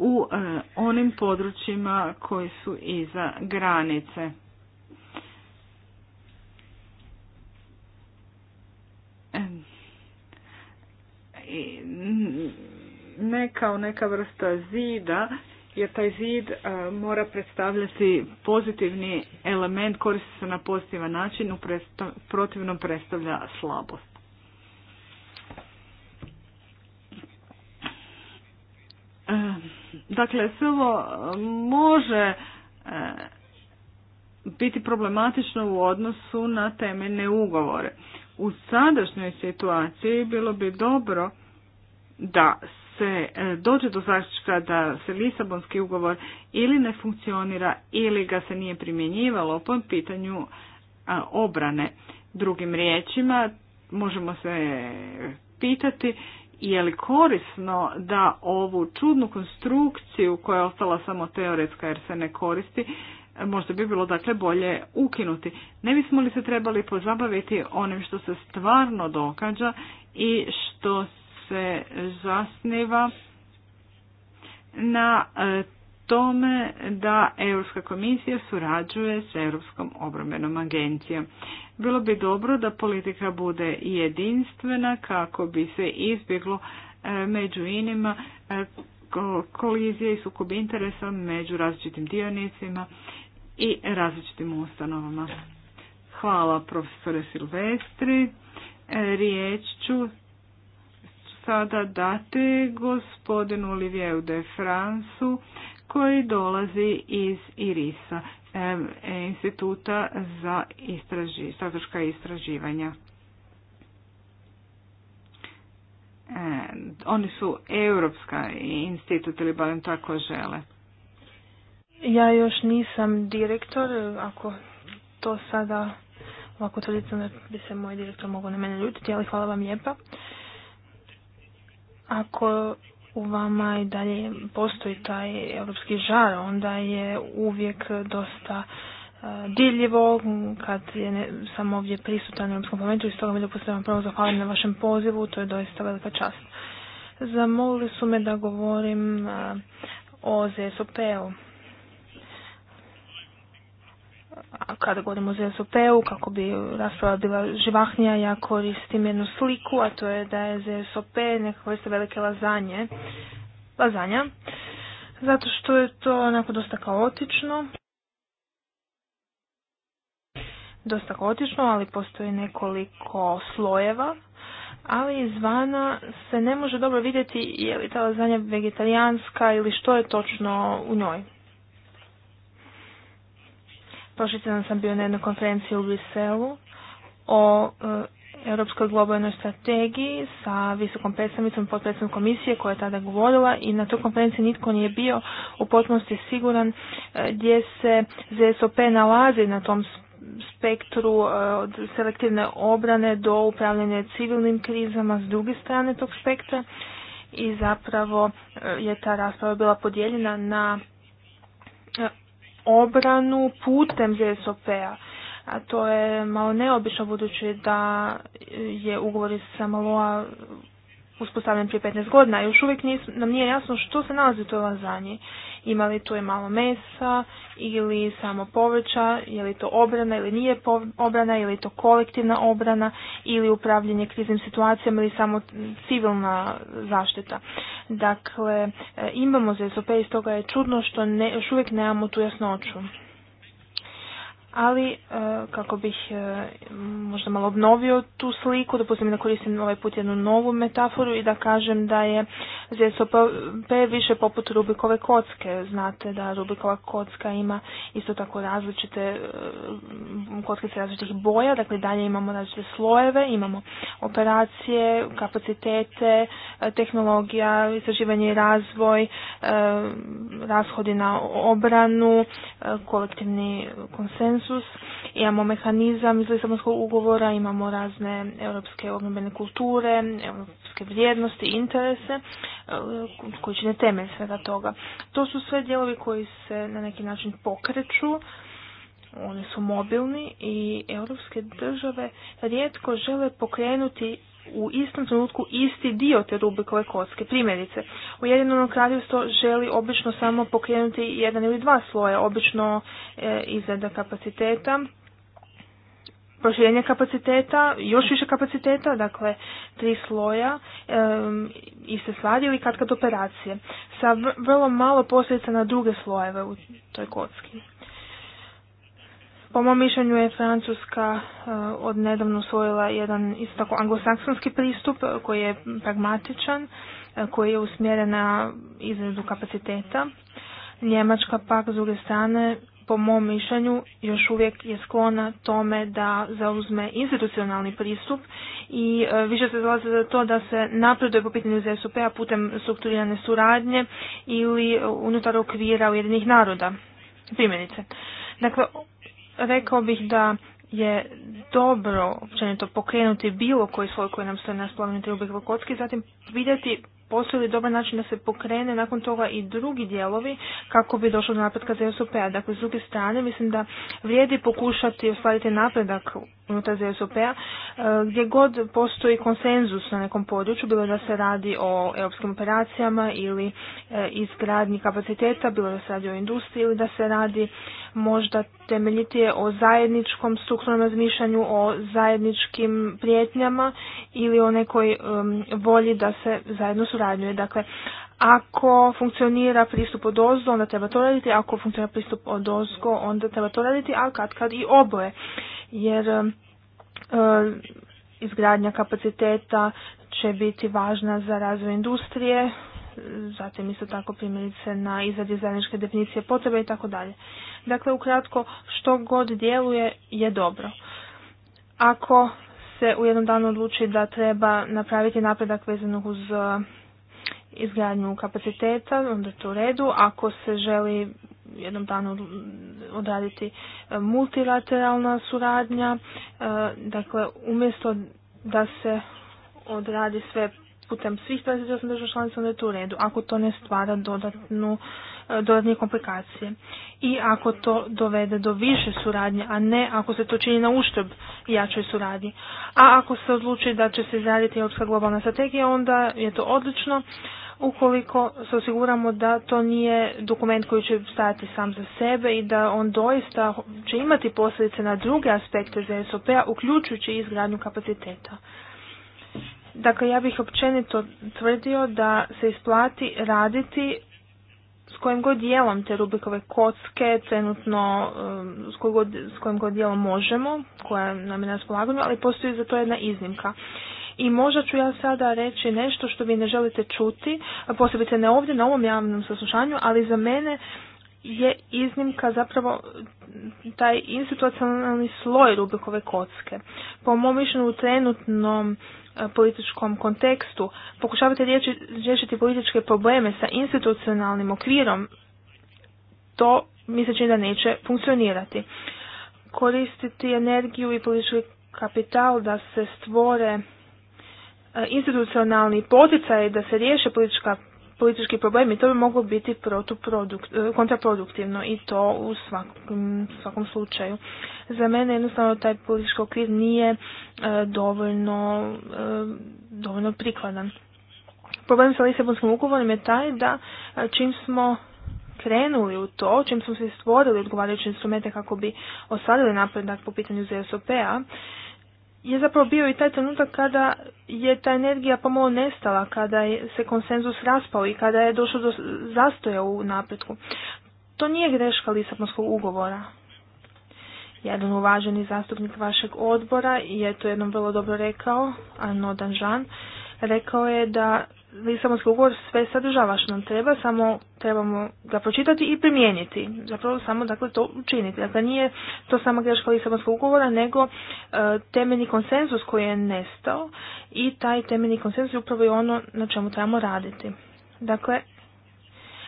u e, onim područjima koji su iza granice. E, ne kao neka vrsta zida, jer taj zid e, mora predstavljati pozitivni element, koristi se na pozitivan način, u protivnom predstavlja slabost. Dakle, sve ovo može e, biti problematično u odnosu na temeljne ugovore. U sadašnjoj situaciji bilo bi dobro da se e, dođe do zaključka da se Lisabonski ugovor ili ne funkcionira ili ga se nije primjenjivalo po pitanju obrane. Drugim riječima možemo se pitati je li korisno da ovu čudnu konstrukciju koja je ostala samo teoretska jer se ne koristi, možda bi bilo dakle bolje ukinuti. Ne bismo li se trebali pozabaviti onim što se stvarno događa i što se zasniva na e, tome da Europska komisija surađuje s Europskom obrambenom agencijom. Bilo bi dobro da politika bude jedinstvena kako bi se izbjeglo e, među inima e, kolizije i sukob interesa među različitim dionicima i različitim ustanovama. Hvala profesore Silvestri. E, riječ ću sada dati gospodinu Olivieru de Francu koji dolazi iz Irisa instituta za istraži, istraživanja. Oni su europska institut ili barem tako žele. Ja još nisam direktor, ako to sada ovako tvrdite, bi se moj direktor mogao na mene ljutiti, ali hvala vam lijepa. Ako u vama i dalje postoji taj europski žar, onda je uvijek dosta e, diljivo kad je ne, sam ovdje prisutan u Europskom parlamentu i stoga mi dopustite vam prvo na vašem pozivu, to je doista velika čast. Zamolili su me da govorim e, o ZSOP-u. kada govorimo o ZSOP-u, kako bi rasprava bila živahnija, ja koristim jednu sliku, a to je da je ZSOP neka koriste velike lazanje, lazanja, zato što je to onako dosta kaotično. Dosta kaotično, ali postoji nekoliko slojeva, ali izvana se ne može dobro vidjeti je li ta lazanja vegetarijanska ili što je točno u njoj. Prošli tjedan sam bio na jednoj konferenciji u Briselu o e, Europskoj globalnoj strategiji sa visokom predstavnicom i komisije koja je tada govorila i na toj konferenciji nitko nije bio u potpunosti siguran e, gdje se ZSOP nalazi na tom spektru e, od selektivne obrane do upravljanja civilnim krizama s druge strane tog spektra i zapravo je ta rasprava bila podijeljena na obranu putem ZSOP-a. A to je malo neobično budući da je ugovor iz Samaloa uspostavljen prije 15 godina. Još uvijek nam nije jasno što se nalazi u toj lazanji ima li tu je malo mesa ili samo poveća je li to obrana ili nije obrana, je li to kolektivna obrana ili upravljanje kriznim situacijama ili samo civilna zaštita. Dakle, e, imamo ZSOP i stoga je čudno što još uvijek nemamo tu jasnoću ali e, kako bih e, možda malo obnovio tu sliku, dopustim da koristim ovaj put jednu novu metaforu i da kažem da je ZSOP više poput Rubikove kocke. Znate da Rubikova kocka ima isto tako različite se različitih boja, dakle dalje imamo različite slojeve, imamo operacije, kapacitete, e, tehnologija, istraživanje i razvoj, rashodi na obranu, kolektivni konsens konsenzus, imamo mehanizam iz Lisabonskog ugovora, imamo razne europske obrambene kulture, europske vrijednosti, interese e, koji ne temelj svega toga. To su sve dijelovi koji se na neki način pokreću, oni su mobilni i europske države rijetko žele pokrenuti u istom trenutku isti dio te rubikove kocke. Primjerice, jedinom kraljevstvo želi obično samo pokrenuti jedan ili dva sloja, obično e, kapaciteta, proširenje kapaciteta, još više kapaciteta, dakle tri sloja i se stvari ili kad kad operacije. Sa vrlo malo posljedica na druge slojeve u toj kocki. Po mom mišljenju je Francuska e, odnedavno usvojila jedan isto tako anglosaksonski pristup e, koji je pragmatičan, e, koji je usmjeren na izradu kapaciteta. Njemačka pak s druge strane po mom mišljenju još uvijek je sklona tome da zauzme institucionalni pristup i više se zalaze za to da se napreduje po pitanju ZSUP-a putem strukturirane suradnje ili unutar okvira Ujedinih naroda. Primjerice. Dakle, Rekao bih da je dobro općenito pokrenuti bilo koji svoj koji nam stoji na splavnju trubih Vokotski, zatim vidjeti postoji li dobar način da se pokrene nakon toga i drugi dijelovi kako bi došlo do napretka ZSOP-a. Dakle, s druge strane, mislim da vrijedi pokušati ostvariti napredak unutar ZSOP-a e, gdje god postoji konsenzus na nekom području, bilo da se radi o europskim operacijama ili e, izgradnji kapaciteta, bilo da se radi o industriji ili da se radi možda temeljitije o zajedničkom strukturnom razmišljanju, o zajedničkim prijetnjama ili o nekoj um, volji da se zajedno suradnjuje. Dakle, ako funkcionira pristup od ozgo, onda treba to raditi, ako funkcionira pristup od ozgo, onda treba to raditi, a kad kad i oboje. Jer um, uh, izgradnja kapaciteta će biti važna za razvoj industrije, zatim isto tako primjerice na izradi zajedničke definicije potrebe i tako dalje. Dakle, ukratko, što god djeluje je dobro. Ako se u jednom danu odluči da treba napraviti napredak vezanog uz e, izgradnju kapaciteta, onda je to u redu. Ako se želi jednom danu odraditi e, multilateralna suradnja, e, dakle umjesto da se odradi sve putem svih 28 država članica onda je to u redu, ako to ne stvara dodatnu, e, dodatne komplikacije. I ako to dovede do više suradnje, a ne ako se to čini na uštrb jačoj suradnji. A ako se odluči da će se izraditi Europska globalna strategija, onda je to odlično ukoliko se osiguramo da to nije dokument koji će stajati sam za sebe i da on doista će imati posljedice na druge aspekte ZSOP-a, uključujući izgradnju kapaciteta. Dakle, ja bih općenito tvrdio da se isplati raditi s kojim god dijelom te Rubikove kocke trenutno um, s kojim god, s kojim god dijelom možemo, koja nam je na raspolaganju, ali postoji za to jedna iznimka. I možda ću ja sada reći nešto što vi ne želite čuti, posebice ne ovdje na ovom javnom saslušanju, ali za mene je iznimka zapravo taj institucionalni sloj Rubikove kocke. Po mom mišljenju trenutnom političkom kontekstu, pokušavate riješiti političke probleme sa institucionalnim okvirom, to mi da neće funkcionirati. Koristiti energiju i politički kapital da se stvore e, institucionalni poticaj da se riješe politička politički problem i to bi moglo biti e, kontraproduktivno i to u svakom, svakom slučaju. Za mene jednostavno taj politički okvir nije e, dovoljno, e, dovoljno prikladan. Problem sa Lisabonskim ugovorom je taj da čim smo krenuli u to, čim smo se stvorili odgovarajuće instrumente kako bi ostvarili napredak po pitanju ZSOP-a, je zapravo bio i taj trenutak kada je ta energija pomalo nestala, kada je se konsenzus raspao i kada je došlo do zastoja u napretku. To nije greška Lisabonskog ugovora. Jedan uvaženi zastupnik vašeg odbora je to jednom vrlo dobro rekao, nodan Žan, rekao je da Lisabonski ugovor sve sadržava što nam treba, samo trebamo ga pročitati i primijeniti. Zapravo samo dakle, to učiniti. Dakle, nije to samo greška Lisabonskog ugovora, nego e, temeljni konsenzus koji je nestao i taj temeljni konsenzus je upravo je ono na čemu trebamo raditi. Dakle,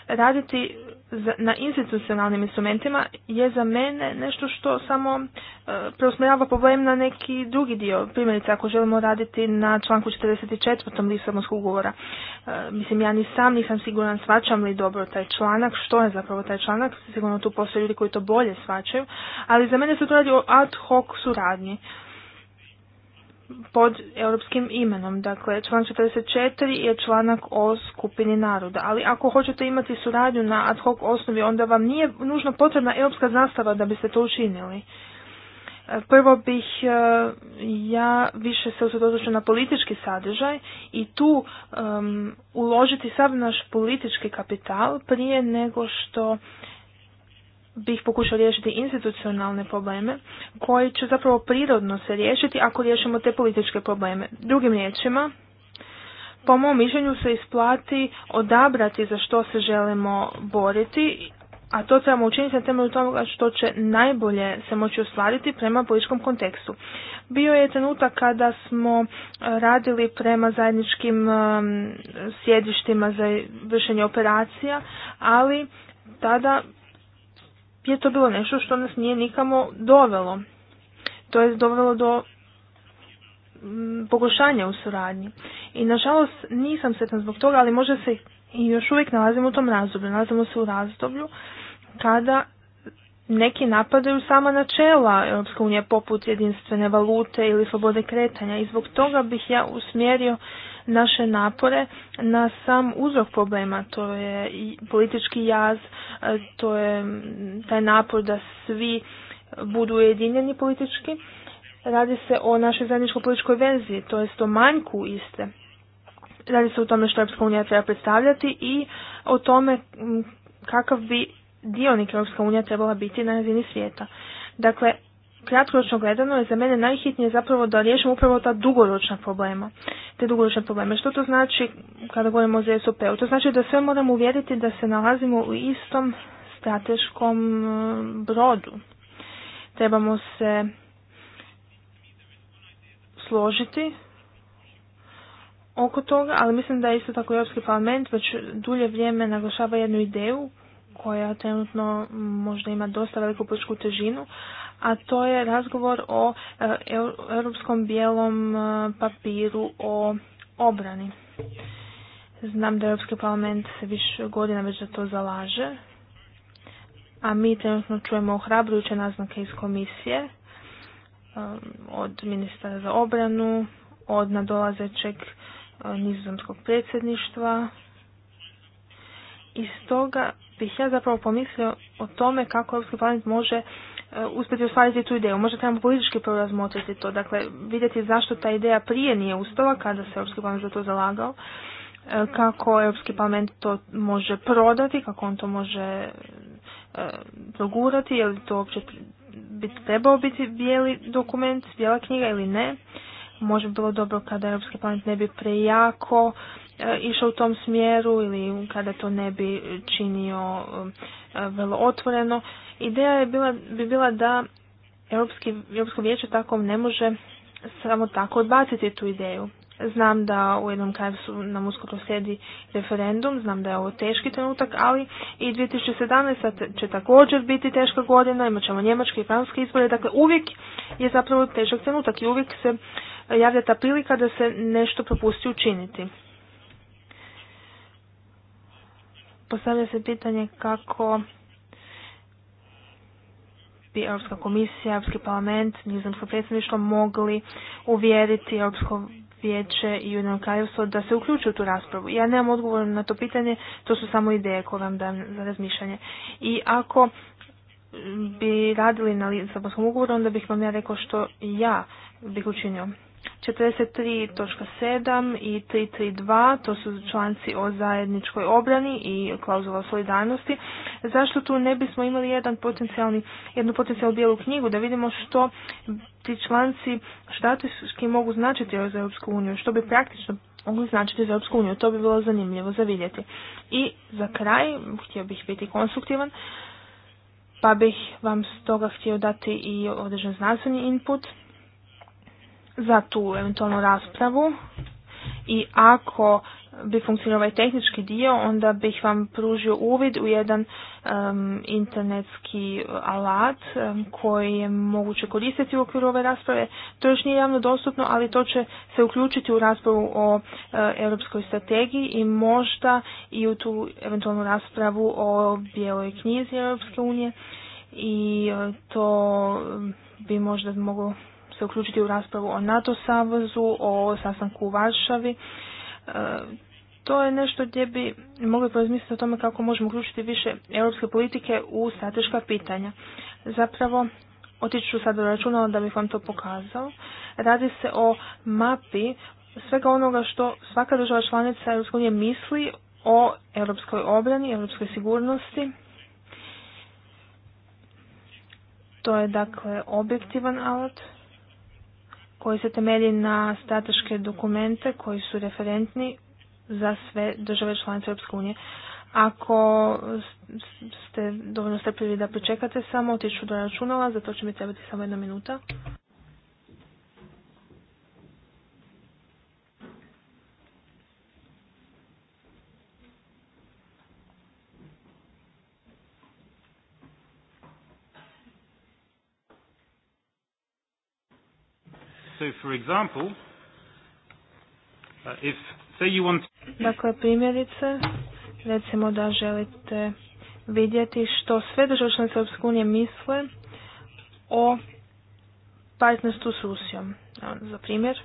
raditi na institucionalnim instrumentima je za mene nešto što samo e, preusmjerava problem na neki drugi dio. Primjerice, ako želimo raditi na članku 44. Lisabonskog ugovora, e, mislim, ja ni sam nisam siguran svačam li dobro taj članak, što je zapravo taj članak, sigurno tu postoje ljudi koji to bolje svačaju, ali za mene se to radi o ad hoc suradnji pod europskim imenom. Dakle, član 44 je članak o skupini naroda. Ali ako hoćete imati suradnju na ad hoc osnovi, onda vam nije nužno potrebna europska zastava da biste to učinili. E, prvo bih e, ja više se usredotočila na politički sadržaj i tu uložiti sav naš politički kapital prije nego što bih pokušao riješiti institucionalne probleme koji će zapravo prirodno se riješiti ako riješimo te političke probleme. Drugim riječima, po mom mišljenju se isplati odabrati za što se želimo boriti, a to trebamo učiniti na temelju toga što će najbolje se moći ostvariti prema političkom kontekstu. Bio je trenutak kada smo e, radili prema zajedničkim e, sjedištima za vršenje operacija, ali tada je to bilo nešto što nas nije nikamo dovelo. To je dovelo do mm, pogošanja u suradnji. I nažalost nisam sretna zbog toga, ali možda se i još uvijek nalazimo u tom razdoblju. Nalazimo se u razdoblju kada neki napadaju sama načela Europske unije poput jedinstvene valute ili slobode kretanja i zbog toga bih ja usmjerio naše napore na sam uzrok problema, to je i politički jaz, e, to je taj napor da svi budu ujedinjeni politički. Radi se o našoj zajedničkoj političkoj verziji, to jest o manjku iste. Radi se o tome što Europska unija treba predstavljati i o tome kakav bi dionik Europska unija trebala biti na razini svijeta. Dakle, kratkoročno gledano je za mene najhitnije zapravo da riješimo upravo ta dugoročna problema te dugoročne probleme. Što to znači kada govorimo o ZSOP-u? To znači da sve moramo uvjeriti da se nalazimo u istom strateškom eh, brodu. Trebamo se složiti oko toga, ali mislim da je isto tako Europski parlament već dulje vrijeme naglašava jednu ideju koja trenutno možda ima dosta veliku političku težinu, a to je razgovor o e, europskom bijelom e, papiru o obrani. Znam da Europski parlament se više godina već za to zalaže, a mi trenutno čujemo ohrabrujuće naznake iz komisije e, od ministra za obranu, od nadolazećeg nizozemskog predsjedništva. I stoga bih ja zapravo pomislio o tome kako Europski parlament može uspjeti ostvariti tu ideju. Možda trebamo politički prvo razmotriti to, dakle vidjeti zašto ta ideja prije nije ustala kada se Europski parlament za to zalagao, e, kako Europski parlament to može prodati, kako on to može e, progurati, je li to uopće bi trebao biti bijeli dokument, bijela knjiga ili ne. Može bi bilo dobro kada Europski parlament ne bi prejako e, išao u tom smjeru ili kada to ne bi činio vrlo otvoreno. Ideja je bila, bi bila da Europski, Europsko vijeće tako ne može samo tako odbaciti tu ideju. Znam da u jednom kraju su nam uskoro slijedi referendum, znam da je ovo teški trenutak, ali i 2017. će također biti teška godina, imat ćemo njemačke i francuske izbore, dakle uvijek je zapravo težak trenutak i uvijek se javlja ta prilika da se nešto propusti učiniti. Postavlja se pitanje kako bi Europska komisija, Europski parlament, Nizamsko predsjedništvo mogli uvjeriti Europsko vijeće i Ujedinjeno kraljevstvo da se uključi u tu raspravu. Ja nemam odgovor na to pitanje, to su samo ideje koje vam dajem za razmišljanje. I ako bi radili na Lisabonskom ugovoru, onda bih vam ja rekao što ja bih učinio. 43.7 i 332, to su članci o zajedničkoj obrani i klauzula solidarnosti. Zašto tu ne bismo imali jedan potencijalni, jednu potencijalnu bijelu knjigu da vidimo što ti članci štatistički mogu značiti za Europsku uniju, što bi praktično mogli značiti za Europsku uniju. To bi bilo zanimljivo za vidjeti. I za kraj, htio bih biti konstruktivan, pa bih vam stoga htio dati i određen znanstveni input za tu eventualnu raspravu i ako bi funkcionirao ovaj tehnički dio, onda bih vam pružio uvid u jedan internetski alat koji je moguće koristiti u okviru ove rasprave. To još nije javno dostupno, ali to će se uključiti u raspravu o eh, europskoj strategiji i možda i u tu eventualnu raspravu o bijeloj knjizi Europske unije i eh, to bi možda moglo se uključiti u raspravu o NATO savezu, o sastanku u Varšavi. E, to je nešto gdje bi mogli razmisliti o tome kako možemo uključiti više europske politike u strateška pitanja. Zapravo, otići ću sad do računala da bih vam to pokazao. Radi se o mapi svega onoga što svaka država članica EU misli o europskoj obrani, europskoj sigurnosti. To je dakle objektivan alat koji se temelji na strateške dokumente koji su referentni za sve države članice Europske unije. Ako ste dovoljno strpljivi da pričekate samo, otiću do računala, za to će mi trebati samo jedna minuta. Uh, dakle primjerice, recimo da želite vidjeti što sve države članice misle o partnerstvu s Rusijom. Za primjer,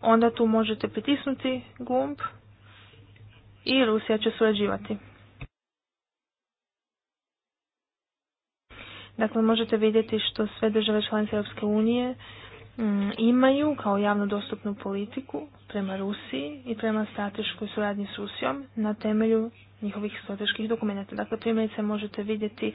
onda tu možete pritisnuti gumb i Rusija će surađivati. Dakle, možete vidjeti što sve države članice Europske unije mm, imaju kao javno dostupnu politiku prema Rusiji i prema strateškoj suradnji s Rusijom na temelju njihovih strateških dokumenta. Dakle, primjerice možete vidjeti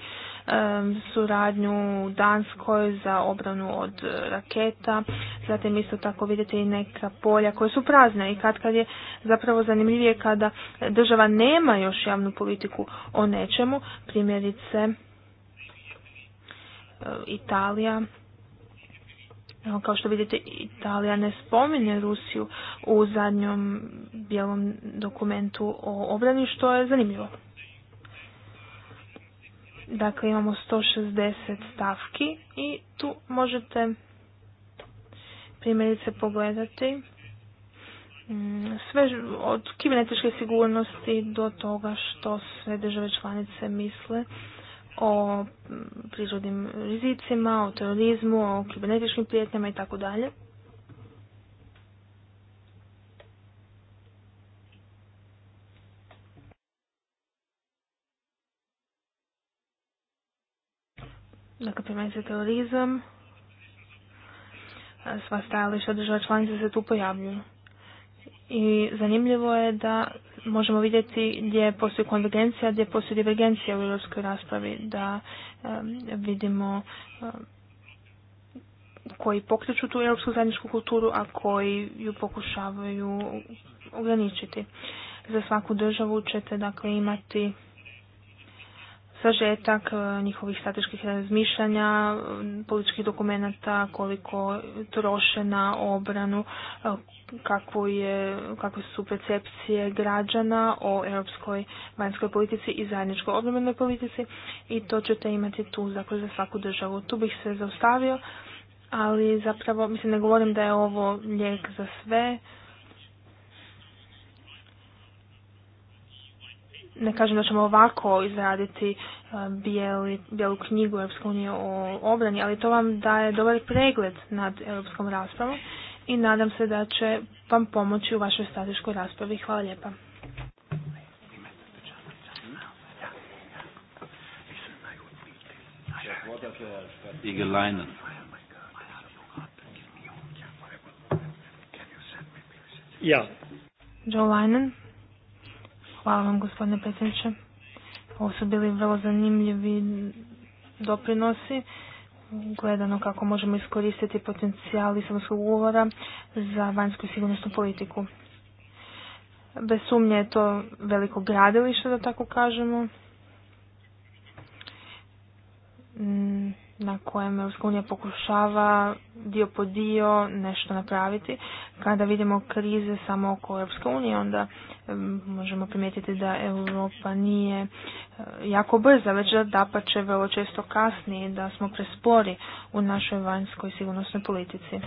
suradnju u Danskoj za obranu od raketa, zatim isto tako vidjeti i neka polja koje su prazna i kad kad je zapravo zanimljivije kada država nema još javnu politiku o nečemu, primjerice E, Italija kao što vidite, Italija ne spominje Rusiju u zadnjom bijelom dokumentu o obrani, što je zanimljivo. Dakle, imamo 160 stavki i tu možete primjerice pogledati mm, sve od kibernetičke sigurnosti do toga što sve države članice misle o prirodnim rizicima, o terorizmu, o kibernetičkim prijetnjama i tako dalje. Dakle, primjerice terorizam, sva stajališta država članica se tu pojavljuju. I zanimljivo je da možemo vidjeti gdje postoji konvergencija, gdje postoji divergencija u europskoj raspravi, da vidimo koji pokreću tu europsku zajedničku kulturu, a koji ju pokušavaju ograničiti. Za svaku državu ćete dakle imati sažetak e, njihovih strateških razmišljanja, političkih dokumenata, koliko troše na obranu, e, kako je, kakve su percepcije građana o europskoj vanjskoj politici i zajedničkoj obrambenoj politici i to ćete imati tu dakle, za svaku državu. Tu bih se zaustavio, ali zapravo, mislim, ne govorim da je ovo lijek za sve, ne kažem da ćemo ovako izraditi e, bijeli, bijelu knjigu Europske unije o obrani, ali to vam daje dobar pregled nad europskom raspravom i nadam se da će vam pomoći u vašoj strateškoj raspravi. Hvala lijepa. Ja. Joe Linen. Hvala vam gospodine predsjedniče. Ovo su bili vrlo zanimljivi doprinosi gledano kako možemo iskoristiti potencijal islamskog ugovora za vanjsku i sigurnosnu politiku. Bez sumnje je to veliko gradilište, da tako kažemo. Mm, na kojem unija pokušava dio po dio nešto napraviti. Kada vidimo krize samo oko unije, onda možemo primijetiti da Europa nije eh, jako brza, već da će vrlo često kasnije, da smo prespori u našoj vanjskoj sigurnosnoj politici.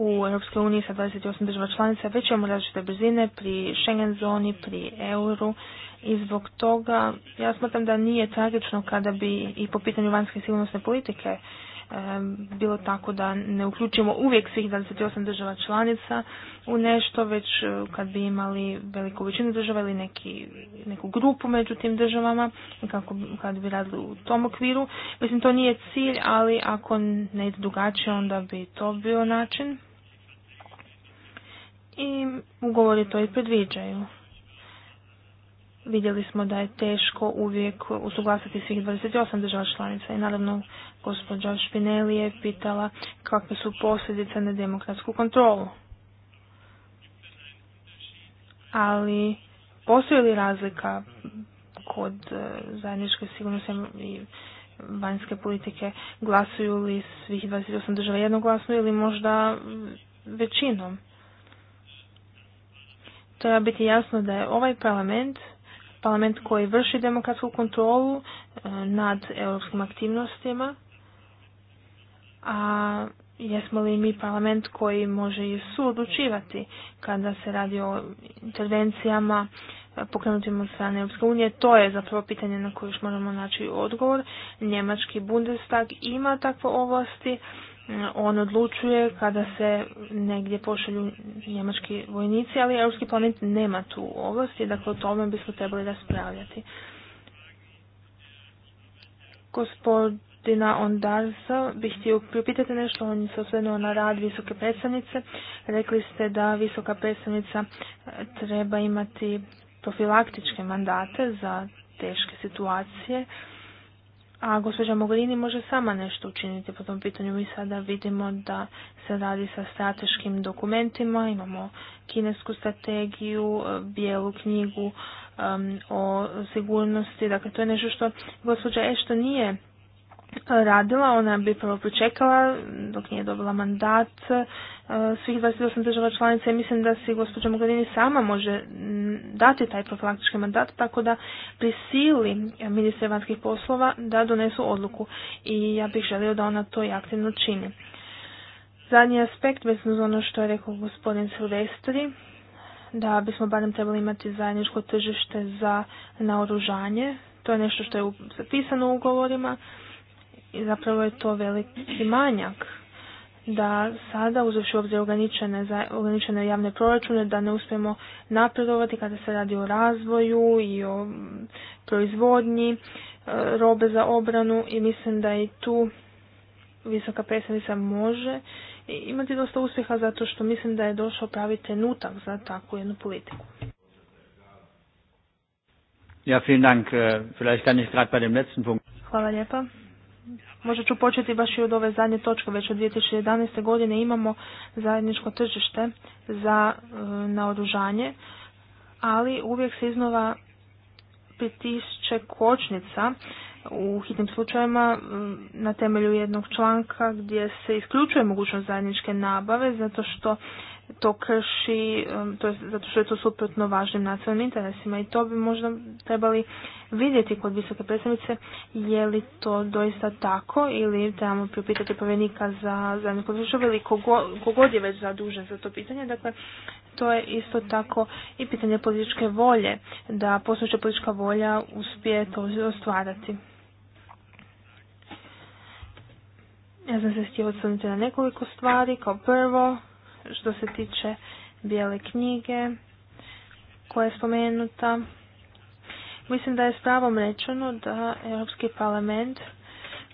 u Europskoj uniji sa 28 država članica već imamo različite brzine pri Schengen zoni, pri euru i zbog toga ja smatram da nije tragično kada bi i po pitanju vanjske sigurnosne politike e, bilo tako da ne uključimo uvijek svih 28 država članica u nešto, već e, kad bi imali veliku većinu država ili neki, neku grupu među tim državama i kako, kad bi radili u tom okviru. Mislim, to nije cilj, ali ako ne ide drugačije, onda bi to bio način. I ugovori to i predviđaju vidjeli smo da je teško uvijek usuglasiti svih 28 država članica i naravno gospođa Špineli je pitala kakve su posljedice na demokratsku kontrolu. Ali postoji li razlika kod e, zajedničke sigurnosti i vanjske politike glasuju li svih 28 država jednoglasno ili možda većinom? Treba biti jasno da je ovaj parlament parlament koji vrši demokratsku kontrolu e, nad europskim aktivnostima, a jesmo li mi parlament koji može i suodlučivati kada se radi o intervencijama e, pokrenutim od strane Europske unije, to je zapravo pitanje na koje još moramo naći odgovor. Njemački Bundestag ima takve ovlasti, on odlučuje kada se negdje pošalju njemački vojnici, ali Europski planet nema tu ovlasti, dakle o tome bismo trebali raspravljati. Gospodina Ondarza bih htio priupitati nešto, on se osvrnuo na rad visoke predstavnice. Rekli ste da visoka predstavnica eh, treba imati profilaktičke mandate za teške situacije a gospođa Mogherini može sama nešto učiniti po tom pitanju. Mi sada vidimo da se radi sa strateškim dokumentima, imamo kinesku strategiju, e, bijelu knjigu o sigurnosti. Dakle, to je nešto što gospođa Ešto nije radila, ona bi prvo pričekala dok nije dobila mandat e, svih 28 država članica i mislim da si gospođa Mogherini sama može dati taj profilaktički mandat tako da prisili ministre vanjskih poslova da donesu odluku i ja bih želio da ona to i aktivno čini. Zadnji aspekt, vezno za ono što je rekao gospodin Silvestri, da bismo barem trebali imati zajedničko tržište za naoružanje. To je nešto što je zapisano u ugovorima i zapravo je to veliki manjak da sada uzevši u obzir ograničene, za, ograničene javne proračune da ne uspijemo napredovati kada se radi o razvoju i o proizvodnji e, robe za obranu i mislim da i tu visoka predstavnica može imati dosta uspjeha zato što mislim da je došao pravi trenutak za takvu jednu politiku. Ja, vielen Dank. Vielleicht kann ich gerade bei dem letzten Punkt. Hvala lijepa. Možda ću početi baš i od ove zadnje točke, već od 2011. godine imamo zajedničko tržište za e, naoružanje, ali uvijek se iznova pritišće kočnica u hitnim slučajevima na temelju jednog članka gdje se isključuje mogućnost zajedničke nabave zato što to krši, to zato što je to suprotno važnim nacionalnim interesima i to bi možda trebali vidjeti kod visoke predstavnice je li to doista tako ili trebamo pripitati povjednika za zajedno ili ili kogod je već zadužen za to pitanje. Dakle, to je isto tako i pitanje političke volje, da postojeća politička volja uspije to ostvarati. Ja sam se htio odsvrnuti na nekoliko stvari. Kao prvo, što se tiče bijele knjige koja je spomenuta. Mislim da je s pravom rečeno da Europski parlament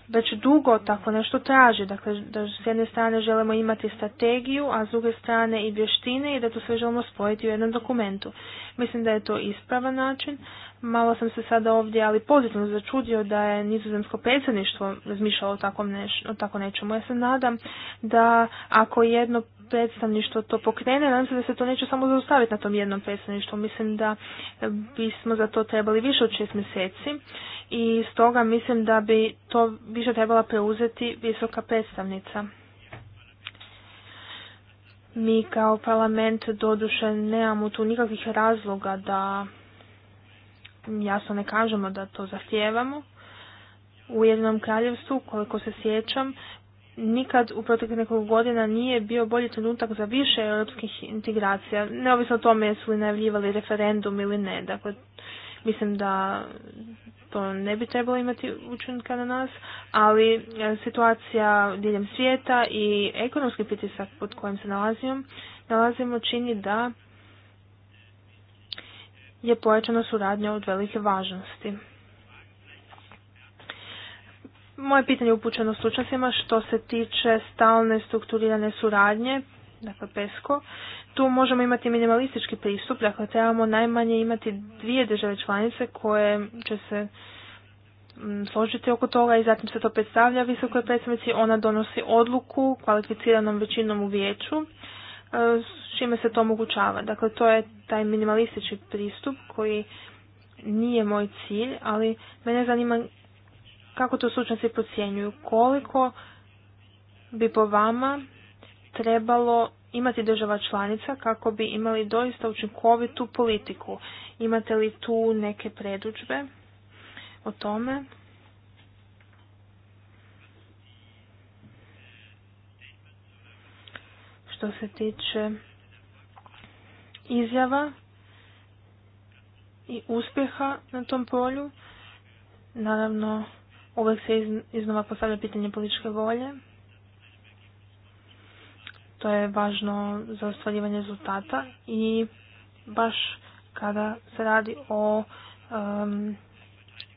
već dugo tako nešto traži. Dakle, da s jedne strane želimo imati strategiju, a s druge strane i vještine i da to sve želimo spojiti u jednom dokumentu. Mislim da je to ispravan način. Malo sam se sada ovdje, ali pozitivno začudio da je nizozemsko predsjedništvo razmišljalo o, tako nečemu. Ja se nadam da ako jedno predstavništvo to pokrene. Nadam se da se to neće samo zaustaviti na tom jednom predstavništvu. Mislim da bismo za to trebali više od šest mjeseci i stoga mislim da bi to više trebala preuzeti visoka predstavnica. Mi kao parlament doduše nemamo tu nikakvih razloga da jasno ne kažemo da to zahtijevamo. U jednom kraljevstvu, koliko se sjećam, nikad u proteklih nekoliko godina nije bio bolji trenutak za više europskih integracija, neovisno o tome jesu li najavljivali referendum ili ne. Dakle, mislim da to ne bi trebalo imati učinka na nas, ali e, situacija diljem svijeta i ekonomski pritisak pod kojim se nalazimo, nalazimo čini da je pojačana suradnja od velike važnosti. Moje pitanje je upućeno stručnjacima što se tiče stalne strukturirane suradnje, dakle PESCO. Tu možemo imati minimalistički pristup, dakle trebamo najmanje imati dvije države članice koje će se mm, složiti oko toga i zatim se to predstavlja visokoj predstavnici. Ona donosi odluku kvalificiranom većinom u vijeću e, s čime se to omogućava. Dakle, to je taj minimalistički pristup koji nije moj cilj, ali mene zanima kako to stručnjaci procjenjuju? Koliko bi po vama trebalo imati država članica kako bi imali doista učinkovitu politiku? Imate li tu neke predučbe o tome? Što se tiče izjava i uspjeha na tom polju, naravno Uvijek se iznova postavlja pitanje političke volje. To je važno za ostvarivanje rezultata i baš kada se radi o um,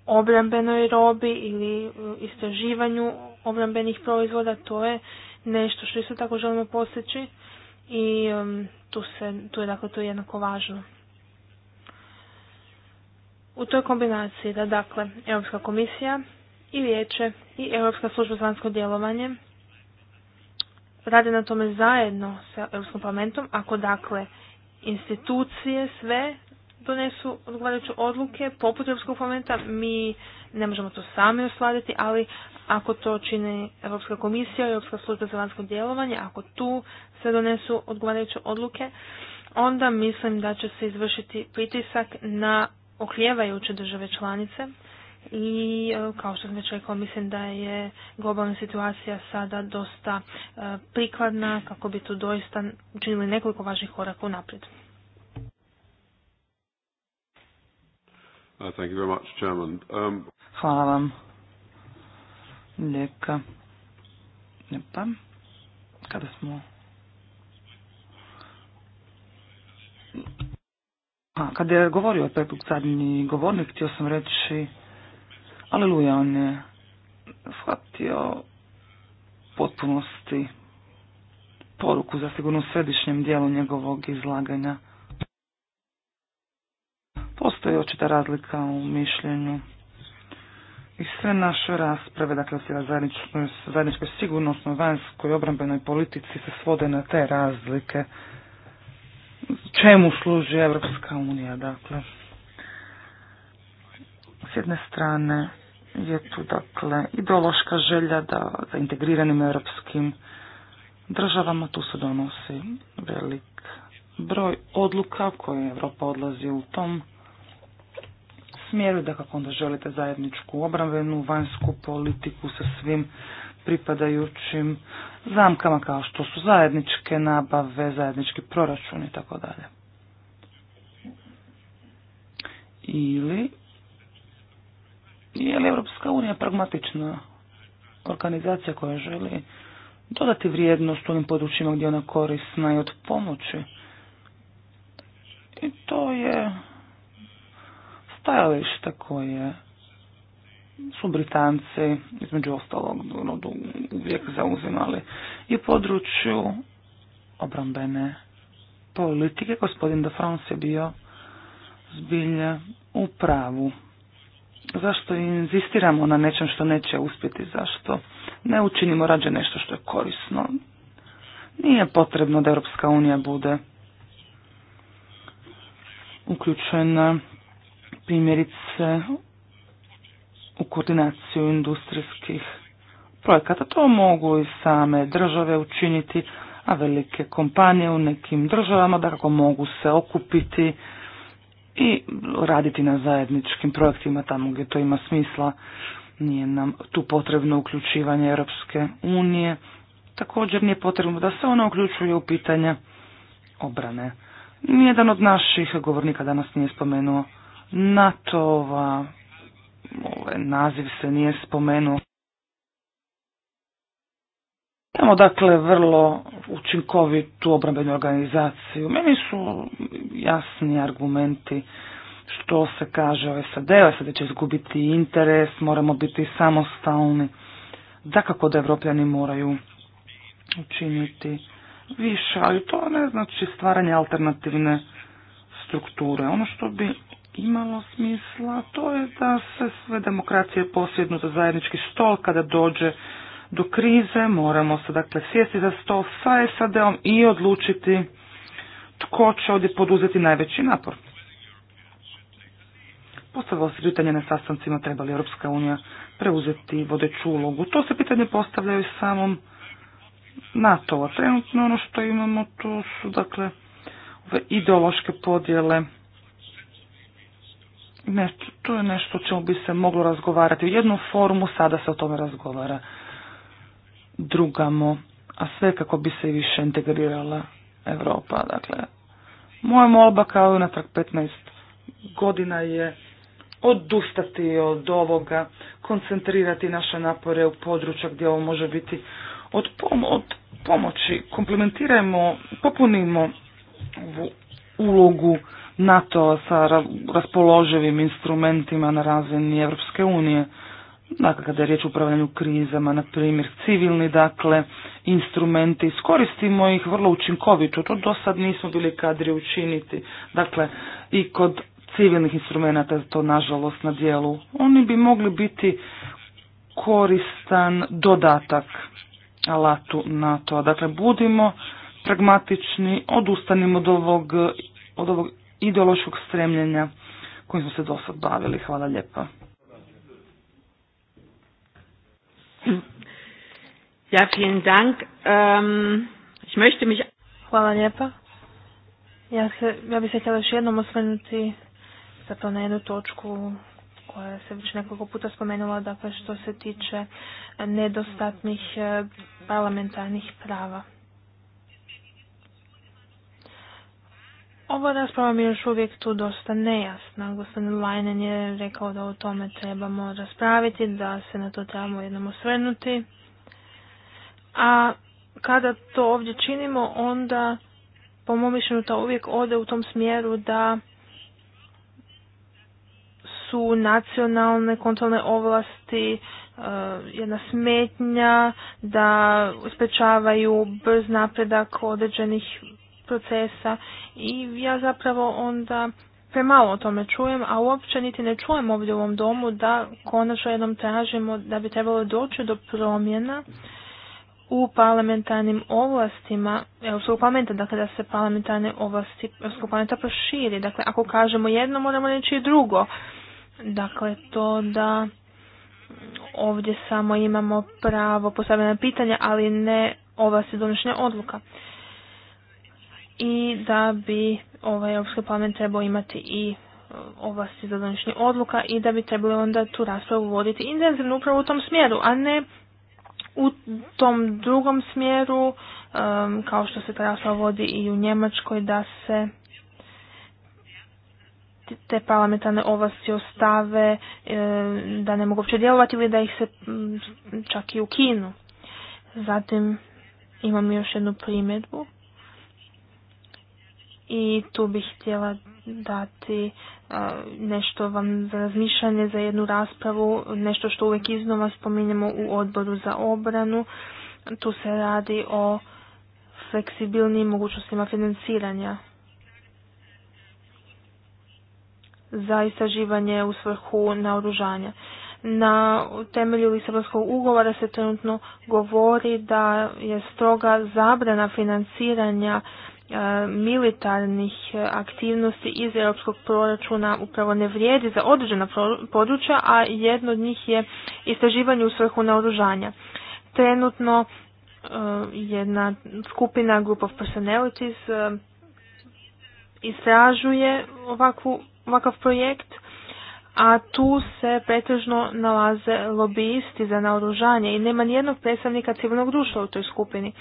obrambenoj robi ili istraživanju obrambenih proizvoda, to je nešto što isto tako želimo postići i um, tu, se, tu je dakle to je jednako važno. U toj kombinaciji da dakle Europska komisija i vijeće i Europska služba za vanjsko djelovanje rade na tome zajedno sa Europskom parlamentom, ako dakle institucije sve donesu odgovarajuće odluke poput Europskog parlamenta, mi ne možemo to sami osladiti, ali ako to čini Europska komisija i Europska služba za vanjsko djelovanje, ako tu sve donesu odgovarajuće odluke, onda mislim da će se izvršiti pritisak na oklijevajuće države članice i e, kao što sam već mislim da je globalna situacija sada dosta e, prikladna kako bi tu doista učinili nekoliko važnih koraka unaprijed. Uh, thank you very much, Chairman. Um... Hvala vam. Lijeka. Lijepa. Kada smo... A, kada je govorio o zadnji govornik, htio sam reći Aleluja, on je shvatio potpunosti poruku za sigurno središnjem dijelu njegovog izlaganja. Postoji očita razlika u mišljenju i sve naše rasprave, dakle o zajedničkoj, zajedničkoj sigurnosnoj, vanjskoj, obrambenoj politici se svode na te razlike. Čemu služi Evropska unija, dakle? S jedne strane je tu dakle ideološka želja da za integriranim europskim državama tu se donosi velik broj odluka koje Europa odlazi u tom smjeru da kako onda želite zajedničku obrambenu, vanjsku politiku sa svim pripadajućim zamkama kao što su zajedničke nabave, zajednički proračun i tako dalje. Ili je li Europska unija pragmatična organizacija koja želi dodati vrijednost u onim područjima gdje ona korisna i od pomoći? I to je stajalište koje su Britanci, između ostalog, ono, uvijek zauzimali i u području obrambene politike. Gospodin de France je bio zbilje u pravu. Zašto inzistiramo na nečem što neće uspjeti? Zašto ne učinimo rađe nešto što je korisno? Nije potrebno da Europska unija bude uključena primjerice u koordinaciju industrijskih projekata. To mogu i same države učiniti, a velike kompanije u nekim državama da kako mogu se okupiti i raditi na zajedničkim projektima tamo gdje to ima smisla. Nije nam tu potrebno uključivanje Europske unije. Također nije potrebno da se ona uključuje u pitanje obrane. Nijedan od naših govornika danas nije spomenuo NATO-ova, ovaj naziv se nije spomenuo. Imamo dakle vrlo učinkovitu obrambenu organizaciju. Meni su jasni argumenti što se kaže o sad sada SAD će izgubiti interes, moramo biti samostalni. Dakako da evropljani moraju učiniti više, ali to ne znači stvaranje alternativne strukture. Ono što bi imalo smisla to je da se sve demokracije posjednu za zajednički stol kada dođe do krize, moramo se dakle sjesti za stol sa sad i odlučiti tko će ovdje poduzeti najveći napor. Postavilo se pitanje na sastancima treba li Europska unija preuzeti vodeću ulogu. To se pitanje postavljaju samom NATO-a. Trenutno ono što imamo tu su dakle ove ideološke podjele. Nešto, to je nešto o čemu bi se moglo razgovarati. U jednom forumu sada se o tome razgovara drugamo, a sve kako bi se više integrirala Europa. Dakle, moja molba kao i natrag 15 godina je odustati od ovoga, koncentrirati naše napore u područja gdje ovo može biti od, pomoći. Komplementirajmo, popunimo ulogu NATO sa raspoloživim instrumentima na razini Europske unije dakle kada je riječ o upravljanju krizama, na primjer civilni, dakle, instrumenti, iskoristimo ih vrlo učinkovito, to do sad nismo bili kadri učiniti, dakle, i kod civilnih instrumenta to nažalost na dijelu, oni bi mogli biti koristan dodatak alatu na to. dakle, budimo pragmatični, odustanimo od ovog, od ovog ideološkog stremljenja kojim smo se do sad bavili. Hvala lijepa. Ja, vielen Dank. Ähm, ich möchte mich... Hvala lijepa. Ja, ja bih se htjela još jednom osvrnuti zapravo na jednu točku koja se već nekoliko puta spomenula, dakle što se tiče nedostatnih eh, parlamentarnih prava. Ova rasprava mi je još uvijek tu dosta nejasna. Gospodin Leinen je rekao da o tome trebamo raspraviti, da se na to trebamo jednom osvrnuti. A kada to ovdje činimo, onda po mom mišljenju to uvijek ode u tom smjeru da su nacionalne kontrolne ovlasti e, jedna smetnja, da sprečavaju brz napredak određenih procesa i ja zapravo onda premalo o tome čujem, a uopće niti ne čujem ovdje u ovom domu da konačno jednom tražimo da bi trebalo doći do promjena u parlamentarnim ovlastima Europskog parlamenta, dakle da se parlamentarne ovlasti Europskog parlamenta proširi. Dakle, ako kažemo jedno, moramo reći i drugo. Dakle, to da ovdje samo imamo pravo postavljena pitanja, ali ne ovlasti donošenja odluka i da bi ovaj Europski parlament trebao imati i e, ovlasti za donošenje odluka i da bi trebali onda tu raspravu voditi intenzivno upravo u tom smjeru, a ne u tom drugom smjeru e, kao što se ta rasprava vodi i u Njemačkoj da se te parlamentarne ovlasti ostave, e, da ne mogu uopće djelovati ili da ih se čak i ukinu. Zatim imam još jednu primjedbu i tu bih htjela dati e, nešto vam za razmišljanje, za jednu raspravu, nešto što uvijek iznova spominjemo u odboru za obranu. Tu se radi o fleksibilnim mogućnostima financiranja za istraživanje u svrhu naoružanja. Na temelju Lisabonskog ugovora se trenutno govori da je stroga zabrana financiranja E, militarnih aktivnosti iz europskog proračuna upravo ne vrijedi za određena područja, a jedno od njih je istraživanje u svrhu naoružanja. Trenutno e, jedna skupina Group of Personalities e, istražuje ovakvu, ovakav projekt a tu se pretežno nalaze lobijisti za naoružanje i nema nijednog predstavnika civilnog društva u toj skupini.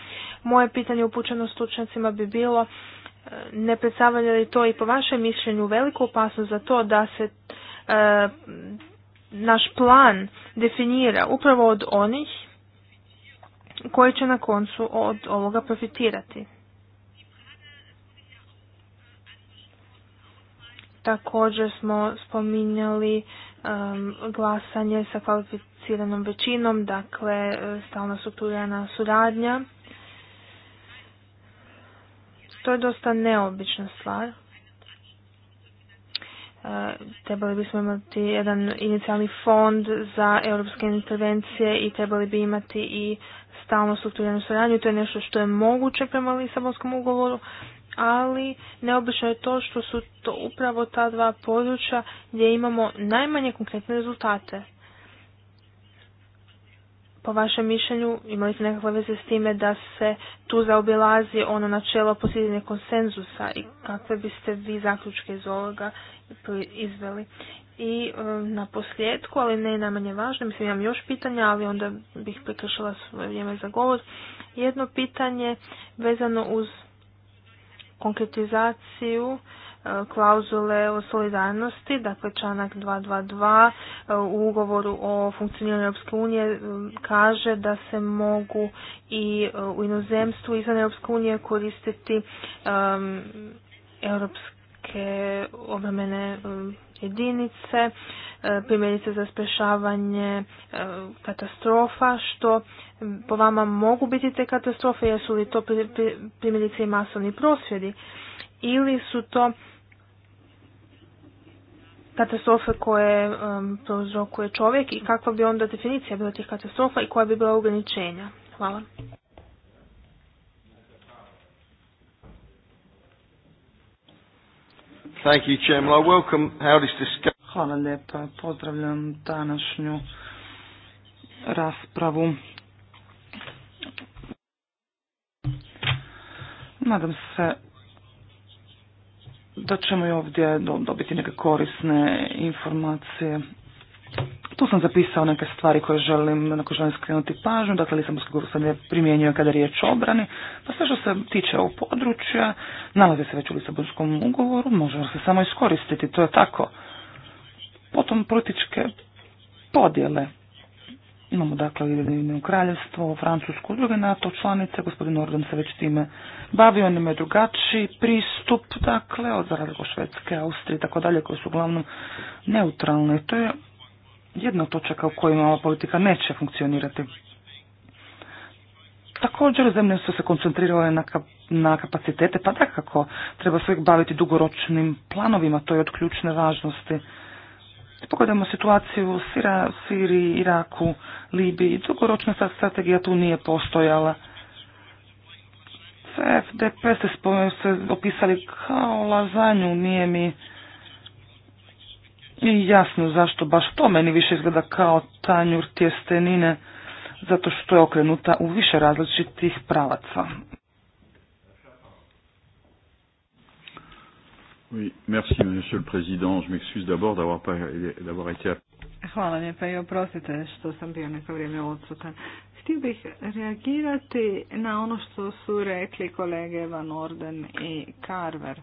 Moje pitanje upućeno stručnjacima bi bilo e, ne predstavlja li to i po vašem mišljenju veliku opasnost za to da se e, naš plan definira upravo od onih koji će na koncu od ovoga profitirati. Također smo spominjali glasanje sa kvalificiranom većinom, dakle stalna strukturirana suradnja. To je dosta neobična stvar. E, trebali bismo imati jedan inicijalni fond za europske intervencije i trebali bi imati i stalno strukturiranu suradnju. To je nešto što je moguće prema Lisabonskom ugovoru, ali neobično je to što su to upravo ta dva područja gdje imamo najmanje konkretne rezultate. Po vašem mišljenju imali ste nekakve veze s time da se tu zaobilazi ono načelo posljednje konsenzusa i kakve biste vi zaključke iz ovoga izveli. I um, na posljedku, ali ne najmanje važno, mislim imam još pitanja, ali onda bih prekršila svoje vrijeme za govor. Jedno pitanje vezano uz konkretizaciju e, klauzule o solidarnosti, dakle članak 222 e, u ugovoru o funkcioniranju Europske unije e, kaže da se mogu i u inozemstvu izvan Europske unije koristiti um, neke obramene um, jedinice, uh, primjerice za sprešavanje uh, katastrofa, što um, po vama mogu biti te katastrofe, jesu li to primjerice i masovni prosvjedi ili su to katastrofe koje um, provzrokuje čovjek i kakva bi onda definicija bila tih katastrofa i koja bi bila ograničenja. Hvala. Thank you, Chairman. I welcome Hvala lijepa. Pozdravljam današnju raspravu. Nadam se da ćemo i ovdje dobiti neke korisne informacije. Tu sam zapisao neke stvari koje želim, na koje želim skrenuti pažnju, dakle Lisabonski ugovor se je primjenjuje kada je riječ o obrani, pa sve što se tiče ovog područja, nalazi se već u Lisabonskom ugovoru, može se samo iskoristiti, to je tako. Potom političke podjele. Imamo dakle Ujedinjeno kraljevstvo, Francusku, druge NATO članice, gospodin orden se već time bavi, on ima drugačiji pristup, dakle, od razliku Švedske, Austrije i tako dalje, koje su uglavnom neutralne. To je jedna od točaka u kojima ova politika neće funkcionirati. Također zemlje su se koncentrirale na, na kapacitete, pa dakako treba se baviti dugoročnim planovima, to je od ključne važnosti. Pogledajmo situaciju u Sira, Siriji, Iraku, Libiji, dugoročna strategija tu nije postojala. FDP ste se opisali kao lazanju, nije mi i jasno zašto baš to meni više izgleda kao tanjur tjestenine, zato što je okrenuta u više različitih pravaca. Oui, merci monsieur le président, je m'excuse d'abord d'avoir pas d'avoir été Hvala lijepa i oprostite što sam bio neko vrijeme odsutan. Htio bih reagirati na ono što su rekli kolege Van Orden i Carver.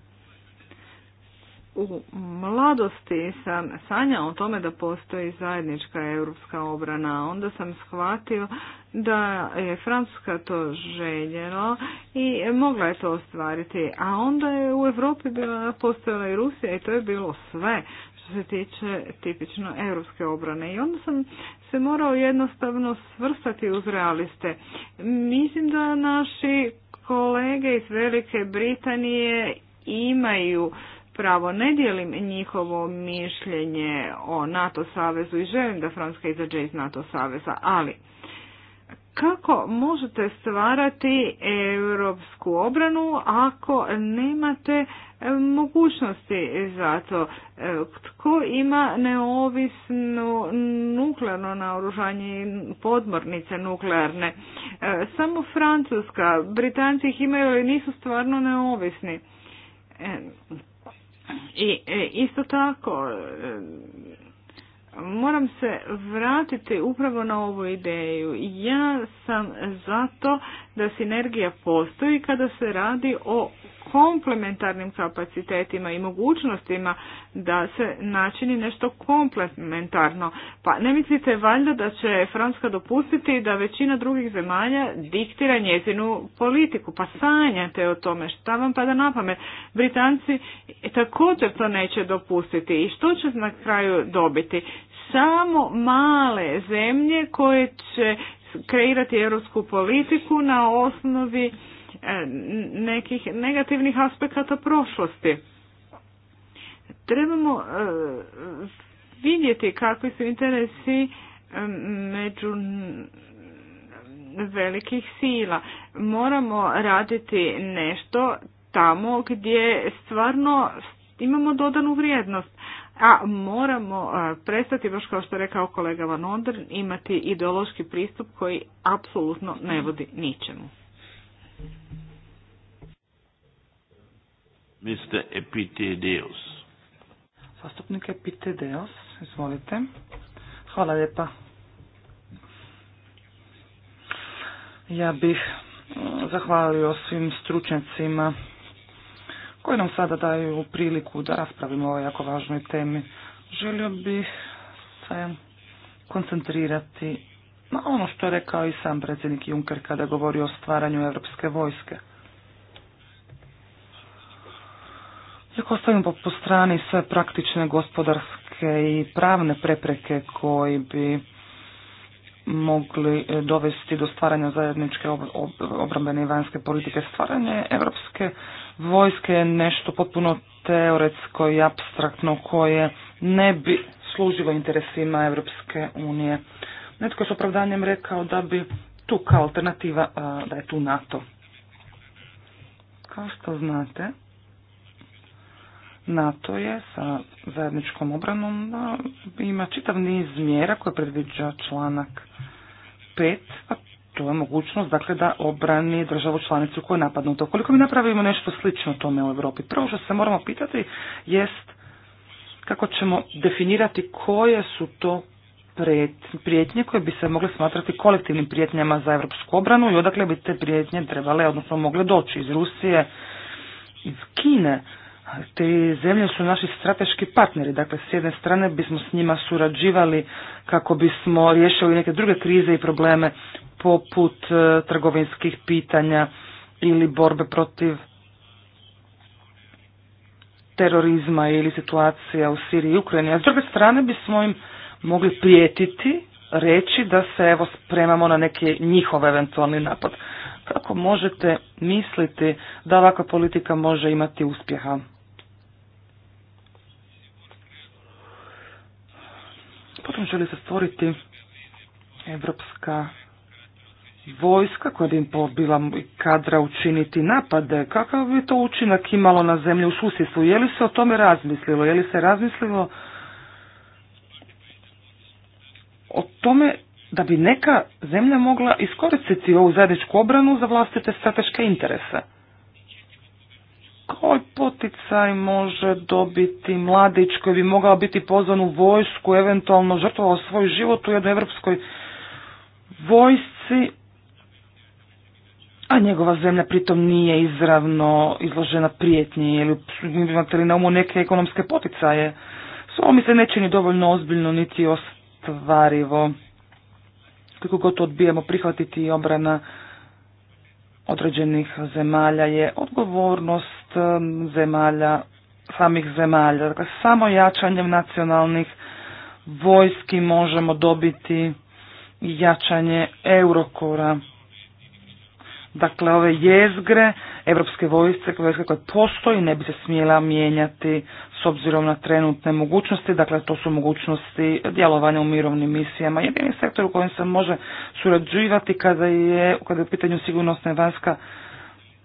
U mladosti sam sanjao o tome da postoji zajednička europska obrana, onda sam shvatio da je Francuska to željela i mogla je to ostvariti, a onda je u Europi bila postojala i Rusija i to je bilo sve što se tiče tipično europske obrane. I onda sam se morao jednostavno svrstati uz realiste. Mislim da naši kolege iz Velike Britanije imaju pravo. Ne dijelim njihovo mišljenje o NATO savezu i želim da Francuska izađe iz NATO saveza, ali kako možete stvarati europsku obranu ako nemate e, mogućnosti za to? E, tko ima neovisno nuklearno naoružanje i podmornice nuklearne? E, samo Francuska, Britanci ih imaju ali nisu stvarno neovisni. I e, isto tako, e, moram se vratiti upravo na ovu ideju. Ja sam zato da sinergija postoji kada se radi o komplementarnim kapacitetima i mogućnostima da se načini nešto komplementarno. Pa ne mislite valjda da će francuska dopustiti da većina drugih zemalja diktira njezinu politiku, pa sanjate o tome, šta vam pada na pamet. Britanci također to neće dopustiti i što će na kraju dobiti? Samo male zemlje koje će kreirati europsku politiku na osnovi E, nekih negativnih aspekata prošlosti. Trebamo e, vidjeti kakvi su interesi e, među velikih sila. Moramo raditi nešto tamo gdje stvarno imamo dodanu vrijednost. A moramo prestati, baš kao što je rekao kolega Van Ondern, imati ideološki pristup koji apsolutno ne vodi ničemu. Mr. Epitideos. Zastupnik Epitideos, izvolite. Hvala lijepa. Ja bih mm, zahvalio svim stručnjacima koji nam sada daju priliku da raspravimo o ovoj jako važnoj temi. Želio bih se koncentrirati ono što je rekao i sam predsjednik Juncker kada govori o stvaranju europske vojske. Iako ostavimo po strani sve praktične gospodarske i pravne prepreke koji bi mogli eh, dovesti do stvaranja zajedničke obrambene i vanjske politike. Stvaranje evropske vojske je nešto potpuno teoretsko i abstraktno koje ne bi služilo interesima Evropske unije. Netko je s opravdanjem rekao da bi tu kao alternativa, da je tu NATO. Kao što znate, NATO je sa zajedničkom obranom ima čitav niz mjera koje predviđa članak 5, a to je mogućnost dakle, da obrani državu članicu koja je napadnuta. Koliko mi napravimo nešto slično tome u Europi? Prvo što se moramo pitati jest kako ćemo definirati koje su to prijetnje koje bi se mogle smatrati kolektivnim prijetnjama za evropsku obranu i odakle bi te prijetnje trebale, odnosno mogle doći iz Rusije, iz Kine. Te zemlje su naši strateški partneri, dakle s jedne strane bismo s njima surađivali kako bismo riješili neke druge krize i probleme poput e, trgovinskih pitanja ili borbe protiv terorizma ili situacija u Siriji i Ukrajini, a s druge strane bismo im mogli prijetiti, reći da se evo spremamo na neki njihov eventualni napad. Kako možete misliti da ovakva politika može imati uspjeha? Potom želi se stvoriti evropska vojska koja bi im bila kadra učiniti napade. Kakav bi to učinak imalo na zemlju u susjedstvu? Je li se o tome razmislilo? Je li se razmislilo o tome da bi neka zemlja mogla iskoristiti ovu zajedničku obranu za vlastite strateške interese. Koji poticaj može dobiti mladić koji bi mogao biti pozvan u vojsku, eventualno žrtvovao svoj život u jednoj evropskoj vojsci, a njegova zemlja pritom nije izravno izložena prijetnji ili imate li na umu neke ekonomske poticaje? S mi se ne čini dovoljno ozbiljno niti ostvarivo. Koliko god odbijemo prihvatiti i obrana određenih zemalja je odgovornost um, zemalja, samih zemalja. Dakle, samo jačanjem nacionalnih vojski možemo dobiti jačanje Eurokora. Dakle, ove jezgre Evropske vojske, vojske koje postoji ne bi se smjela mijenjati s obzirom na trenutne mogućnosti, dakle to su mogućnosti djelovanja u mirovnim misijama. Jedini sektor u kojem se može surađivati kada je, kada je u pitanju sigurnosna vanjska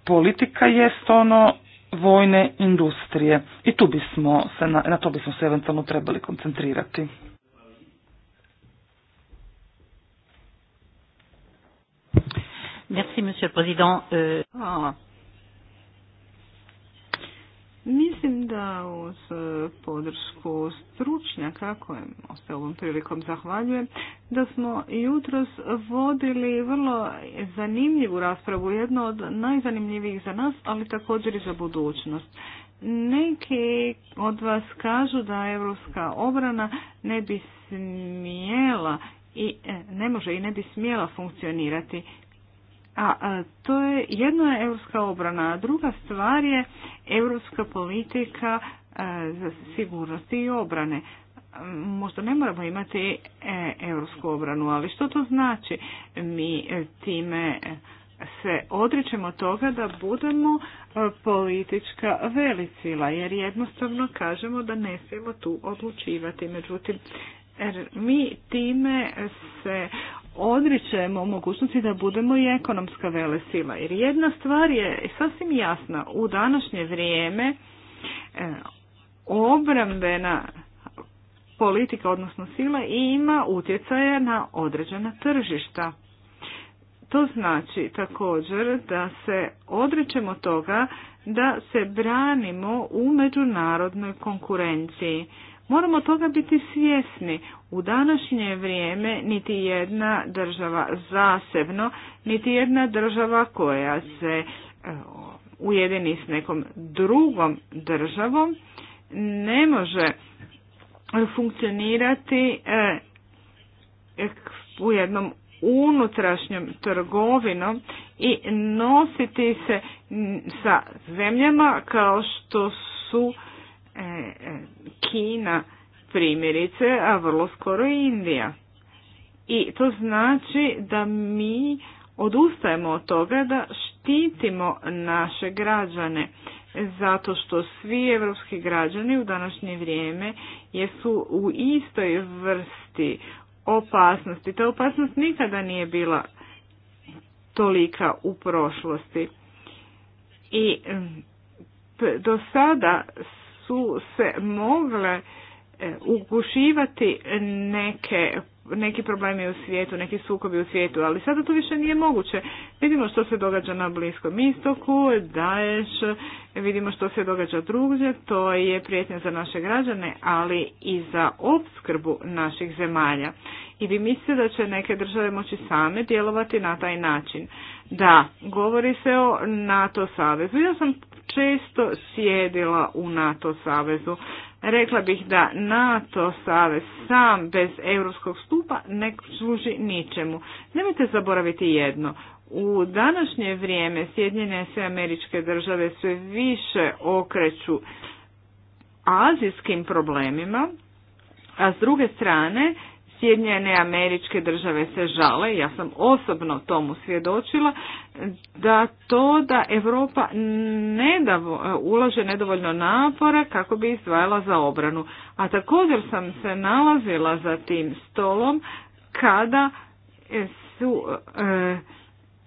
politika jest ono vojne industrije i tu bismo se na, na to bismo se eventualno trebali koncentrirati. Merci, monsieur président. Euh, Mislim da uz e, podršku stručnjaka kojem se ovom prilikom zahvaljujem, da smo jutros vodili vrlo zanimljivu raspravu, jedno od najzanimljivijih za nas, ali također i za budućnost. Neki od vas kažu da Europska obrana ne bi smjela i e, ne može i ne bi smjela funkcionirati a, a to je jedna europska obrana, a druga stvar je europska politika za sigurnost i obrane. možda ne moramo imati europsku obranu, ali što to znači? Mi e, time e, se odričemo toga da budemo e, politička velicila, jer jednostavno kažemo da ne smijemo tu odlučivati. Međutim, er, mi time se odričemo mogućnosti da budemo i ekonomska velesila. Jer jedna stvar je sasvim jasna. U današnje vrijeme e, obrambena politika, odnosno sila, ima utjecaja na određena tržišta. To znači također da se odričemo toga da se branimo u međunarodnoj konkurenciji. Moramo toga biti svjesni. U današnje vrijeme niti jedna država zasebno, niti jedna država koja se e, ujedini s nekom drugom državom ne može funkcionirati e, u jednom unutrašnjom trgovinom i nositi se sa zemljama kao što su E, e, Kina primjerice, a vrlo skoro i Indija. I to znači da mi odustajemo od toga da štitimo naše građane zato što svi evropski građani u današnje vrijeme jesu u istoj vrsti opasnosti. Ta opasnost nikada nije bila tolika u prošlosti. I do sada su se mogle e, ugušivati neke neki problemi u svijetu, neki sukobi u svijetu, ali sada to više nije moguće. Vidimo što se događa na Bliskom istoku, daješ, vidimo što se događa drugdje, to je prijetnja za naše građane, ali i za opskrbu naših zemalja. I vi mislite da će neke države moći same djelovati na taj način. Da, govori se o NATO savezu. Ja sam često sjedila u NATO savezu. Rekla bih da NATO savez sam bez europskog stupa ne služi ničemu. Nemojte zaboraviti jedno. U današnje vrijeme Sjedinjene se američke države sve više okreću azijskim problemima, a s druge strane Sjedinjene američke države se žale, ja sam osobno tomu svjedočila, da to da Europa ne ulaže nedovoljno napora kako bi izdvajala za obranu. A također sam se nalazila za tim stolom kada su e,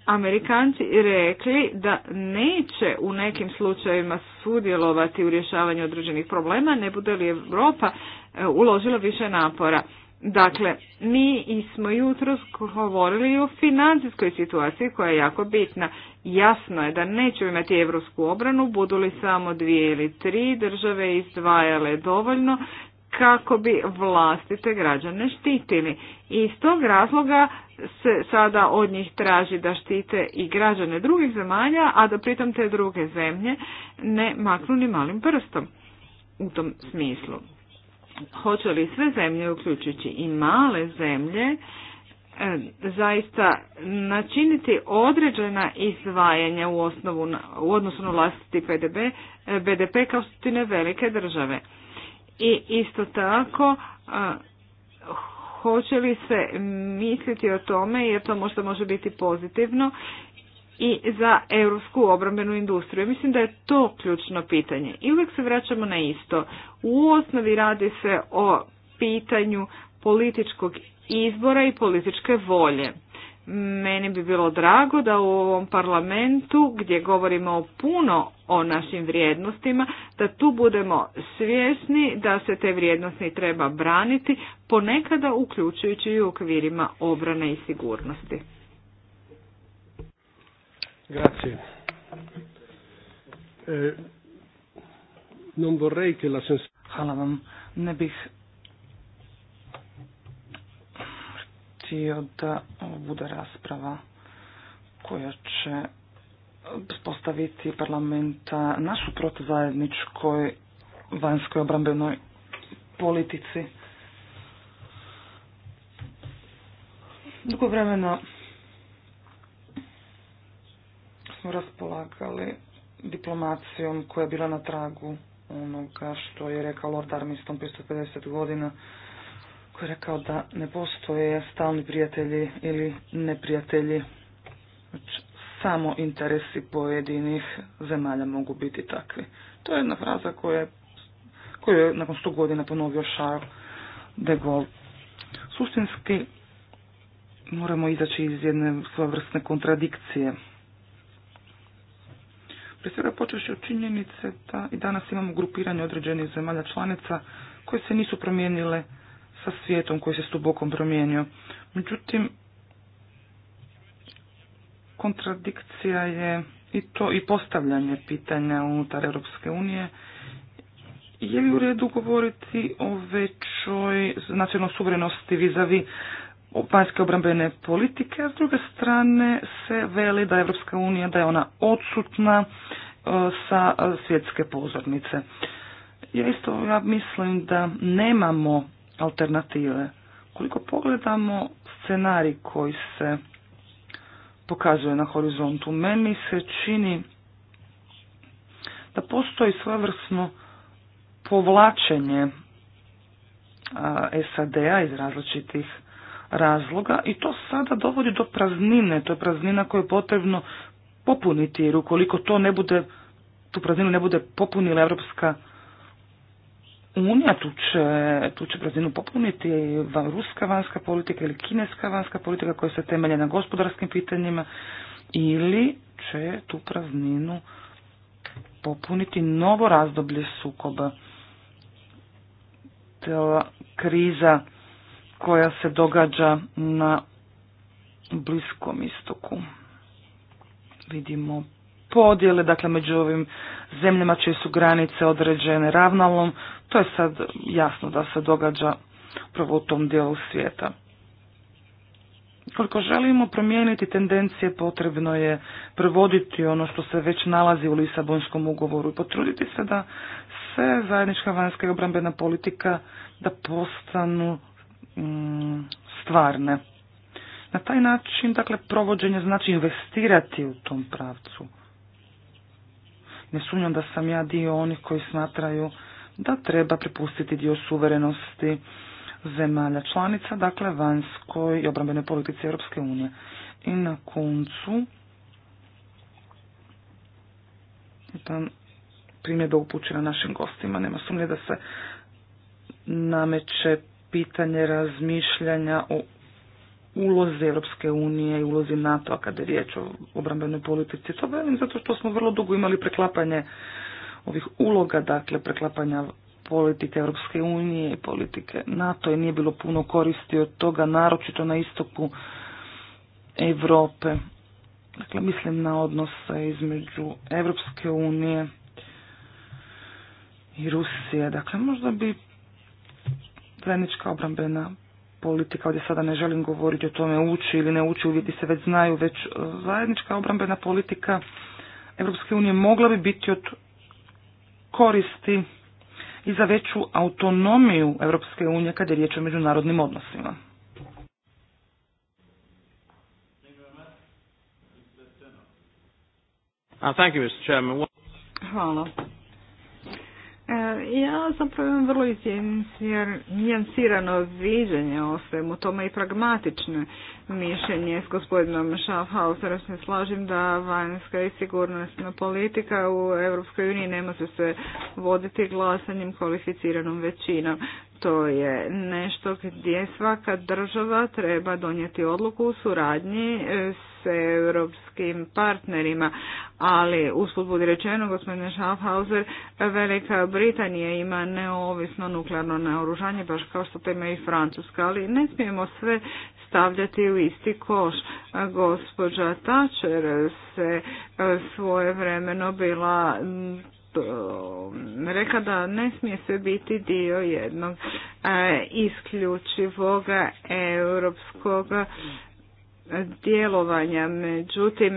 Amerikanci rekli da neće u nekim slučajevima sudjelovati u rješavanju određenih problema, ne bude li Europa e, uložila više napora. Dakle, mi smo jutro govorili o financijskoj situaciji koja je jako bitna. Jasno je da nećemo imati evropsku obranu, budu li samo dvije ili tri države izdvajale dovoljno kako bi vlastite građane štitili. I iz tog razloga se sada od njih traži da štite i građane drugih zemalja, a da pritom te druge zemlje ne maknu ni malim prstom u tom smislu hoće li sve zemlje, uključujući i male zemlje, e, zaista načiniti određena izdvajanja u, osnovu, u odnosu na vlastiti PDB, e, BDP kao stotine velike države. I isto tako, e, hoće li se misliti o tome, jer to možda može biti pozitivno, i za europsku obrambenu industriju. Mislim da je to ključno pitanje. I uvijek se vraćamo na isto. U osnovi radi se o pitanju političkog izbora i političke volje. Meni bi bilo drago da u ovom parlamentu gdje govorimo puno o našim vrijednostima, da tu budemo svjesni da se te vrijednosti treba braniti, ponekada uključujući i u okvirima obrane i sigurnosti. Grazie. Eh, non vorrei che la Hvala vam. Ne bih htio da ovo bude rasprava koja će postaviti parlamenta našu protuzajedničkoj vanjskoj obrambenoj politici. Dugo smo raspolagali diplomacijom koja je bila na tragu onoga što je rekao Lord Armiston 550 godina koji je rekao da ne postoje stalni prijatelji ili neprijatelji. Znači, samo interesi pojedinih zemalja mogu biti takvi. To je jedna fraza koja je, koju je nakon sto godina ponovio Charles de Gaulle. Suštinski moramo izaći iz jedne svojevrsne kontradikcije prije svega počeš od činjenice da i danas imamo grupiranje određenih zemalja članica koje se nisu promijenile sa svijetom koji se s tubokom promijenio. Međutim, kontradikcija je i to i postavljanje pitanja unutar Europske unije. Je li u redu govoriti o većoj nacionalnoj suverenosti vis-a-vis? vanjske obrambene politike, a s druge strane se veli da Evropska unija da je ona odsutna e, sa e, svjetske pozornice. Ja isto ja mislim da nemamo alternative. Koliko pogledamo scenarij koji se pokazuje na horizontu, meni se čini da postoji svojevrsno povlačenje SAD-a iz različitih razloga i to sada dovodi do praznine, to je praznina koju je potrebno popuniti jer ukoliko to ne bude, tu prazninu ne bude popunila Europska unija, tu će, tu će prazninu popuniti van, ruska vanjska politika ili kineska vanjska politika koja se temelji na gospodarskim pitanjima ili će tu prazninu popuniti novo razdoblje sukoba. kriza koja se događa na Bliskom istoku. Vidimo podjele, dakle među ovim zemljama čije su granice određene ravnalom, to je sad jasno da se događa upravo u tom dijelu svijeta. Koliko želimo promijeniti tendencije, potrebno je provoditi ono što se već nalazi u Lisabonskom ugovoru i potruditi se da se zajednička vanjska i obrambena politika da postanu Mm, stvarne. Na taj način, dakle, provođenje znači investirati u tom pravcu. Ne sumnjam da sam ja dio onih koji smatraju da treba prepustiti dio suverenosti zemalja članica, dakle vanjskoj i obrambenoj politici Europske unije. I na koncu jedan da upućena našim gostima. Nema sumnje da se nameće pitanje razmišljanja o ulozi Europske unije i ulozi NATO-a kada je riječ o obrambenoj politici. To velim zato što smo vrlo dugo imali preklapanje ovih uloga, dakle preklapanja politike Europske unije i politike NATO i nije bilo puno koristi od toga, naročito na istoku Europe. Dakle, mislim na odnose između Europske unije i Rusije. Dakle, možda bi zajednička obrambena politika, ovdje sada ne želim govoriti o tome uči ili ne uči, uvjeti se već znaju, već e, zajednička obrambena politika Europske unije mogla bi biti od koristi i za veću autonomiju Europske unije kada je riječ o međunarodnim odnosima. Uh, Hvala. E, ja zapravo imam vrlo nijansirano viđenje o svemu tome i pragmatično mišljenje s gospodinom Schaffhauserom. Se slažem da vanjska i sigurnosna politika u EU nema se se voditi glasanjem kvalificiranom većinom to je nešto gdje svaka država treba donijeti odluku u suradnji e, s europskim partnerima, ali usput budi rečeno, gospodine Schaffhauser, Velika Britanija ima neovisno nuklearno naoružanje, baš kao što to ima i Francuska, ali ne smijemo sve stavljati u isti koš. Gospođa Thatcher se e, svoje vremeno bila Um, rekla da ne smije se biti dio jednog isključivog europskog djelovanja. Međutim,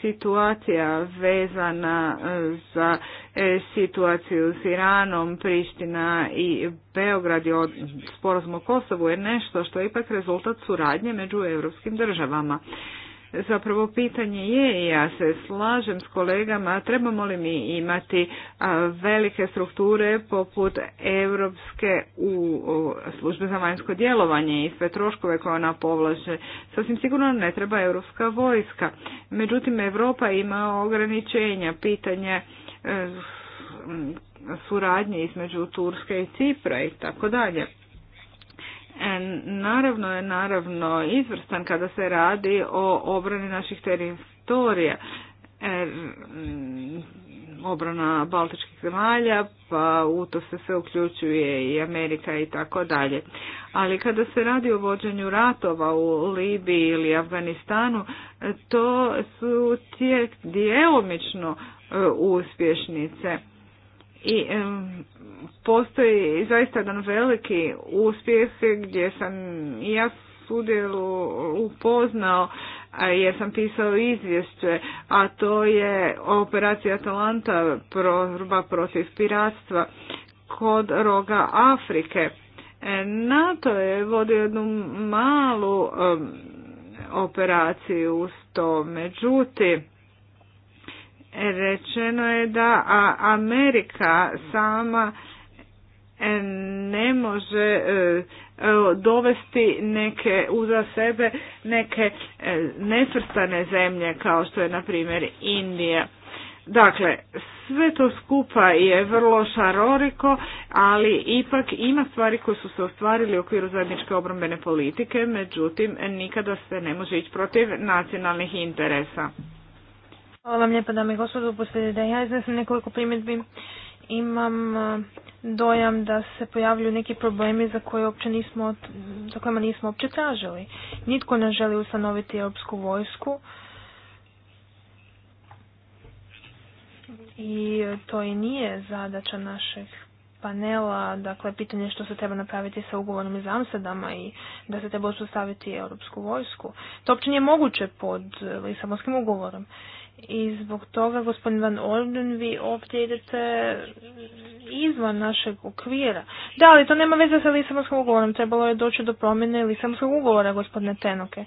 situacija vezana za e, situaciju s Iranom, Priština i Beograd i sporazum o Kosovu je nešto što je ipak rezultat suradnje među europskim državama. Zapravo pitanje je, ja se slažem s kolegama, trebamo li mi imati velike strukture poput Europske u službe za vanjsko djelovanje i sve troškove koje ona povlaže. Sasvim sigurno ne treba Europska vojska. Međutim, Europa ima ograničenja, pitanje e, suradnje između Turske i Cipra i tako dalje. E, naravno je naravno izvrstan kada se radi o obrani naših teritorija. E, mm, obrana baltičkih zemalja, pa u to se sve uključuje i Amerika i tako dalje. Ali kada se radi o vođenju ratova u Libiji ili Afganistanu, e, to su tijek djelomično uspješnice. I postoji zaista jedan veliki uspjeh gdje sam ja sudjelu upoznao jer sam pisao izvješće, a to je operacija Atalanta prorba protiv piratstva kod roga Afrike. E, NATO je vodio jednu malu operaciju uz to, međutim, Rečeno je da Amerika sama e, ne može e, e, dovesti neke uza sebe neke nesvrstane zemlje kao što je na primjer Indija. Dakle, sve to skupa je vrlo šaroriko, ali ipak ima stvari koje su se ostvarili u okviru zajedničke obrambene politike, međutim nikada se ne može ići protiv nacionalnih interesa. Hvala vam lijepa dame i gospodo, upustite da ja iznesem nekoliko primjedbi. Imam e, dojam da se pojavljuju neki problemi za, koje uopće nismo, za kojima nismo uopće tražili. Nitko ne želi ustanoviti europsku vojsku i e, to i nije zadaća našeg panela, dakle pitanje što se treba napraviti sa ugovorom iz Amsterdama i da se treba uspostaviti europsku vojsku. To uopće nije moguće pod eh, Lisabonskim ugovorom. I zbog toga, gospodin Van Orden, vi ovdje idete izvan našeg okvira. Da, ali to nema veze sa Lisabonskim ugovorom. Trebalo je doći do promjene Lisabonskog ugovora, gospodine Tenoke.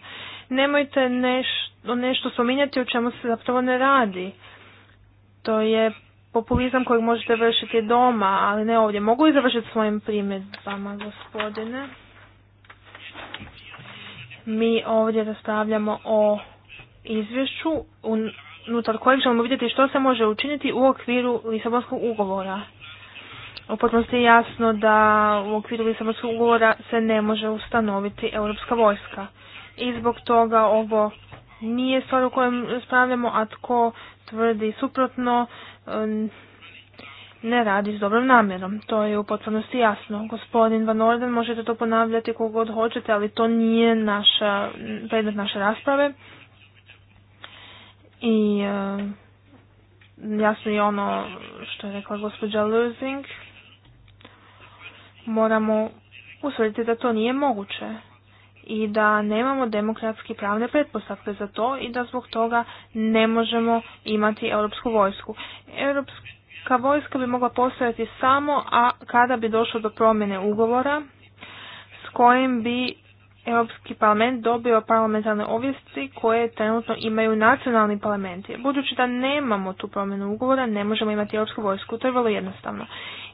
Nemojte nešto, nešto spominjati o čemu se zapravo ne radi. To je populizam kojeg možete vršiti doma, ali ne ovdje. Mogu li završiti svojim primjedbama, gospodine? Mi ovdje raspravljamo o izvješću unutar kojeg ćemo vidjeti što se može učiniti u okviru Lisabonskog ugovora. U je jasno da u okviru Lisabonskog ugovora se ne može ustanoviti europska vojska. I zbog toga ovo nije stvar u kojem raspravljamo, a tko tvrdi suprotno ne radi s dobrom namjerom. To je u potpunosti jasno. Gospodin Van Orden, možete to ponavljati koliko god hoćete, ali to nije naša, predmet naše rasprave. I jasno je ono što je rekla gospođa Lusing. Moramo usvrditi da to nije moguće i da nemamo demokratski pravne pretpostavke za to i da zbog toga ne možemo imati europsku vojsku. Europska vojska bi mogla postojati samo a kada bi došlo do promjene ugovora s kojim bi Europski parlament dobio parlamentarne ovijesti koje trenutno imaju nacionalni parlamenti. Budući da nemamo tu promjenu ugovora, ne možemo imati Europsku vojsku, to je vrlo jednostavno.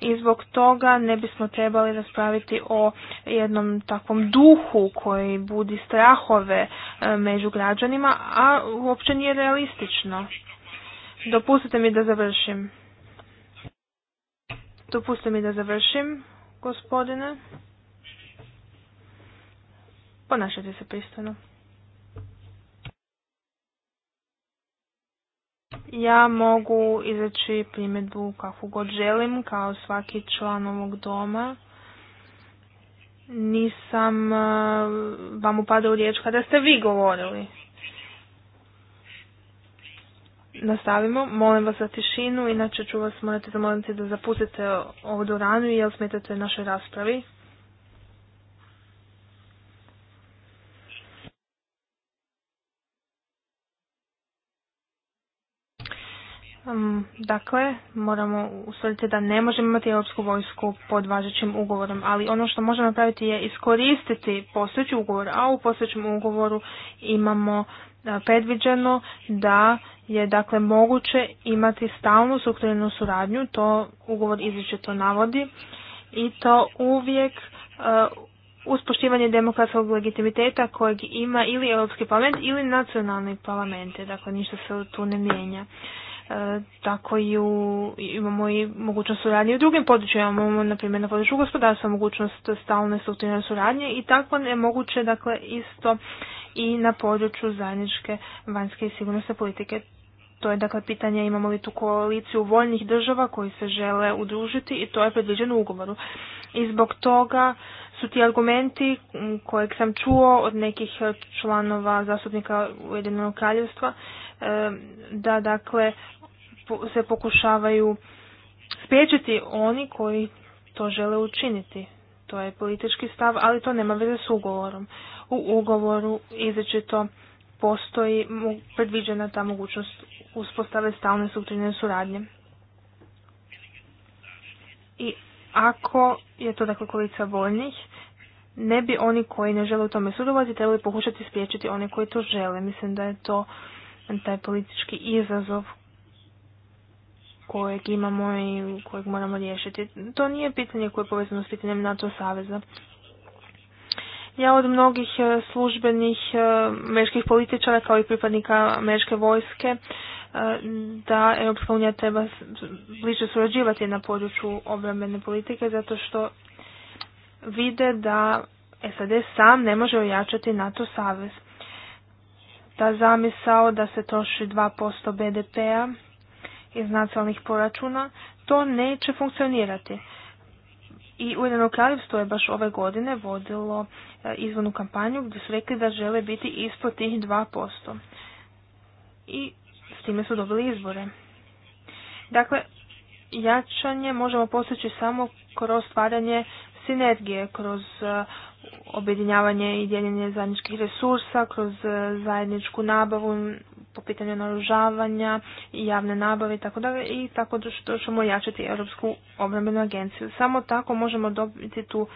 I zbog toga ne bismo trebali raspraviti o jednom takvom duhu koji budi strahove e, među građanima, a uopće nije realistično. Dopustite mi da završim. Dopustite mi da završim, gospodine. Ponašajte se pristojno. Ja mogu izaći primjedbu kakvu god želim, kao svaki član ovog doma. Nisam e, vam upadao u riječ kada ste vi govorili. Nastavimo, molim vas za tišinu, inače ću vas morati zamoliti da zapustite ovu doranu jer smetate našoj raspravi. Dakle, moramo usvrditi da ne možemo imati europsku vojsku pod važećim ugovorom, ali ono što možemo napraviti je iskoristiti postojeći ugovor, a u postojećem ugovoru imamo e, predviđeno da je dakle moguće imati stalnu strukturnu suradnju, to ugovor to navodi i to uvijek uh, uz poštivanje demokratskog legitimiteta kojeg ima ili Europski parlament ili nacionalni parlamente, dakle ništa se tu ne mijenja. E, tako i u, imamo i mogućnost suradnje u drugim područjima, imamo na primjer na području gospodarstva mogućnost stalne strukturne suradnje i tako je moguće dakle isto i na području zajedničke vanjske i sigurnosne politike. To je dakle pitanje imamo li tu koaliciju voljnih država koji se žele udružiti i to je predviđeno u ugovoru. I zbog toga su ti argumenti kojeg sam čuo od nekih članova zastupnika Ujedinjenog kraljevstva da dakle se pokušavaju spriječiti oni koji to žele učiniti. To je politički stav, ali to nema veze s ugovorom. U ugovoru izrečito postoji predviđena ta mogućnost uspostave stalne strukturne suradnje. I ako je to dakle kolica voljnih, ne bi oni koji ne žele u tome sudovati trebali pokušati spriječiti one koji to žele. Mislim da je to taj politički izazov kojeg imamo i kojeg moramo riješiti. To nije pitanje koje je povezano s pitanjem NATO saveza. Ja od mnogih e, službenih e, američkih političara kao i pripadnika američke vojske e, da Europska unija treba bliže surađivati na području obrambene politike zato što vide da SAD sam ne može ojačati NATO savez ta zamisao da se troši 2% BDP-a iz nacionalnih poračuna, to neće funkcionirati. I Ujedinjeno kraljevstvo je baš ove godine vodilo e, izvornu kampanju gdje su rekli da žele biti ispod tih 2%. I s time su dobili izbore. Dakle, jačanje možemo postići samo kroz stvaranje sinergije, kroz e, objedinjavanje i dijeljenje zajedničkih resursa, kroz e, zajedničku nabavu po pitanju naružavanja i javne nabave i tako da i tako što ćemo jačati Europsku obrambenu agenciju. Samo tako možemo dobiti tu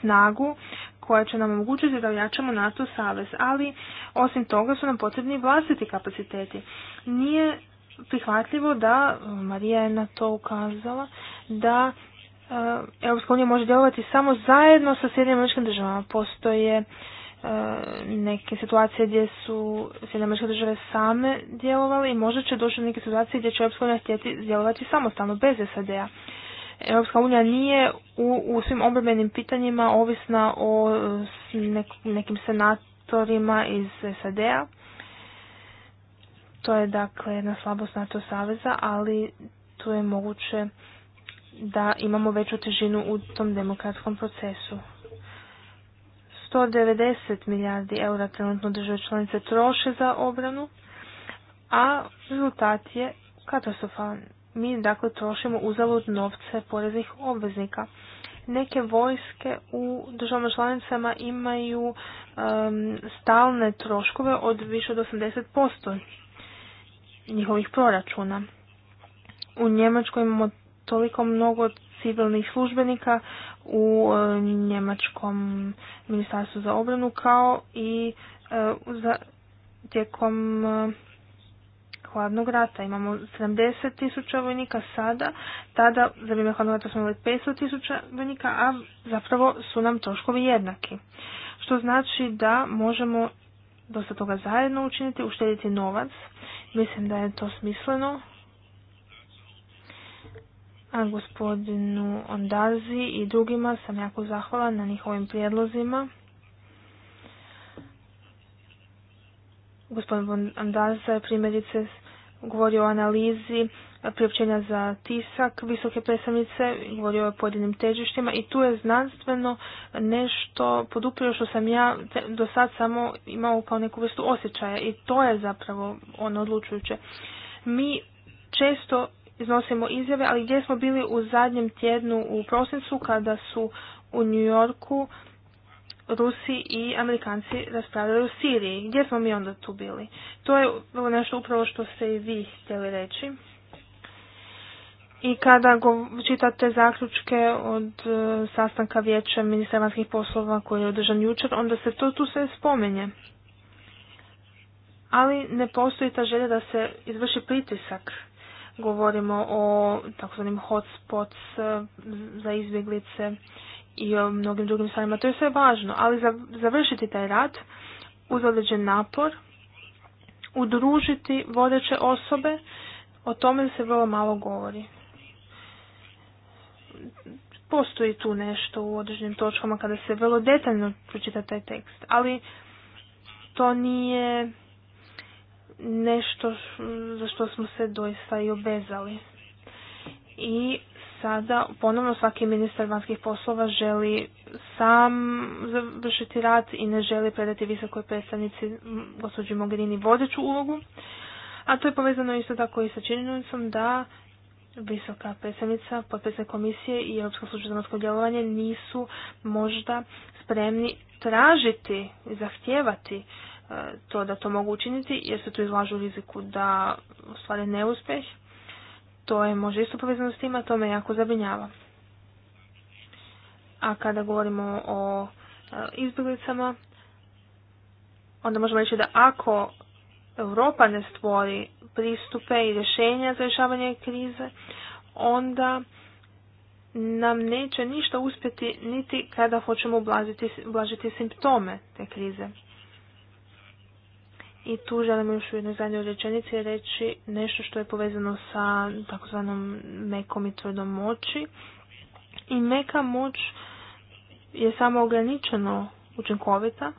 snagu koja će nam omogućiti da ojačamo NATO savez, ali osim toga su nam potrebni vlastiti kapaciteti. Nije prihvatljivo da, e, Marija je na to ukazala, da E, Europska unija može djelovati samo zajedno sa Sjedinim američkim državama. Postoje e, neke situacije gdje su Sjedinim američke države same djelovali i možda će doći do neke situacije gdje će Europska unija htjeti djelovati samostalno, bez SAD-a. Europska unija nije u, u svim obrbenim pitanjima ovisna o nekim senatorima iz SAD-a. To je dakle jedna slabost NATO saveza, ali tu je moguće da imamo veću težinu u tom demokratskom procesu. 190 milijardi eura trenutno države članice troše za obranu, a rezultat je katastrofalan. Mi dakle trošimo uzalud novce poreznih obveznika. Neke vojske u državama članicama imaju um, stalne troškove od više od 80% njihovih proračuna. U Njemačkoj imamo toliko mnogo civilnih službenika u e, Njemačkom ministarstvu za obranu kao i e, za tijekom e, hladnog rata. Imamo 70 tisuća vojnika sada, tada za vrijeme hladnog rata smo imali 500 tisuća vojnika, a zapravo su nam troškovi jednaki. Što znači da možemo dosta toga zajedno učiniti, uštediti novac. Mislim da je to smisleno gospodinu Ondazi i drugima sam jako zahvala na njihovim prijedlozima. Gospodin Ondaza je primjerice govorio o analizi priopćenja za tisak visoke predstavnice, govorio o pojedinim težištima i tu je znanstveno nešto podupio što sam ja do sad samo imao kao neku vrstu osjećaja i to je zapravo ono odlučujuće. Mi često iznosimo izjave, ali gdje smo bili u zadnjem tjednu u prosincu kada su u New Yorku Rusi i Amerikanci raspravljali u Siriji. Gdje smo mi onda tu bili? To je bilo nešto upravo što ste i vi htjeli reći. I kada go, čitate zaključke od e, sastanka vijeća ministra vanjskih poslova koji je održan jučer, onda se to tu sve spomenje. Ali ne postoji ta želja da se izvrši pritisak govorimo o takozvanim hotspots e, za izbjeglice i o mnogim drugim stvarima. To je sve važno, ali završiti taj rad uz određen napor, udružiti vodeće osobe, o tome se vrlo malo govori. Postoji tu nešto u određenim točkama kada se vrlo detaljno pročita taj tekst, ali to nije nešto za što smo se doista i obezali. I sada ponovno svaki ministar vanjskih poslova želi sam završiti rat i ne želi predati visokoj predstavnici gospođi Mogherini vodeću ulogu. A to je povezano isto tako i sa činjenicom da visoka predstavnica, potpredsjednik komisije i Europsko služba za djelovanje nisu možda spremni tražiti i zahtijevati to da to mogu učiniti jer se tu izlažu riziku da ostvare neuspjeh. To je možda isto povezano s tim, a to me jako zabinjava A kada govorimo o e, izbjeglicama, onda možemo reći da ako Europa ne stvori pristupe i rješenja za rješavanje krize, onda nam neće ništa uspjeti niti kada hoćemo ublažiti simptome te krize. I tu želim još u jednoj zadnjoj rečenici reći nešto što je povezano sa takozvanom mekom i tvrdom moći. I meka moć je samo ograničeno učinkovita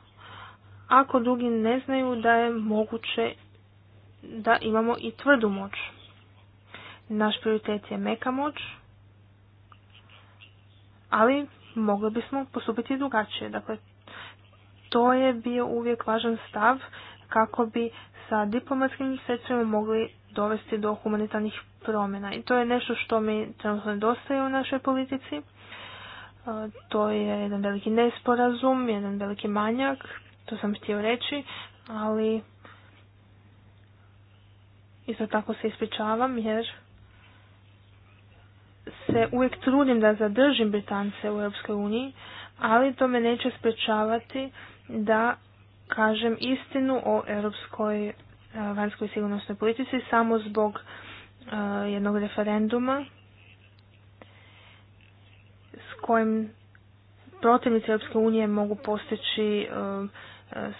ako drugi ne znaju da je moguće da imamo i tvrdu moć. Naš prioritet je meka moć, ali mogli bismo postupiti drugačije. Dakle, to je bio uvijek važan stav kako bi sa diplomatskim sredstvima mogli dovesti do humanitarnih promjena. I to je nešto što mi trenutno nedostaje u našoj politici. E, to je jedan veliki nesporazum, jedan veliki manjak, to sam htio reći, ali isto tako se ispričavam jer se uvijek trudim da zadržim Britance u EU, uniji, ali to me neće sprečavati da kažem istinu o europskoj e, vanjskoj sigurnosnoj politici samo zbog e, jednog referenduma s kojim protivnici Europske unije mogu postići e,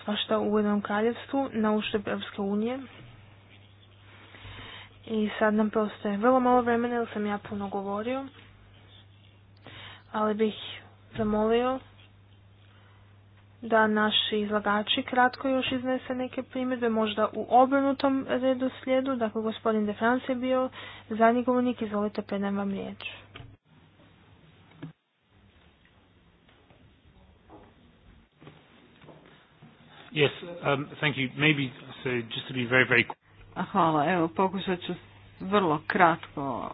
svašta u jednom kraljevstvu na uštrb Europske unije. I sad nam prostoje vrlo malo vremena jer sam ja puno govorio, ali bih zamolio da naši izlagači kratko još iznese neke primjedbe, možda u obrnutom redu slijedu. Dakle, gospodin De France je bio zadnji govornik, izvolite, predajem vam riječ. Yes, um, thank you. Maybe, so just to be very, very... Hvala, evo, pokušat ću vrlo kratko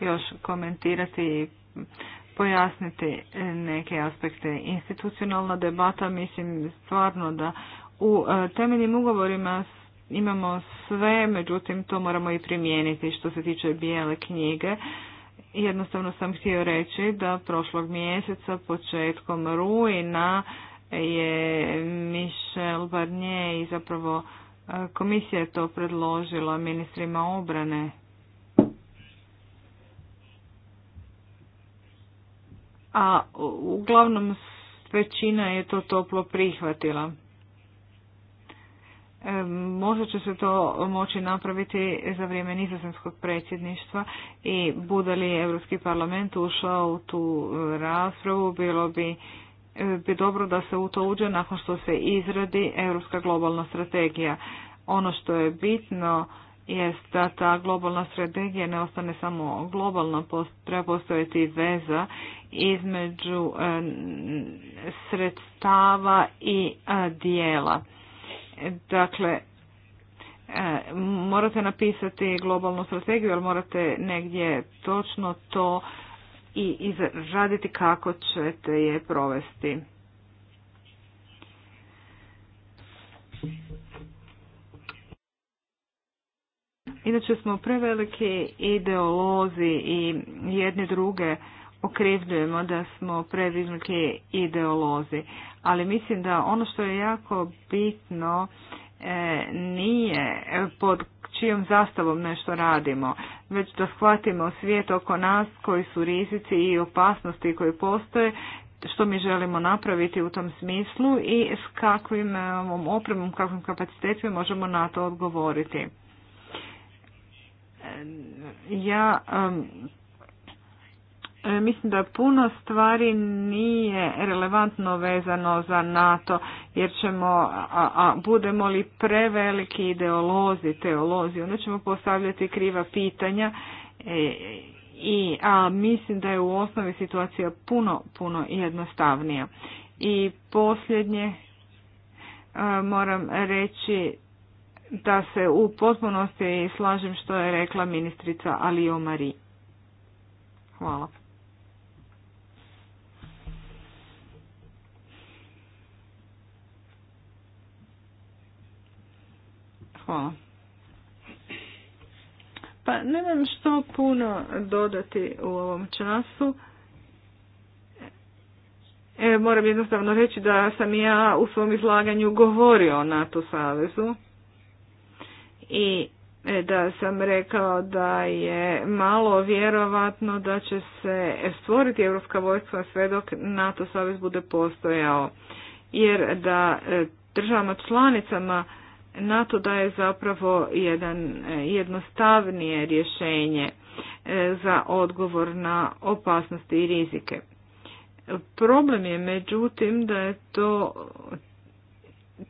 još komentirati pojasniti e, neke aspekte. Institucionalna debata, mislim stvarno da u e, temeljnim ugovorima imamo sve, međutim to moramo i primijeniti što se tiče bijele knjige. Jednostavno sam htio reći da prošlog mjeseca, početkom rujna, je Michel Barnier i zapravo e, komisija je to predložila ministrima obrane a uglavnom većina je to toplo prihvatila. E, možda će se to moći napraviti za vrijeme nizozemskog predsjedništva i bude li Europski parlament ušao u tu e, raspravu, bilo bi, e, bi dobro da se u to uđe nakon što se izradi Europska globalna strategija. Ono što je bitno jest da ta globalna strategija ne ostane samo globalna, treba postojati veza između e, sredstava i e, dijela. Dakle, e, morate napisati globalnu strategiju, ali morate negdje točno to i izraditi kako ćete je provesti. Inače smo preveliki ideolozi i jedne druge okrivljujemo da smo preveliki ideolozi, ali mislim da ono što je jako bitno e, nije pod čijom zastavom nešto radimo, već da shvatimo svijet oko nas koji su rizici i opasnosti koji postoje, što mi želimo napraviti u tom smislu i s kakvim e, opremom, kakvim kapacitetima možemo na to odgovoriti. E, ja E, mislim da puno stvari nije relevantno vezano za NATO, jer ćemo, a, a budemo li preveliki ideolozi, teolozi, onda ćemo postavljati kriva pitanja e, i a mislim da je u osnovi situacija puno, puno jednostavnija. I posljednje a, e, moram reći da se u potpunosti slažem što je rekla ministrica Alio Mari. Hvala. Hvala. Pa nemam što puno dodati u ovom času. E, moram jednostavno reći da sam ja u svom izlaganju govorio o NATO savezu i e, da sam rekao da je malo vjerovatno da će se stvoriti Europska vojska sve dok NATO savez bude postojao. Jer da e, državama članicama NATO daje zapravo jedan e, jednostavnije rješenje e, za odgovor na opasnosti i rizike. Problem je međutim da je to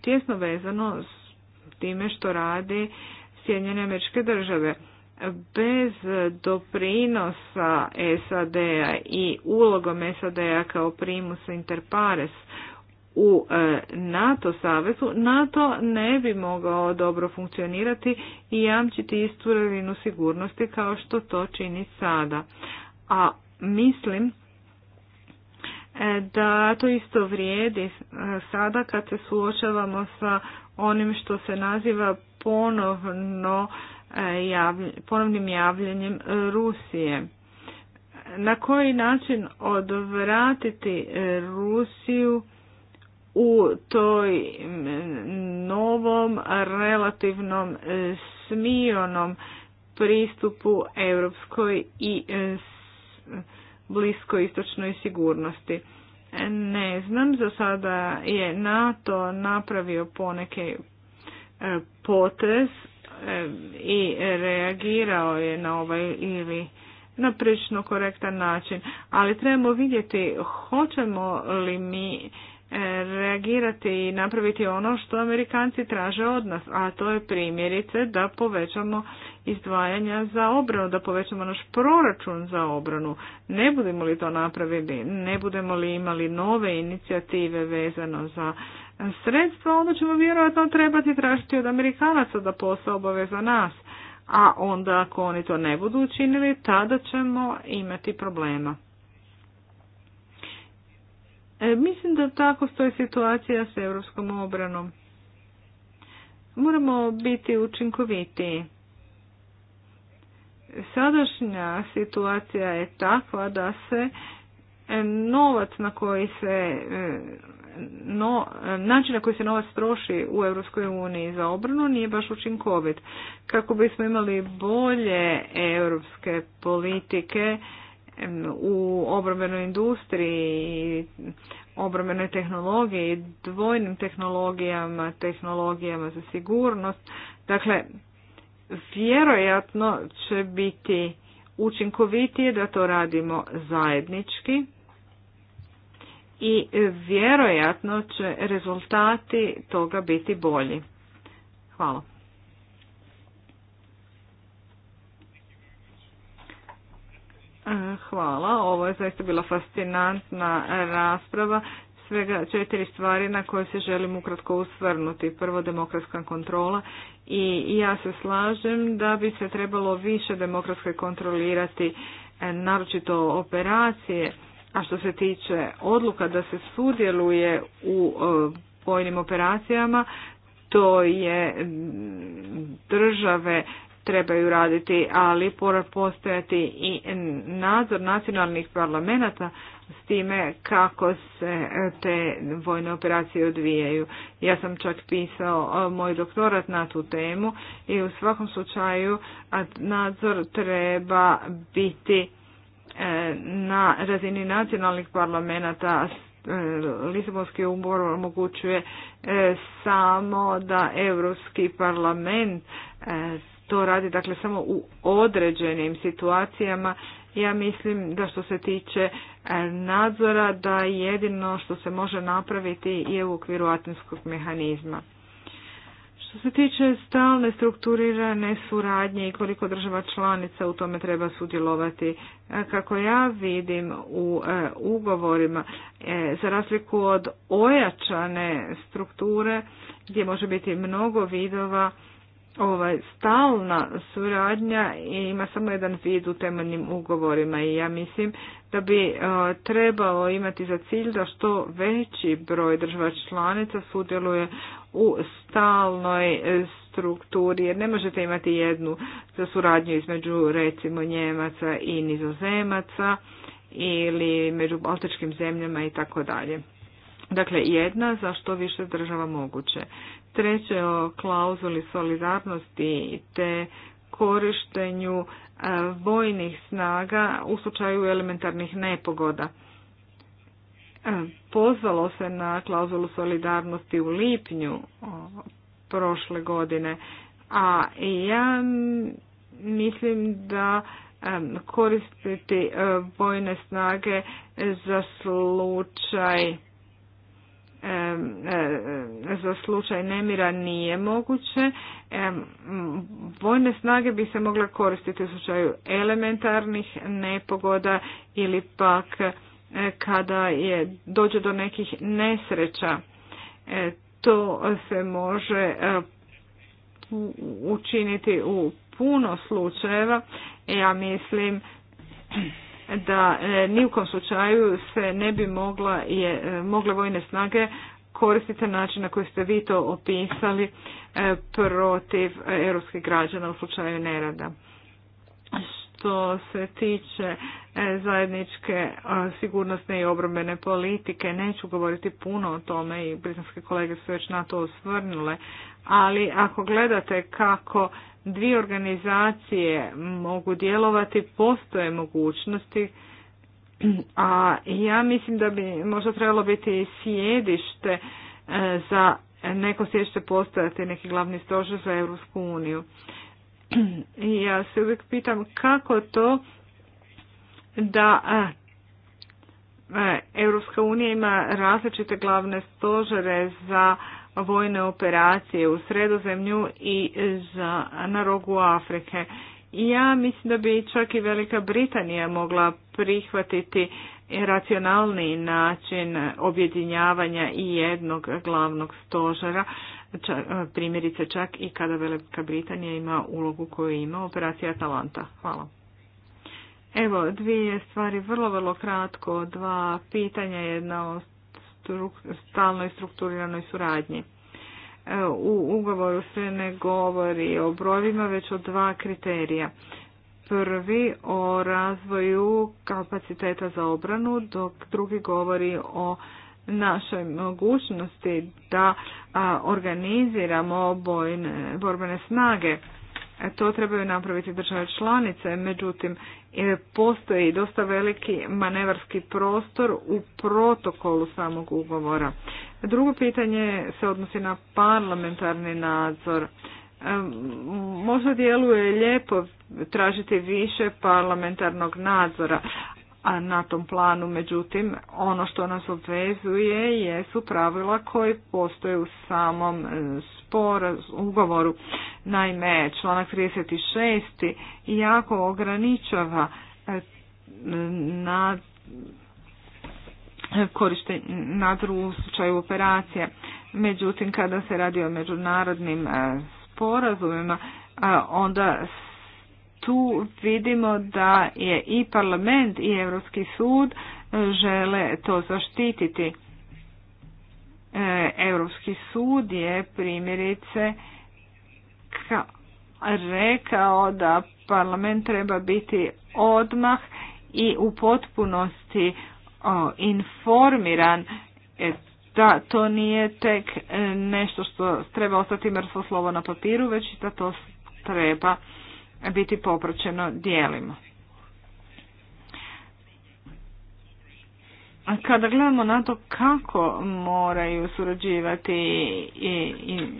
tjesno vezano s time što radi Sjedinjene američke države. Bez doprinosa SAD-a i ulogom SAD-a kao primus interpares u e, NATO savezu, NATO ne bi mogao dobro funkcionirati i jamčiti istu razinu sigurnosti kao što to čini sada. A mislim e, da to isto vrijedi e, sada kad se suočavamo sa onim što se naziva ponovno ponovnim javljanjem Rusije. Na koji način odvratiti Rusiju u toj novom relativnom e, smionom pristupu europskoj i e, blisko istočnoj sigurnosti. Ne znam, za sada je NATO napravio poneke e, potez i reagirao je na ovaj ili na prilično korektan način, ali trebamo vidjeti hoćemo li mi reagirati i napraviti ono što Amerikanci traže od nas, a to je primjerice da povećamo izdvajanja za obranu, da povećamo naš proračun za obranu. Ne budemo li to napravili, ne budemo li imali nove inicijative vezano za sredstva, onda ćemo vjerojatno trebati tražiti od Amerikanaca da posao obave za nas. A onda ako oni to ne budu učinili, tada ćemo imati problema. E, mislim da tako stoji situacija s europskom obranom. Moramo biti učinkovitiji. Sadašnja situacija je takva da se e, novac na koji se e, no, način na koji se novac troši u Europskoj uniji za obranu nije baš učinkovit. Kako bismo imali bolje europske politike, u obrambenoj industriji, obrambenoj tehnologiji, dvojnim tehnologijama, tehnologijama za sigurnost. Dakle, vjerojatno će biti učinkovitije da to radimo zajednički i vjerojatno će rezultati toga biti bolji. Hvala. Hvala. Ovo je zaista bila fascinantna rasprava. Svega četiri stvari na koje se želim ukratko usvrnuti. Prvo, demokratska kontrola. I ja se slažem da bi se trebalo više demokratske kontrolirati, e, naročito operacije. A što se tiče odluka da se sudjeluje u e, vojnim operacijama, to je države trebaju raditi, ali mora postojati i nadzor nacionalnih parlamenta s time kako se e, te vojne operacije odvijaju. Ja sam čak pisao e, moj doktorat na tu temu i u svakom slučaju nadzor treba biti e, na razini nacionalnih parlamenta Lisabonski umbor omogućuje samo da Europski parlament to radi dakle samo u određenim situacijama. Ja mislim da što se tiče e, nadzora da jedino što se može napraviti je u okviru atinskog mehanizma. Što se tiče stalne strukturirane suradnje i koliko država članica u tome treba sudjelovati, e, kako ja vidim u e, ugovorima, za razliku od ojačane strukture gdje može biti mnogo vidova, ovaj, stalna suradnja ima samo jedan vid u temeljnim ugovorima i ja mislim da bi e, trebalo imati za cilj da što veći broj država članica sudjeluje u stalnoj strukturi, jer ne možete imati jednu za suradnju između recimo Njemaca i Nizozemaca ili među baltičkim zemljama i tako dalje. Dakle, jedna za što više država moguće treće o klauzuli solidarnosti te korištenju e, vojnih snaga u slučaju elementarnih nepogoda. E, pozvalo se na klauzulu solidarnosti u lipnju prošle godine, a ja mislim da e, koristiti vojne snage za slučaj za slučaj nemira nije moguće. Vojne snage bi se mogle koristiti u slučaju elementarnih nepogoda ili pak e, kada je dođe do nekih nesreća. E, to se može e, učiniti u puno slučajeva. Ja mislim da e, ni u kom slučaju se ne bi mogla, je, e, mogle vojne snage koristiti na način na koji ste vi to opisali e, protiv europskih građana u slučaju nerada. Što se tiče zajedničke sigurnosne i obrambene politike, neću govoriti puno o tome i britanske kolege su već na to osvrnule, ali ako gledate kako dvije organizacije mogu djelovati, postoje mogućnosti, a ja mislim da bi možda trebalo biti sjedište e, za neko sjedište postojati, neki glavni stožer za Europsku uniju. I ja se uvijek pitam kako to da e, e, Europska unija ima različite glavne stožere za vojne operacije u sredozemlju i za, na rogu Afrike. Ja mislim da bi čak i Velika Britanija mogla prihvatiti racionalni način objedinjavanja i jednog glavnog stožera, primjerice čak i kada Velika Britanija ima ulogu koju ima operacija Atalanta. Hvala. Evo, dvije stvari, vrlo, vrlo kratko, dva pitanja, jedna od stalnoj strukturiranoj suradnji. E, u ugovoru se ne govori o brojima, već o dva kriterija. Prvi o razvoju kapaciteta za obranu, dok drugi govori o našoj mogućnosti da organiziramo borbene snage E, to trebaju napraviti države članice, međutim e, postoji dosta veliki manevarski prostor u protokolu samog ugovora. Drugo pitanje se odnosi na parlamentarni nadzor. E, možda djeluje lijepo tražiti više parlamentarnog nadzora, a na tom planu, međutim, ono što nas obvezuje jesu pravila koji postoje u samom sporaz, ugovoru. Naime, članak 36. jako ograničava e, na korištenje nadru u slučaju operacije. Međutim, kada se radi o međunarodnim e, sporazumima, e, onda tu vidimo da je i parlament i Europski sud žele to zaštititi. E, Europski sud je primjerice rekao da parlament treba biti odmah i u potpunosti informiran e, da to nije tek e, nešto što treba ostati mrtvo slovo na papiru, već da to treba biti popraćeno dijelima. Kada gledamo na to kako moraju surađivati i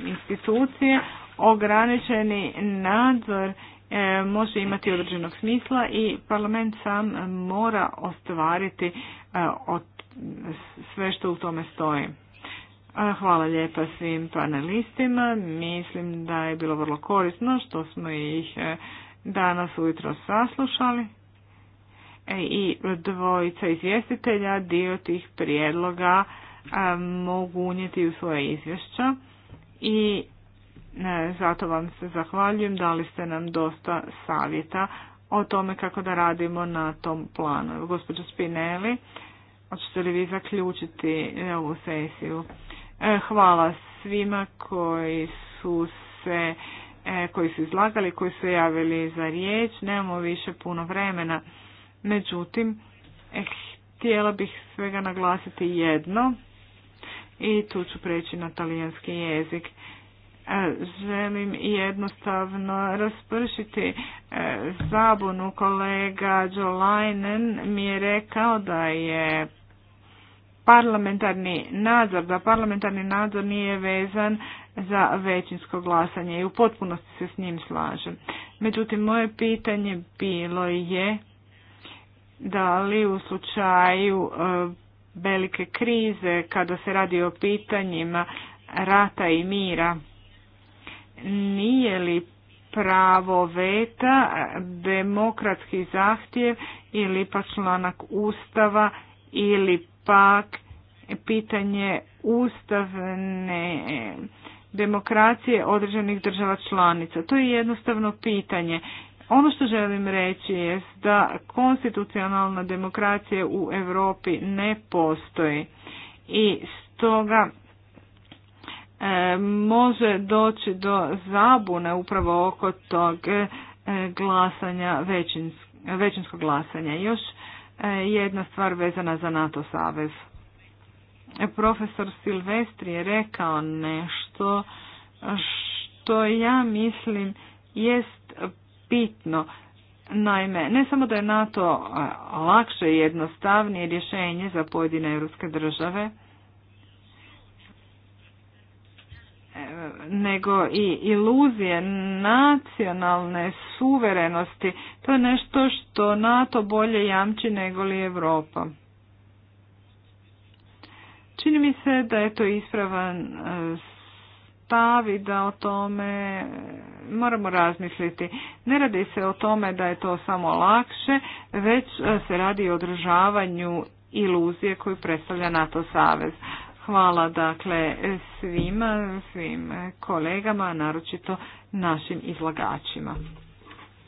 institucije, ograničeni nadzor e, može imati određenog smisla i parlament sam mora ostvariti e, sve što u tome stoji. Hvala lijepa svim panelistima. Mislim da je bilo vrlo korisno što smo ih e, danas ujutro saslušali. E, i dvojica izvjestitelja dio tih prijedloga e, mogu unijeti u svoje izvješća i e, zato vam se zahvaljujem, dali ste nam dosta savjeta o tome kako da radimo na tom planu. Gospođo Spinelli, hoćete li vi zaključiti ovu sesiju? Hvala svima koji su se koji su izlagali, koji su javili za riječ. Nemamo više puno vremena. Međutim, eh, htjela bih svega naglasiti jedno i tu ću preći na talijanski jezik. Eh, želim jednostavno raspršiti eh, zabunu. Kolega Jolainen mi je rekao da je parlamentarni nadzor, da parlamentarni nadzor nije vezan za većinsko glasanje i u potpunosti se s njim slažem. Međutim, moje pitanje bilo je da li u slučaju e, velike krize kada se radi o pitanjima rata i mira nije li pravo veta demokratski zahtjev ili pa članak ustava ili pak pitanje ustavne demokracije određenih država članica. To je jednostavno pitanje ono što želim reći je da konstitucionalna demokracija u Europi ne postoji i stoga e, može doći do zabune upravo oko tog e, glasanja, većinskog glasanja. Još e, jedna stvar vezana za NATO savez. Profesor Silvestri je rekao nešto što ja mislim jest bitno. Naime, ne samo da je NATO lakše i jednostavnije rješenje za pojedine europske države, e, nego i iluzije nacionalne suverenosti. To je nešto što NATO bolje jamči nego li Europa. Čini mi se da je to ispravan e, stav i da o tome moramo razmisliti. Ne radi se o tome da je to samo lakše, već e, se radi o održavanju iluzije koju predstavlja NATO savez. Hvala dakle svima, svim kolegama, naročito našim izlagačima.